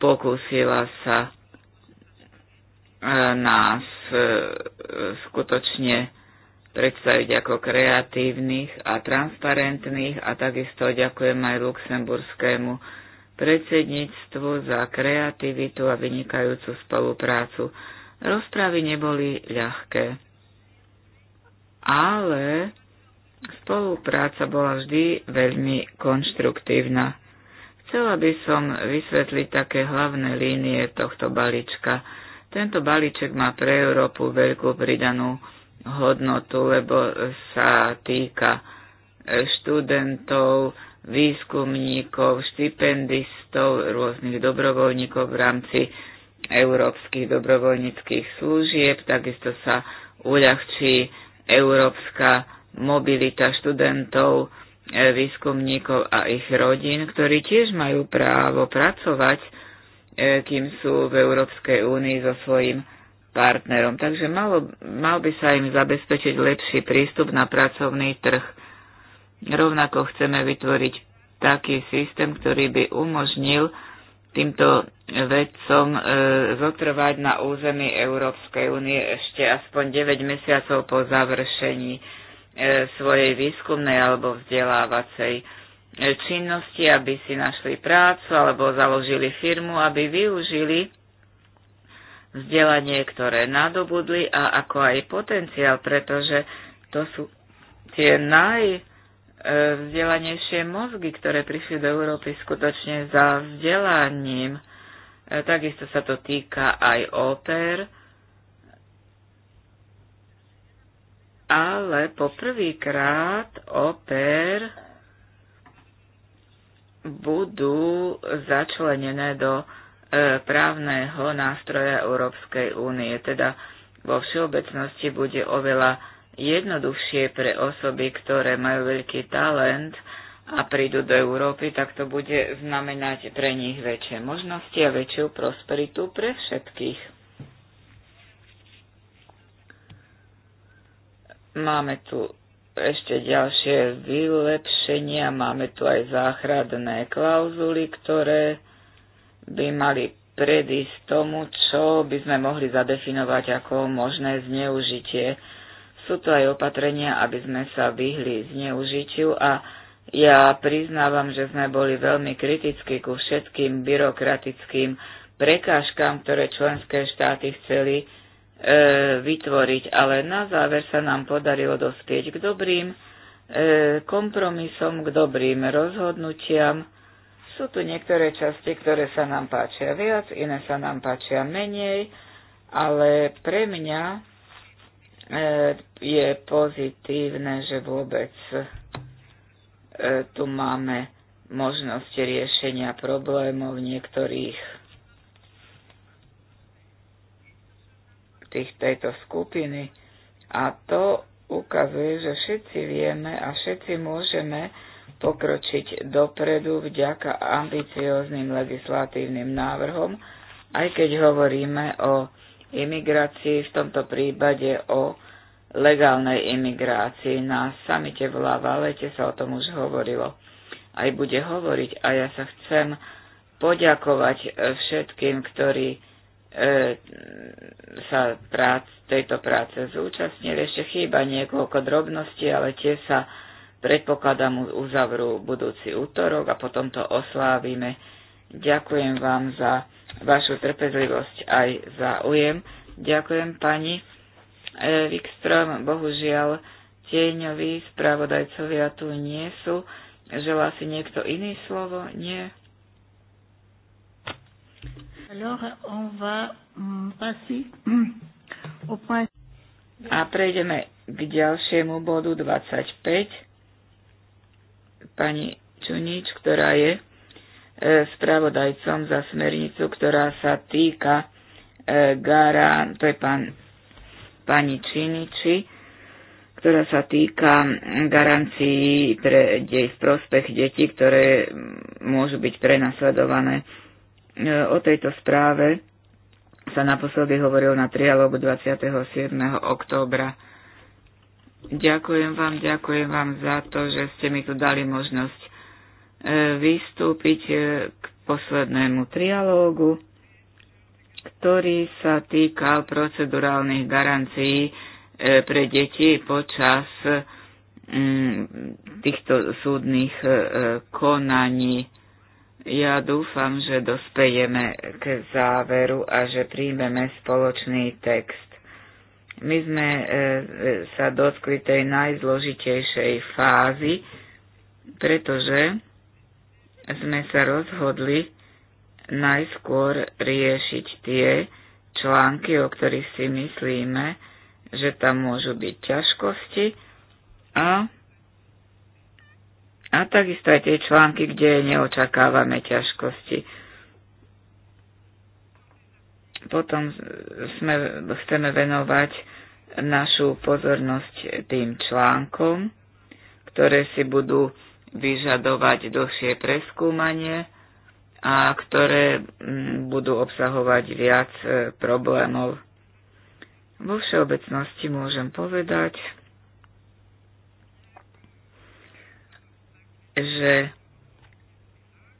pokúsila sa e, nás e, skutočne predstaviť ako kreatívnych a transparentných a takisto ďakujem aj luxemburskému predsedníctvu za kreativitu a vynikajúcu spoluprácu. Rozprávy neboli ľahké, ale spolupráca bola vždy veľmi konštruktívna. Chcela by som vysvetliť také hlavné línie tohto balíčka. Tento balíček má pre Európu veľkú pridanú hodnotu, lebo sa týka študentov, výskumníkov, štipendistov, rôznych dobrovoľníkov v rámci európskych dobrovoľníckých služieb. Takisto sa uľahčí európska mobilita študentov, e, výskumníkov a ich rodín, ktorí tiež majú právo pracovať, e, kým sú v Európskej únii so svojím partnerom. Takže malo, mal by sa im zabezpečiť lepší prístup na pracovný trh. Rovnako chceme vytvoriť taký systém, ktorý by umožnil týmto vedcom e, zotrvať na území Európskej únie ešte aspoň 9 mesiacov po završení e, svojej výskumnej alebo vzdelávacej e, činnosti, aby si našli prácu alebo založili firmu, aby využili vzdelanie, ktoré nadobudli a ako aj potenciál, pretože to sú tie najvzdelanejšie mozgy, ktoré prišli do Európy skutočne za vzdelaním. E, takisto sa to týka aj oper, ale poprvýkrát oper budú začlenené do E, právneho nástroja Európskej únie. Teda vo všeobecnosti bude oveľa jednoduchšie pre osoby, ktoré majú veľký talent a prídu do Európy, tak to bude znamenať pre nich väčšie možnosti a väčšiu prosperitu pre všetkých. Máme tu ešte ďalšie vylepšenia, máme tu aj záchradné klauzuly, ktoré by mali predísť tomu, čo by sme mohli zadefinovať ako možné zneužitie. Sú to aj opatrenia, aby sme sa vyhli zneužitiu a ja priznávam, že sme boli veľmi kritickí ku všetkým byrokratickým prekážkam, ktoré členské štáty chceli e, vytvoriť, ale na záver sa nám podarilo dospieť k dobrým e, kompromisom, k dobrým rozhodnutiam, sú tu niektoré časti, ktoré sa nám páčia viac, iné sa nám páčia menej, ale pre mňa e, je pozitívne, že vôbec e, tu máme možnosť riešenia problémov niektorých tých, tejto skupiny. A to ukazuje, že všetci vieme a všetci môžeme pokročiť dopredu vďaka ambiciózným legislatívnym návrhom, aj keď hovoríme o imigrácii, v tomto prípade o legálnej imigrácii. Na samite v Lavalete sa o tom už hovorilo. Aj bude hovoriť a ja sa chcem poďakovať e, všetkým, ktorí e, sa prác, tejto práce zúčastnili. Ešte chýba niekoľko drobností, ale tie sa predpokladám, uzavrú budúci útorok a potom to oslávime. Ďakujem vám za vašu trpezlivosť aj za ujem. Ďakujem pani eh, Wikström. Bohužiaľ, tieňoví spravodajcovia tu nie sú. Želá si niekto iný slovo? Nie. Mm, a prejdeme k ďalšiemu bodu 25 pani Čunič, ktorá je e, spravodajcom za smernicu, ktorá sa týka e, gara, to je pán, pani Činiči, ktorá sa týka garancií pre dej, v prospech detí, ktoré môžu byť prenasledované. E, o tejto správe sa naposledy hovoril na trialógu 27. októbra. Ďakujem vám, ďakujem vám za to, že ste mi tu dali možnosť e, vystúpiť e, k poslednému trialógu, ktorý sa týkal procedurálnych garancií e, pre deti počas mm, týchto súdnych konaní. Ja dúfam, že dospejeme k záveru a že príjmeme spoločný text. My sme e, e, sa dotkli tej najzložitejšej fázy, pretože sme sa rozhodli najskôr riešiť tie články, o ktorých si myslíme, že tam môžu byť ťažkosti a, a takisto aj tie články, kde neočakávame ťažkosti. Potom sme, chceme venovať našu pozornosť tým článkom, ktoré si budú vyžadovať dlhšie preskúmanie a ktoré mm, budú obsahovať viac e, problémov. Vo všeobecnosti môžem povedať, že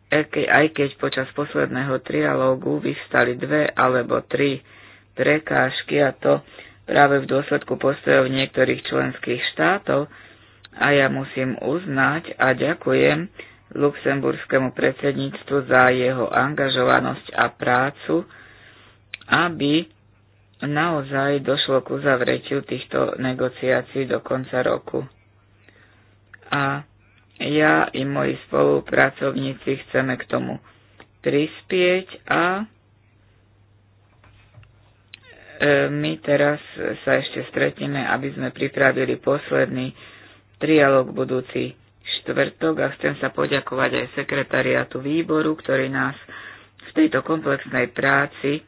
E aj keď počas posledného trialógu vyvstali dve alebo tri prekážky, a to práve v dôsledku postojov niektorých členských štátov, a ja musím uznať a ďakujem luxemburskému predsedníctvu za jeho angažovanosť a prácu, aby naozaj došlo k uzavretiu týchto negociácií do konca roku. A ja i moji spolupracovníci chceme k tomu prispieť a e, my teraz sa ešte stretneme, aby sme pripravili posledný trialog budúci štvrtok a chcem sa poďakovať aj sekretariatu výboru, ktorý nás v tejto komplexnej práci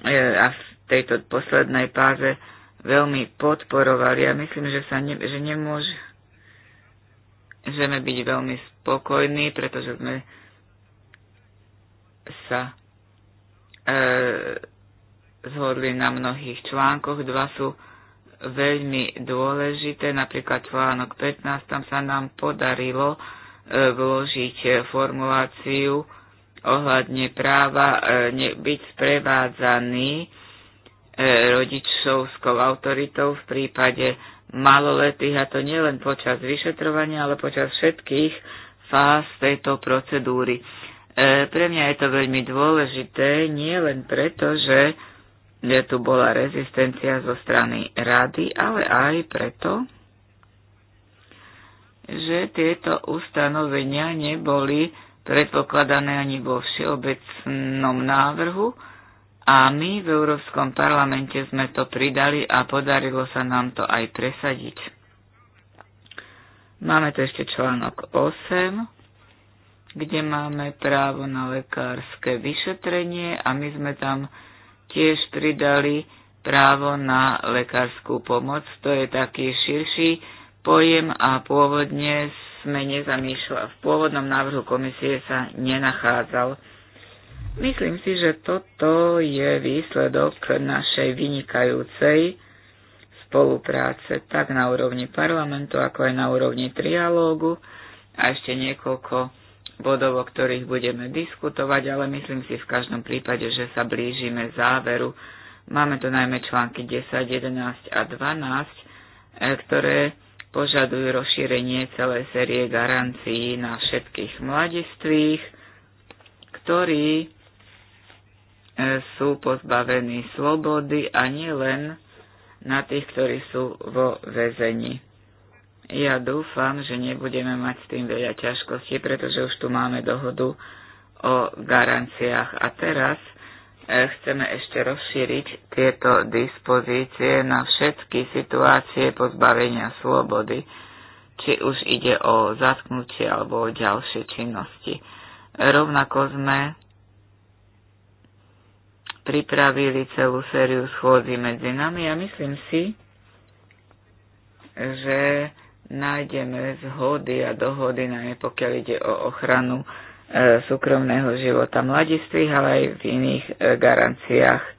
e, a v tejto poslednej páze veľmi podporovali Ja myslím, že, sa ne, že nemôže, Žeme byť veľmi spokojní, pretože sme sa e, zhodli na mnohých článkoch. Dva sú veľmi dôležité, napríklad článok 15, tam sa nám podarilo e, vložiť formuláciu ohľadne práva e, byť sprevádzaný e, rodičovskou autoritou v prípade maloletých, a to nielen počas vyšetrovania, ale počas všetkých fáz tejto procedúry. E, pre mňa je to veľmi dôležité, nie len preto, že tu bola rezistencia zo strany rady, ale aj preto, že tieto ustanovenia neboli predpokladané ani vo všeobecnom návrhu, a my v Európskom parlamente sme to pridali a podarilo sa nám to aj presadiť. Máme tu ešte článok 8, kde máme právo na lekárske vyšetrenie a my sme tam tiež pridali právo na lekárskú pomoc. To je taký širší pojem a pôvodne sme nezamýšľali, v pôvodnom návrhu komisie sa nenachádzal. Myslím si, že toto je výsledok našej vynikajúcej spolupráce tak na úrovni parlamentu, ako aj na úrovni trialógu a ešte niekoľko bodov, o ktorých budeme diskutovať, ale myslím si v každom prípade, že sa blížime záveru. Máme tu najmä články 10, 11 a 12, e, ktoré požadujú rozšírenie celej série garancií na všetkých mladistvých, ktorí E, sú pozbavení slobody a nie len na tých, ktorí sú vo väzení. Ja dúfam, že nebudeme mať s tým veľa ťažkostí, pretože už tu máme dohodu o garanciách. A teraz e, chceme ešte rozšíriť tieto dispozície na všetky situácie pozbavenia slobody, či už ide o zatknutie alebo o ďalšie činnosti. Rovnako sme pripravili celú sériu schôdzi medzi nami a myslím si, že nájdeme zhody a dohody, najmä pokiaľ ide o ochranu e, súkromného života mladistvých, ale aj v iných e, garanciách. E,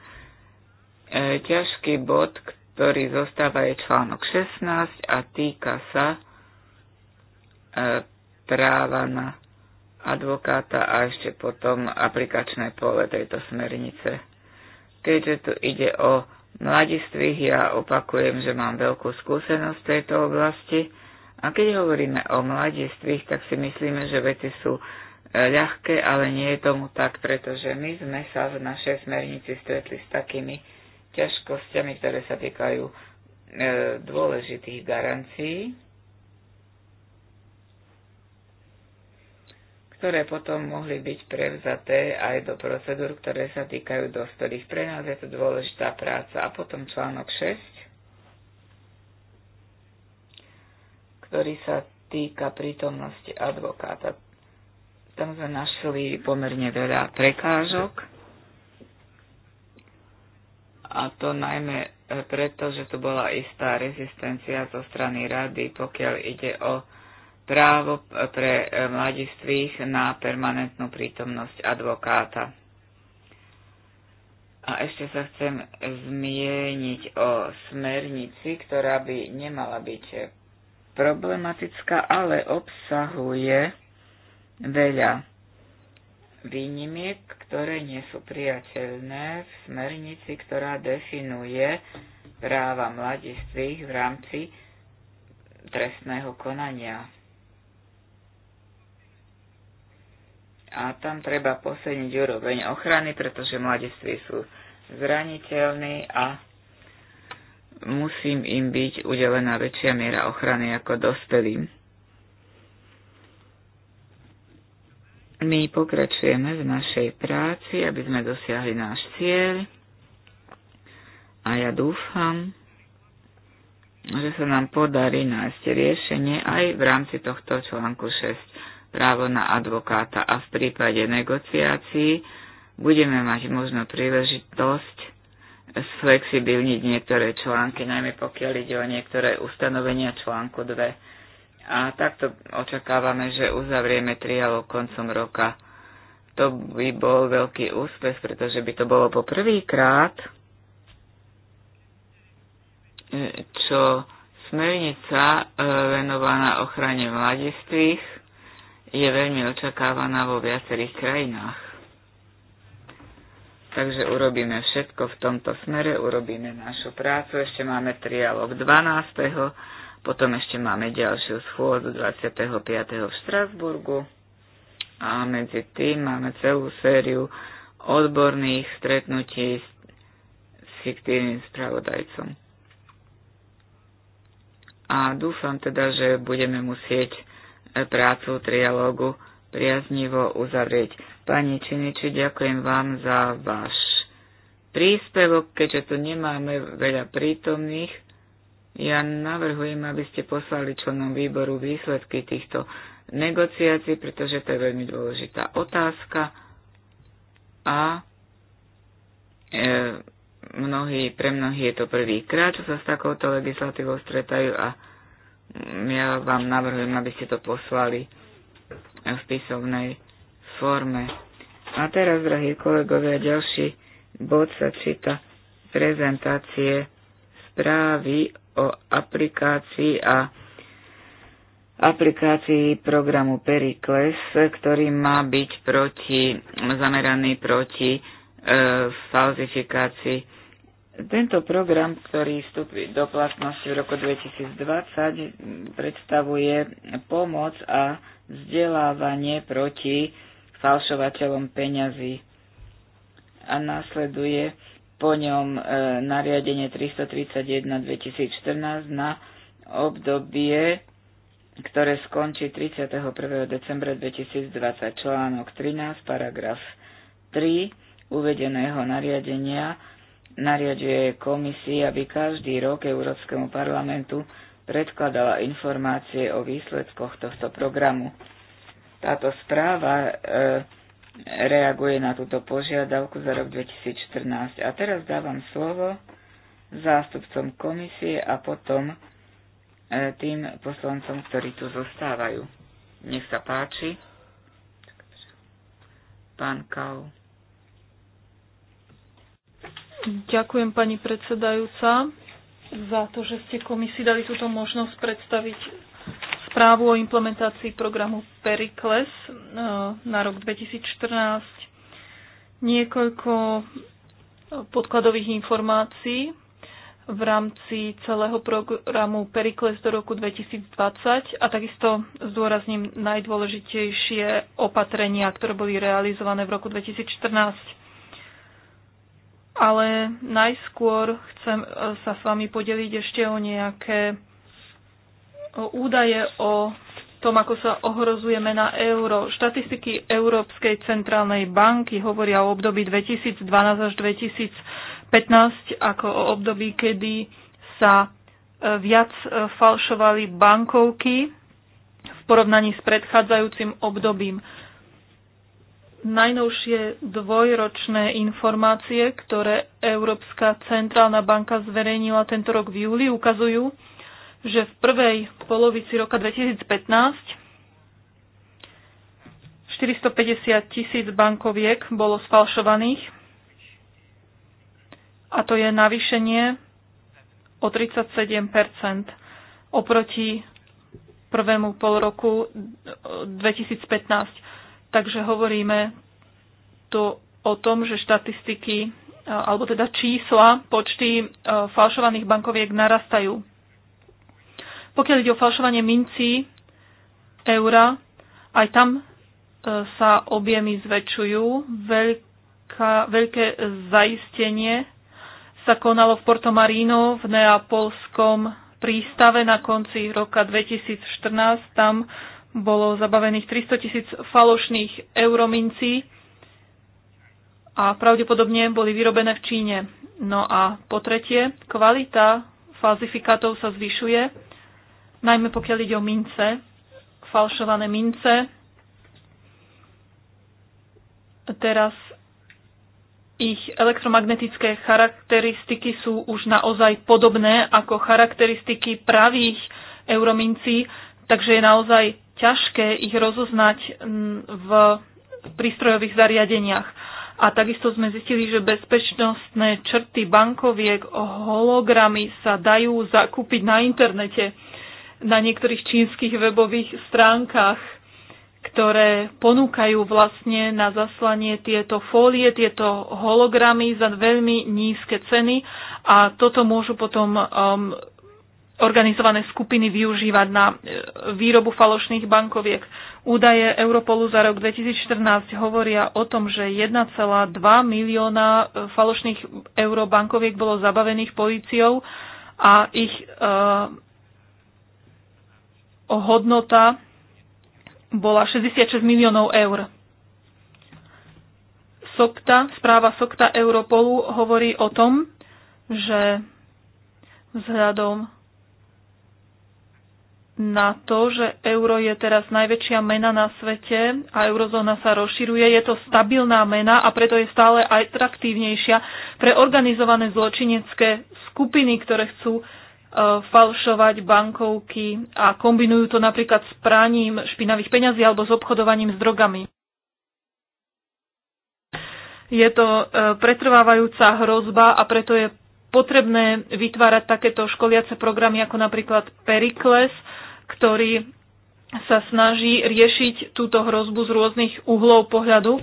ťažký bod, ktorý zostáva, je článok 16 a týka sa e, práva na advokáta a ešte potom aplikačné pole tejto smernice keďže tu ide o mladistvých, ja opakujem, že mám veľkú skúsenosť v tejto oblasti. A keď hovoríme o mladistvých, tak si myslíme, že veci sú e, ľahké, ale nie je tomu tak, pretože my sme sa v našej smernici stretli s takými ťažkosťami, ktoré sa týkajú e, dôležitých garancií ktoré potom mohli byť prevzaté aj do procedúr, ktoré sa týkajú dospelých. Pre nás je to dôležitá práca. A potom článok 6, ktorý sa týka prítomnosti advokáta. Tam sme našli pomerne veľa prekážok. A to najmä preto, že tu bola istá rezistencia zo strany rady, pokiaľ ide o právo pre e, mladistvých na permanentnú prítomnosť advokáta. A ešte sa chcem zmieniť o smernici, ktorá by nemala byť problematická, ale obsahuje veľa výnimiek, ktoré nie sú priateľné v smernici, ktorá definuje práva mladistvých v rámci trestného konania. a tam treba posilniť úroveň ochrany, pretože mladiství sú zraniteľní a musím im byť udelená väčšia miera ochrany ako dospelým. My pokračujeme v našej práci, aby sme dosiahli náš cieľ a ja dúfam, že sa nám podarí nájsť riešenie aj v rámci tohto článku 6 právo na advokáta a v prípade negociácií budeme mať možno príležitosť sflexibilniť niektoré články, najmä pokiaľ ide o niektoré ustanovenia článku 2. A takto očakávame, že uzavrieme trialo koncom roka. To by bol veľký úspech, pretože by to bolo poprvýkrát, čo smernica eh, venovaná ochrane mladistvých je veľmi očakávaná vo viacerých krajinách. Takže urobíme všetko v tomto smere, urobíme našu prácu, ešte máme trialog 12. Potom ešte máme ďalšiu schôdzu 25. v Štrasburgu a medzi tým máme celú sériu odborných stretnutí s fiktívnym spravodajcom. A dúfam teda, že budeme musieť prácu trialógu priaznivo uzavrieť. Pani Činiči, ďakujem vám za váš príspevok, keďže tu nemáme veľa prítomných. Ja navrhujem, aby ste poslali členom výboru výsledky týchto negociácií, pretože to je veľmi dôležitá otázka a e, mnohí, pre mnohých je to prvýkrát, čo sa s takouto legislatívou stretajú a Mm, ja vám navrhujem, aby ste to poslali v písomnej forme. A teraz, drahí kolegovia, ďalší bod sa číta prezentácie správy o aplikácii a aplikácii programu Pericles, ktorý má byť proti, zameraný proti e, falzifikácii tento program, ktorý vstúpi do platnosti v roku 2020, predstavuje pomoc a vzdelávanie proti falšovateľom peňazí. A následuje po ňom e, nariadenie 331-2014 na obdobie, ktoré skončí 31. decembra 2020, článok 13, paragraf 3 uvedeného nariadenia nariaduje komisii, aby každý rok Európskemu parlamentu predkladala informácie o výsledkoch tohto programu. Táto správa e, reaguje na túto požiadavku za rok 2014. A teraz dávam slovo zástupcom komisie a potom e, tým poslancom, ktorí tu zostávajú. Nech sa páči. Pán Kau. Ďakujem pani predsedajúca za to, že ste komisii dali túto možnosť predstaviť správu o implementácii programu Pericles eh, na rok 2014. Niekoľko podkladových informácií v rámci celého programu Pericles do roku 2020 a takisto zdôrazním najdôležitejšie opatrenia, ktoré boli realizované v roku 2014 ale najskôr chcem e, sa s vami podeliť ešte o nejaké údaje o tom, ako sa ohrozujeme na euro. Štatistiky Európskej centrálnej banky hovoria o období 2012 až 2015 ako o období, kedy sa e, viac e, falšovali bankovky v porovnaní s predchádzajúcim obdobím najnovšie dvojročné informácie, ktoré Európska centrálna banka zverejnila tento rok v júli, ukazujú, že v prvej polovici roka 2015 450 tisíc bankoviek bolo sfalšovaných a to je navýšenie o 37 oproti prvému pol roku 2015 Takže hovoríme tu o tom, že štatistiky, e, alebo teda čísla, počty e, falšovaných bankoviek narastajú. Pokiaľ ide o falšovanie minci, eura, aj tam e, sa objemy zväčšujú. Veľká, veľké zaistenie sa konalo v Porto Marino v neapolskom prístave na konci roka 2014. Tam bolo zabavených 300 tisíc falošných euromincí a pravdepodobne boli vyrobené v Číne. No a po tretie, kvalita falzifikátov sa zvyšuje, najmä pokiaľ ide o mince, falšované mince. Teraz ich elektromagnetické charakteristiky sú už naozaj podobné ako charakteristiky pravých euromincí, takže je naozaj ťažké ich rozoznať v prístrojových zariadeniach. A takisto sme zistili, že bezpečnostné črty bankoviek, hologramy sa dajú zakúpiť na internete, na niektorých čínskych webových stránkach, ktoré ponúkajú vlastne na zaslanie tieto fólie, tieto hologramy za veľmi nízke ceny a toto môžu potom um, organizované skupiny využívať na e, výrobu falošných bankoviek. Údaje Europolu za rok 2014 hovoria o tom, že 1,2 milióna e, falošných eurobankoviek bolo zabavených políciou a ich uh, hodnota bola 66 miliónov eur. Sokta, správa Sokta Europolu hovorí o tom, že vzhľadom na to, že euro je teraz najväčšia mena na svete a eurozóna sa rozširuje. Je to stabilná mena a preto je stále atraktívnejšia pre organizované zločinecké skupiny, ktoré chcú e, falšovať bankovky a kombinujú to napríklad s praním špinavých peňazí alebo s obchodovaním s drogami. Je to e, pretrvávajúca hrozba a preto je potrebné vytvárať takéto školiace programy ako napríklad Perikles, ktorý sa snaží riešiť túto hrozbu z rôznych uhlov pohľadu.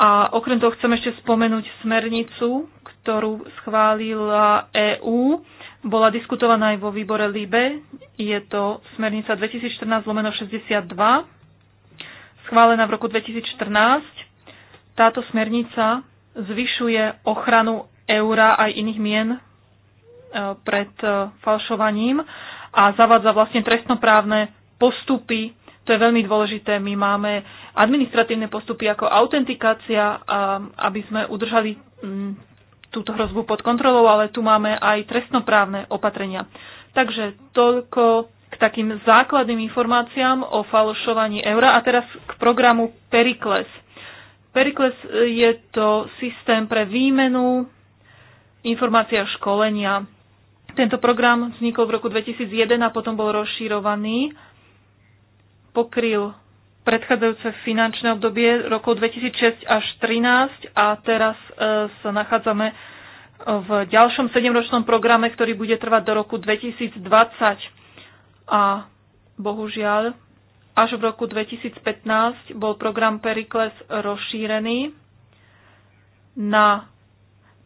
A okrem toho chcem ešte spomenúť smernicu, ktorú schválila EÚ. Bola diskutovaná aj vo výbore LIBE. Je to smernica 2014 62, schválená v roku 2014. Táto smernica zvyšuje ochranu eura aj iných mien eh, pred eh, falšovaním a zavádza vlastne trestnoprávne postupy. To je veľmi dôležité. My máme administratívne postupy ako autentikácia, aby sme udržali mm, túto hrozbu pod kontrolou, ale tu máme aj trestnoprávne opatrenia. Takže toľko k takým základným informáciám o falšovaní eura a teraz k programu Perikles. Perikles e, je to systém pre výmenu informácia školenia tento program vznikol v roku 2001 a potom bol rozšírovaný. Pokryl predchádzajúce finančné obdobie rokov 2006 až 2013 a teraz e, sa nachádzame e, v ďalšom sedemročnom programe, ktorý bude trvať do roku 2020. A bohužiaľ, až v roku 2015 bol program Perikles rozšírený na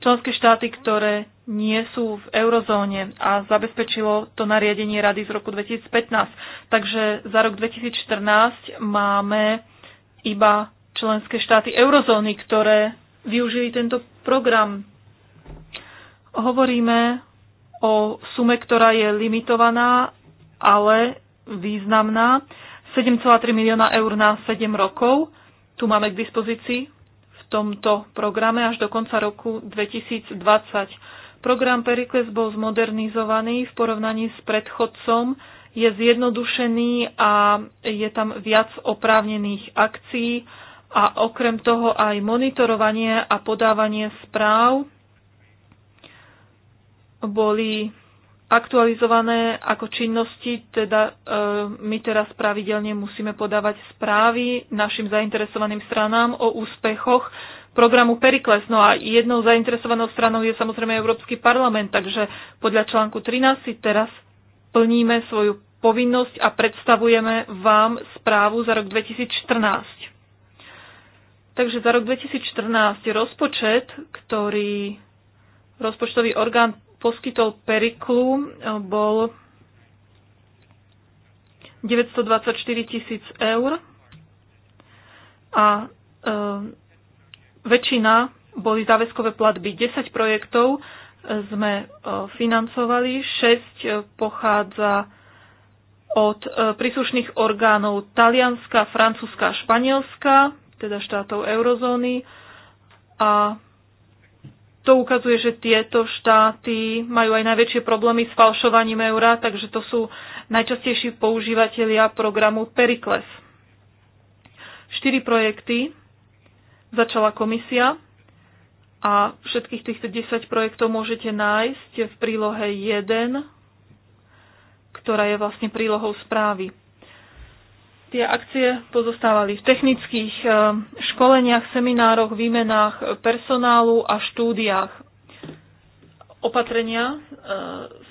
členské štáty, ktoré nie sú v eurozóne a zabezpečilo to nariadenie Rady z roku 2015. Takže za rok 2014 máme iba členské štáty eurozóny, ktoré využili tento program. Hovoríme o sume, ktorá je limitovaná, ale významná. 7,3 milióna eur na 7 rokov. Tu máme k dispozícii v tomto programe až do konca roku 2020 Program Perikles bol zmodernizovaný v porovnaní s predchodcom, je zjednodušený a je tam viac oprávnených akcií a okrem toho aj monitorovanie a podávanie správ boli aktualizované ako činnosti, teda e, my teraz pravidelne musíme podávať správy našim zainteresovaným stranám o úspechoch programu Perikles. No a jednou zainteresovanou stranou je samozrejme Európsky parlament, takže podľa článku 13 si teraz plníme svoju povinnosť a predstavujeme vám správu za rok 2014. Takže za rok 2014 rozpočet, ktorý rozpočtový orgán poskytol Periklu, bol 924 tisíc eur a e, väčšina boli záväzkové platby. 10 projektov e, sme e, financovali, 6 e, pochádza od príslušných orgánov Talianska, Francúzska a Španielska, teda štátov eurozóny. A to ukazuje, že tieto štáty majú aj najväčšie problémy s falšovaním eura, takže to sú najčastejší používateľia programu Pericles. Štyri projekty začala komisia a všetkých týchto 10 projektov môžete nájsť v prílohe 1, ktorá je vlastne prílohou správy. Tie akcie pozostávali v technických eh, školeniach, seminároch, výmenách personálu a štúdiách. Opatrenia eh,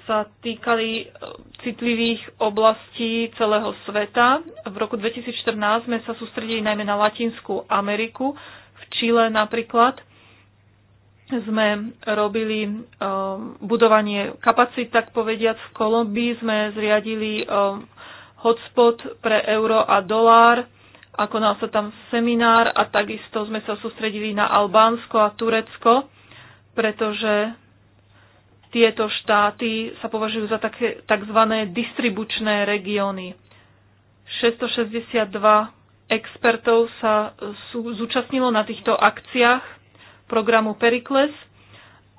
sa týkali eh, citlivých oblastí celého sveta. V roku 2014 sme sa sústredili najmä na Latinskú Ameriku, Čile napríklad sme robili um, budovanie kapacít, tak povediať. V Kolumbii sme zriadili um, hotspot pre euro a dolár a konal sa tam seminár a takisto sme sa sústredili na Albánsko a Turecko, pretože tieto štáty sa považujú za také tzv. distribučné regióny. 662 expertov sa sú, zúčastnilo na týchto akciách programu Perikles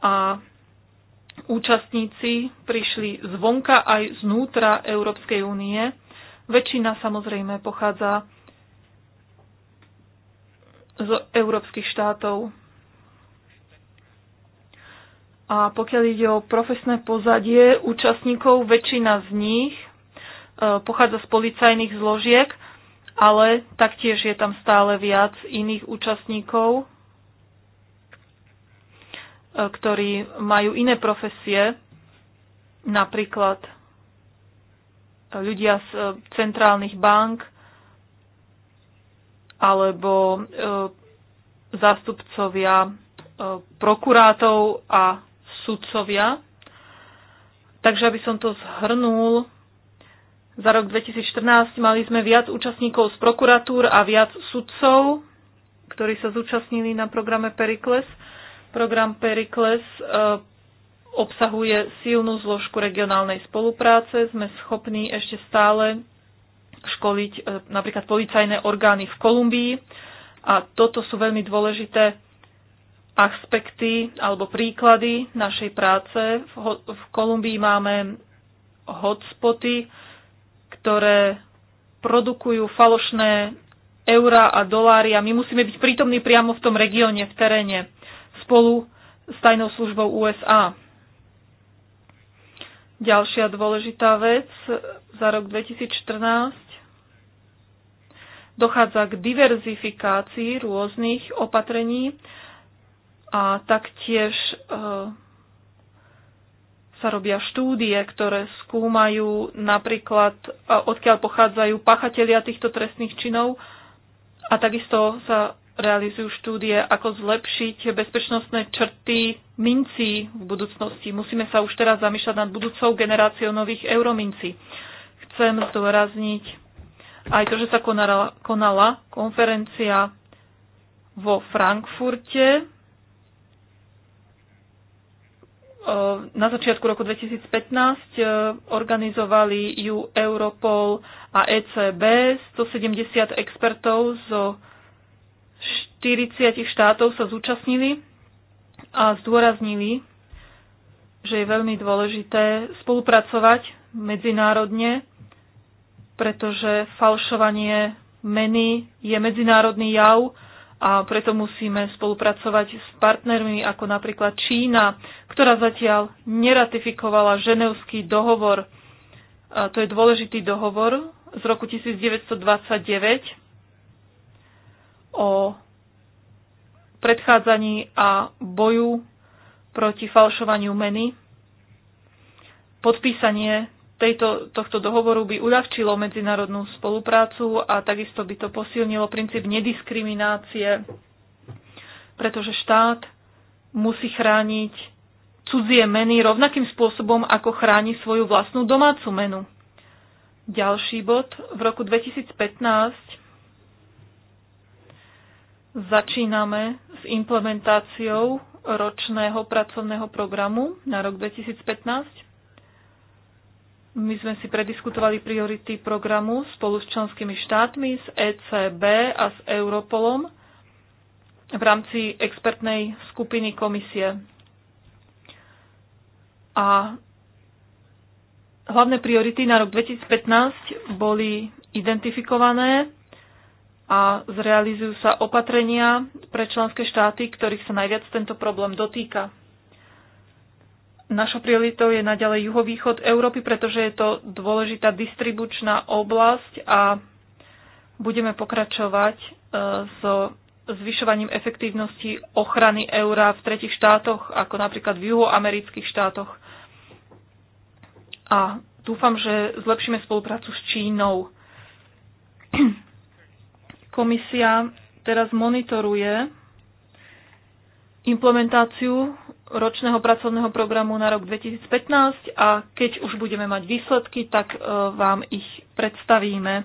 a účastníci prišli zvonka aj znútra Európskej únie. Väčšina samozrejme pochádza z európskych štátov. A pokiaľ ide o profesné pozadie účastníkov, väčšina z nich eh, pochádza z policajných zložiek ale taktiež je tam stále viac iných účastníkov, e, ktorí majú iné profesie, napríklad e, ľudia z e, centrálnych bank alebo zástupcovia prokurátov a sudcovia. Takže aby som to zhrnul, za rok 2014 mali sme viac účastníkov z prokuratúr a viac sudcov, ktorí sa zúčastnili na programe Perikles. Program Perikles e, obsahuje silnú zložku regionálnej spolupráce. Sme schopní ešte stále školiť e, napríklad policajné orgány v Kolumbii a toto sú veľmi dôležité aspekty alebo príklady našej práce. V, Kolumbii máme hotspoty, ktoré produkujú falošné eurá a dolári a my musíme byť prítomní priamo v tom regióne, v teréne, spolu s tajnou službou USA. Ďalšia dôležitá vec za rok 2014 dochádza k diverzifikácii rôznych opatrení a taktiež e, sa robia štúdie, ktoré skúmajú napríklad, odkiaľ pochádzajú pachatelia týchto trestných činov a takisto sa realizujú štúdie, ako zlepšiť bezpečnostné črty mincí v budúcnosti. Musíme sa už teraz zamýšľať nad budúcou generáciou nových euromincí. Chcem zdôrazniť aj to, že sa konala, konala konferencia vo Frankfurte Eh, na začiatku roku 2015 eh, organizovali ju Europol a ECB, 170 expertov zo 40 štátov sa zúčastnili a zdôraznili, že je veľmi dôležité spolupracovať medzinárodne, pretože falšovanie meny je medzinárodný jav, a preto musíme spolupracovať s partnermi ako napríklad Čína, ktorá zatiaľ neratifikovala Ženevský dohovor. A to je dôležitý dohovor z roku 1929 o predchádzaní a boju proti falšovaniu meny. Podpísanie tejto, tohto dohovoru by uľahčilo medzinárodnú spoluprácu a takisto by to posilnilo princíp nediskriminácie, pretože štát musí chrániť cudzie meny rovnakým spôsobom, ako chráni svoju vlastnú domácu menu. Ďalší bod. V roku 2015 začíname s implementáciou ročného pracovného programu na rok 2015 my sme si prediskutovali priority programu spolu s členskými štátmi, s ECB a s Europolom v rámci expertnej skupiny komisie. A hlavné priority na rok 2015 boli identifikované a zrealizujú sa opatrenia pre členské štáty, ktorých sa najviac tento problém dotýka. Našou prioritou je naďalej juhovýchod Európy, pretože je to dôležitá distribučná oblasť a budeme pokračovať e, so zvyšovaním efektívnosti ochrany eura v tretich štátoch, ako napríklad v juhoamerických štátoch. A dúfam, že zlepšíme spoluprácu s Čínou. [clears throat] Komisia teraz monitoruje implementáciu ročného pracovného programu na rok 2015 a keď už budeme mať výsledky, tak e, vám ich predstavíme e,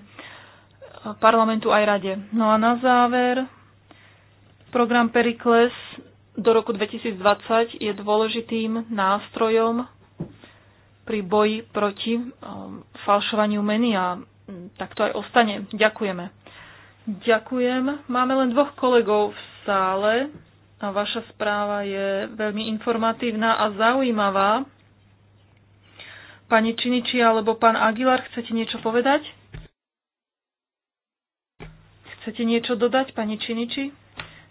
parlamentu aj rade. No a na záver, program Perikles do roku 2020 je dôležitým nástrojom pri boji proti e, falšovaniu meny a tak to aj ostane. Ďakujeme. Ďakujem. Máme len dvoch kolegov v sále. A vaša správa je veľmi informatívna a zaujímavá. Pani Činiči alebo pán Aguilar, chcete niečo povedať? Chcete niečo dodať, pani Činiči?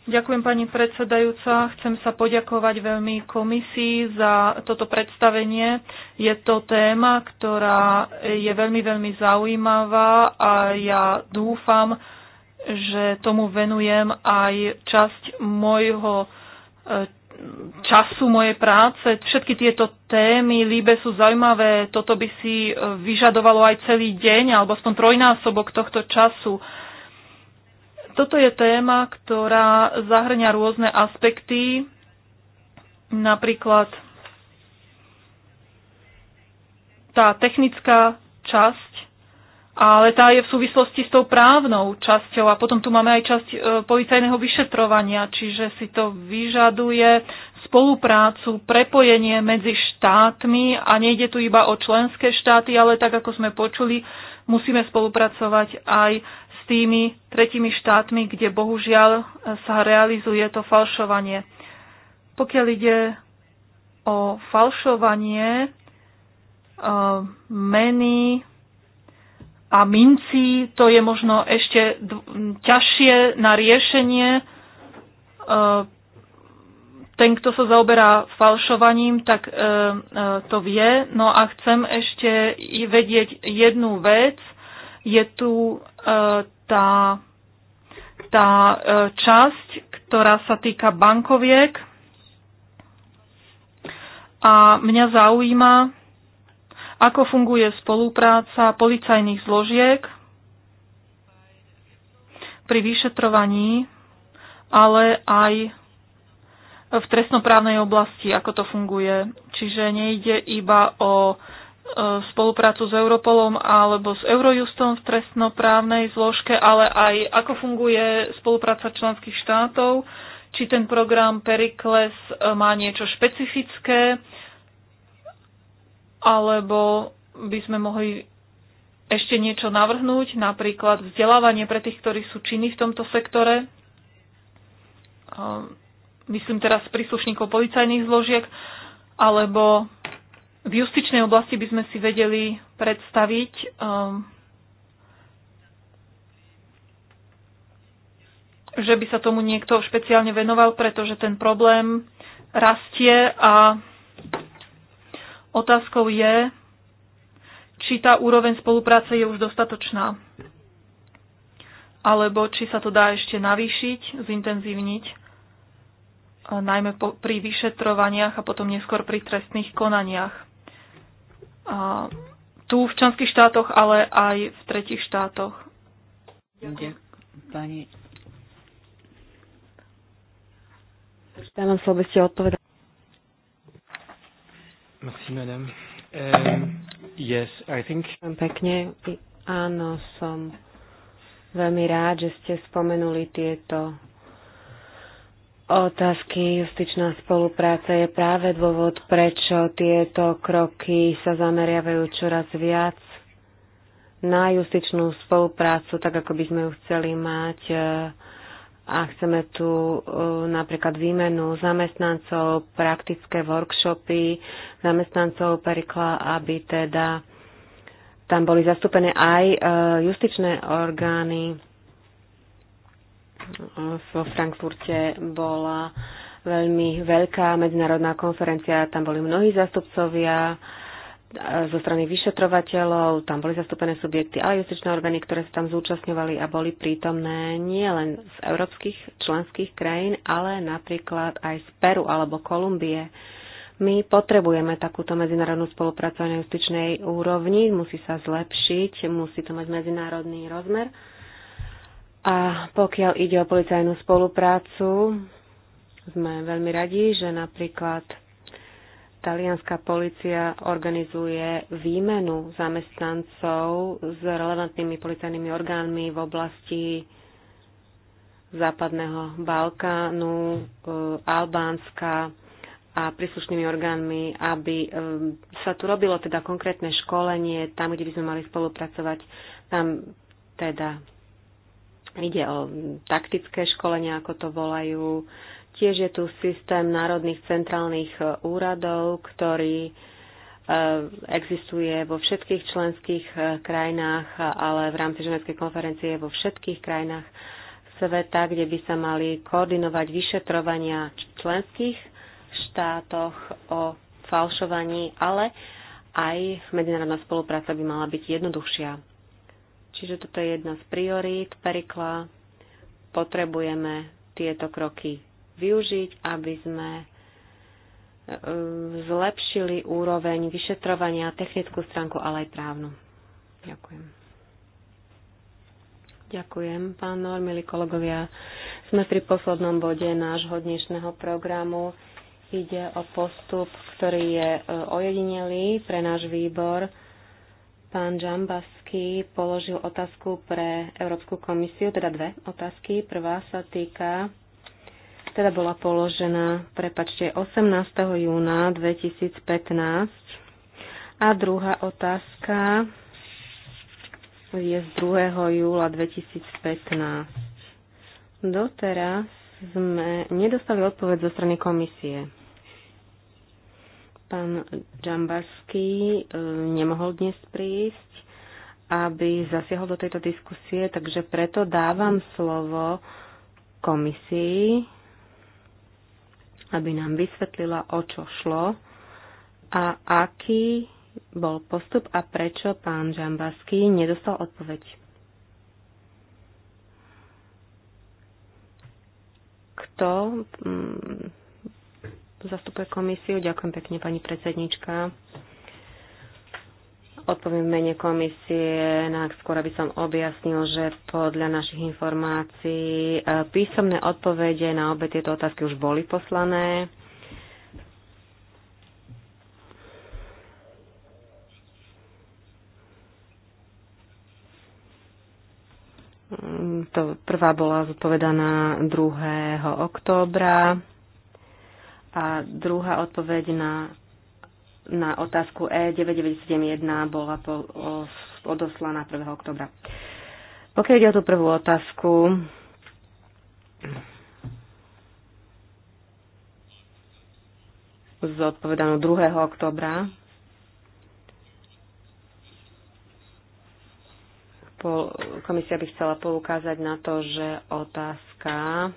Ďakujem, pani predsedajúca. Chcem sa poďakovať veľmi komisii za toto predstavenie. Je to téma, ktorá je veľmi, veľmi zaujímavá a ja dúfam, že tomu venujem aj časť môjho e, času mojej práce. Všetky tieto témy líbe sú zaujímavé. Toto by si e, vyžadovalo aj celý deň, alebo aspoň trojnásobok tohto času. Toto je téma, ktorá zahrňa rôzne aspekty, napríklad tá technická časť ale tá je v súvislosti s tou právnou časťou a potom tu máme aj časť e, policajného vyšetrovania, čiže si to vyžaduje spoluprácu, prepojenie medzi štátmi a nejde tu iba o členské štáty, ale tak ako sme počuli, musíme spolupracovať aj s tými tretimi štátmi, kde bohužiaľ e, sa realizuje to falšovanie. Pokiaľ ide o falšovanie e, meny a minci, to je možno ešte ťažšie na riešenie. E, ten, kto sa zaoberá falšovaním, tak e, e, to vie. No a chcem ešte vedieť jednu vec. Je tu tá, tá časť, ktorá sa týka bankoviek. A mňa zaujíma, ako funguje spolupráca policajných zložiek pri vyšetrovaní, ale aj v trestnoprávnej oblasti, ako to funguje. Čiže nejde iba o e, spoluprácu s Europolom alebo s Eurojustom v trestnoprávnej zložke, ale aj ako funguje spolupráca členských štátov, či ten program Perikles e, má niečo špecifické, alebo by sme mohli ešte niečo navrhnúť, napríklad vzdelávanie pre tých, ktorí sú činní v tomto sektore, myslím teraz príslušníkov policajných zložiek, alebo v justičnej oblasti by sme si vedeli predstaviť, že by sa tomu niekto špeciálne venoval, pretože ten problém rastie a Otázkou je, či tá úroveň spolupráce je už dostatočná, alebo či sa to dá ešte navýšiť, zintenzívniť, e, najmä po, pri vyšetrovaniach a potom neskôr pri trestných konaniach. A, tu v členských štátoch, ale aj v tretich štátoch. Ďakujem. Pani. Dávam slovo, ste odpovedali. Merci, madame. Um, yes, I think... Pekne. Áno, som veľmi rád, že ste spomenuli tieto otázky. Justičná spolupráca je práve dôvod, prečo tieto kroky sa zameriavajú čoraz viac na justičnú spoluprácu, tak ako by sme ju chceli mať eh, a chceme tu e, napríklad výmenu zamestnancov, praktické workshopy zamestnancov Perikla, aby teda tam boli zastúpené aj e, justičné orgány. Vo Frankfurte bola veľmi veľká medzinárodná konferencia, tam boli mnohí zastupcovia zo strany vyšetrovateľov, tam boli zastúpené subjekty, ale justičné orgány, ktoré sa tam zúčastňovali a boli prítomné nie len z európskych členských krajín, ale napríklad aj z Peru alebo Kolumbie. My potrebujeme takúto medzinárodnú spoluprácu na justičnej úrovni, musí sa zlepšiť, musí to mať medzinárodný rozmer. A pokiaľ ide o policajnú spoluprácu, sme veľmi radi, že napríklad talianská policia organizuje výmenu zamestnancov s relevantnými policajnými orgánmi v oblasti Západného Balkánu, e, Albánska a príslušnými orgánmi, aby e, sa tu robilo teda konkrétne školenie tam, kde by sme mali spolupracovať. Tam teda ide o taktické školenia, ako to volajú, Tiež je tu systém národných centrálnych e, úradov, ktorý e, existuje vo všetkých členských e, krajinách, ale v rámci Ženevskej konferencie vo všetkých krajinách sveta, kde by sa mali koordinovať vyšetrovania členských štátoch o falšovaní, ale aj medzinárodná spolupráca by mala byť jednoduchšia. Čiže toto je jedna z priorít Perikla. Potrebujeme tieto kroky využiť, aby sme e, zlepšili úroveň vyšetrovania, technickú stránku, ale aj právnu. Ďakujem. Ďakujem, pán Nor, milí kolegovia. Sme pri poslednom bode nášho dnešného programu. Ide o postup, ktorý je e, ojedinelý pre náš výbor. Pán Džambasky položil otázku pre Európsku komisiu, teda dve otázky. Prvá sa týka teda bola položená, prepačte, 18. júna 2015. A druhá otázka je z 2. júla 2015. Doteraz sme nedostali odpoveď zo strany komisie. Pán Džambarský e, nemohol dnes prísť, aby zasiahol do tejto diskusie, takže preto dávam slovo komisii aby nám vysvetlila, o čo šlo a aký bol postup a prečo pán Žambasky nedostal odpoveď. Kto mm, zastupuje komisiu? Ďakujem pekne, pani predsednička. Odpoviem mene komisie, na skôr by som objasnil, že podľa našich informácií e, písomné odpovede na obe tieto otázky už boli poslané. Mm, to prvá bola zodpovedaná 2. októbra a druhá odpoveď na na otázku E9971 bola po, o, odoslaná 1. oktobra. Pokiaľ ide o tú prvú otázku, zodpovedanú 2. oktobra, komisia by chcela poukázať na to, že otázka,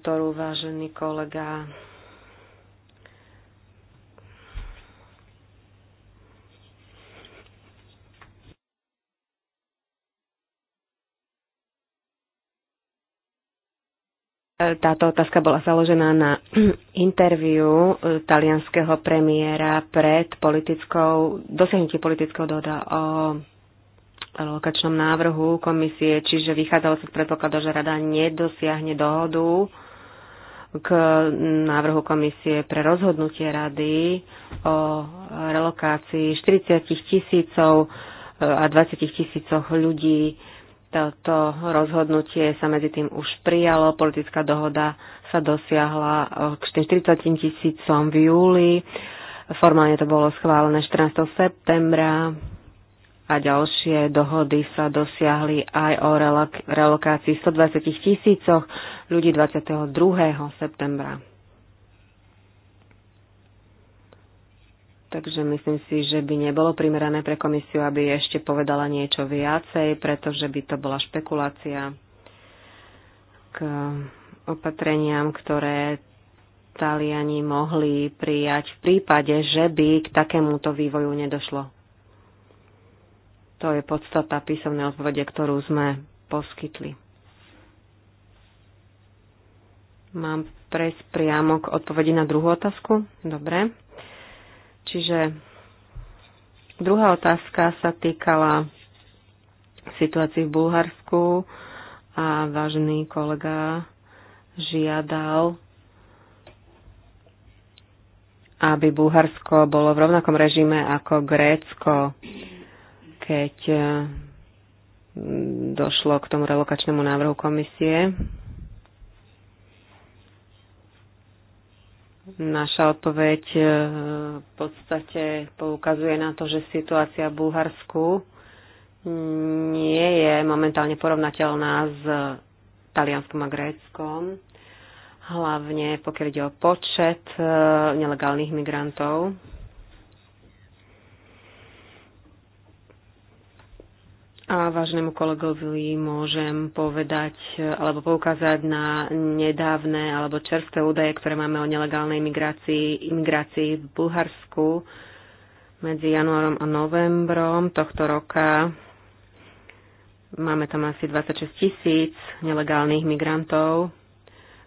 ktorú vážený kolega Táto otázka bola založená na [clears throat] interviu eh, talianského premiéra pred politickou, dosiahnutí politického dohoda o lokačnom návrhu komisie, čiže vychádzalo sa z predpokladu, že rada nedosiahne dohodu k návrhu komisie pre rozhodnutie rady o relokácii 40 tisícov eh, a 20 tisícoch ľudí toto rozhodnutie sa medzi tým už prijalo, politická dohoda sa dosiahla eh, k 40 tisícom v júli, formálne to bolo schválené 14. septembra a ďalšie dohody sa dosiahli aj o relokácii 120 tisícoch ľudí 22. septembra. Takže myslím si, že by nebolo primerané pre komisiu, aby ešte povedala niečo viacej, pretože by to bola špekulácia k opatreniam, ktoré Taliani mohli prijať v prípade, že by k takémuto vývoju nedošlo. To je podstata písomnej odpovede, ktorú sme poskytli. Mám prejsť priamo k odpovedi na druhú otázku? Dobre. Čiže druhá otázka sa týkala situácii v Bulharsku a vážny kolega žiadal, aby Bulharsko bolo v rovnakom režime ako Grécko, keď mm, došlo k tomu relokačnému návrhu komisie Naša odpoveď e, v podstate poukazuje na to, že situácia v Bulharsku nie je momentálne porovnateľná s Talianskom a Gréckom, hlavne pokiaľ ide o počet e, nelegálnych migrantov. A vážnemu kolegovi môžem povedať alebo poukázať na nedávne alebo čerstvé údaje, ktoré máme o nelegálnej migrácii, imigrácii v Bulharsku medzi januárom a novembrom tohto roka. Máme tam asi 26 tisíc nelegálnych migrantov,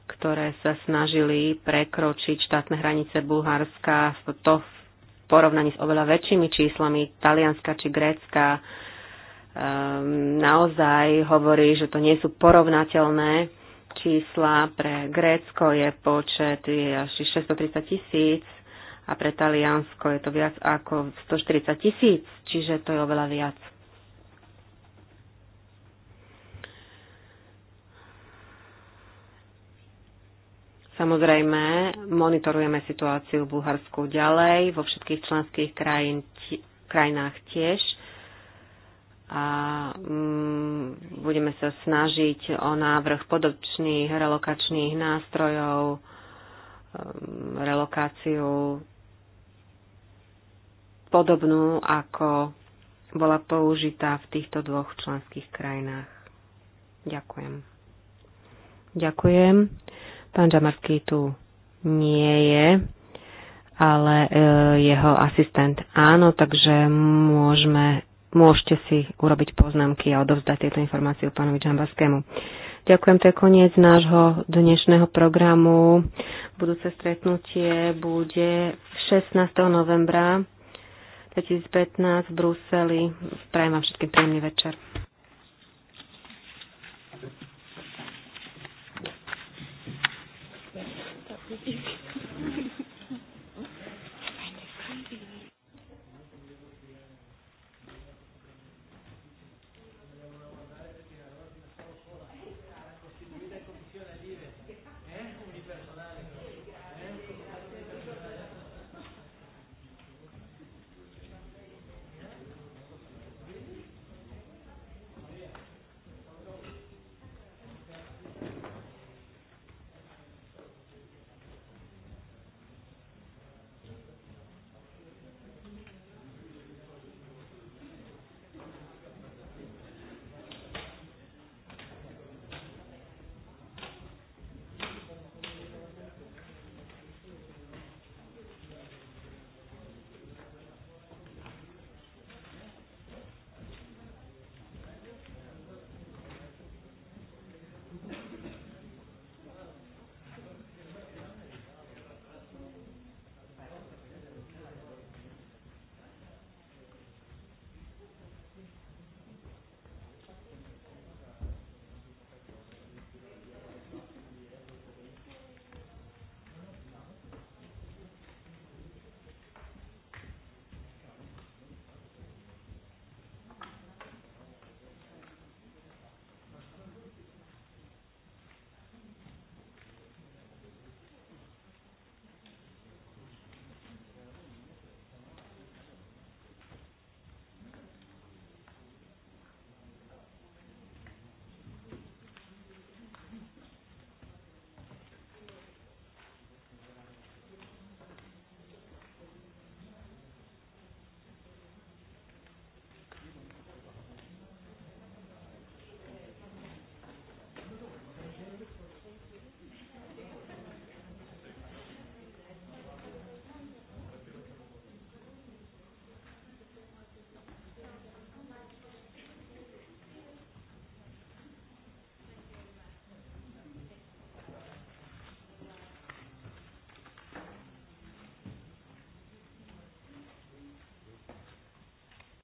ktoré sa snažili prekročiť štátne hranice Bulharska. To v porovnaní s oveľa väčšími číslami Talianska či Grécka Ehm, naozaj hovorí, že to nie sú porovnateľné čísla. Pre Grécko je počet je až 630 tisíc a pre Taliansko je to viac ako 140 tisíc, čiže to je oveľa viac. Samozrejme, monitorujeme situáciu v Bulharsku ďalej, vo všetkých členských krajín, krajinách tiež a mm, budeme sa snažiť o návrh podobčných relokačných nástrojov, mm, relokáciu podobnú, ako bola použitá v týchto dvoch členských krajinách. Ďakujem. Ďakujem. Pán Žamarský tu nie je, ale e, jeho asistent áno, takže môžeme môžete si urobiť poznámky a odovzdať tieto informácie pánovi Čambaskému. Ďakujem, to je koniec nášho dnešného programu. Budúce stretnutie bude 16. novembra 2015 v Bruseli. Prajem vám všetkým príjemný večer. you.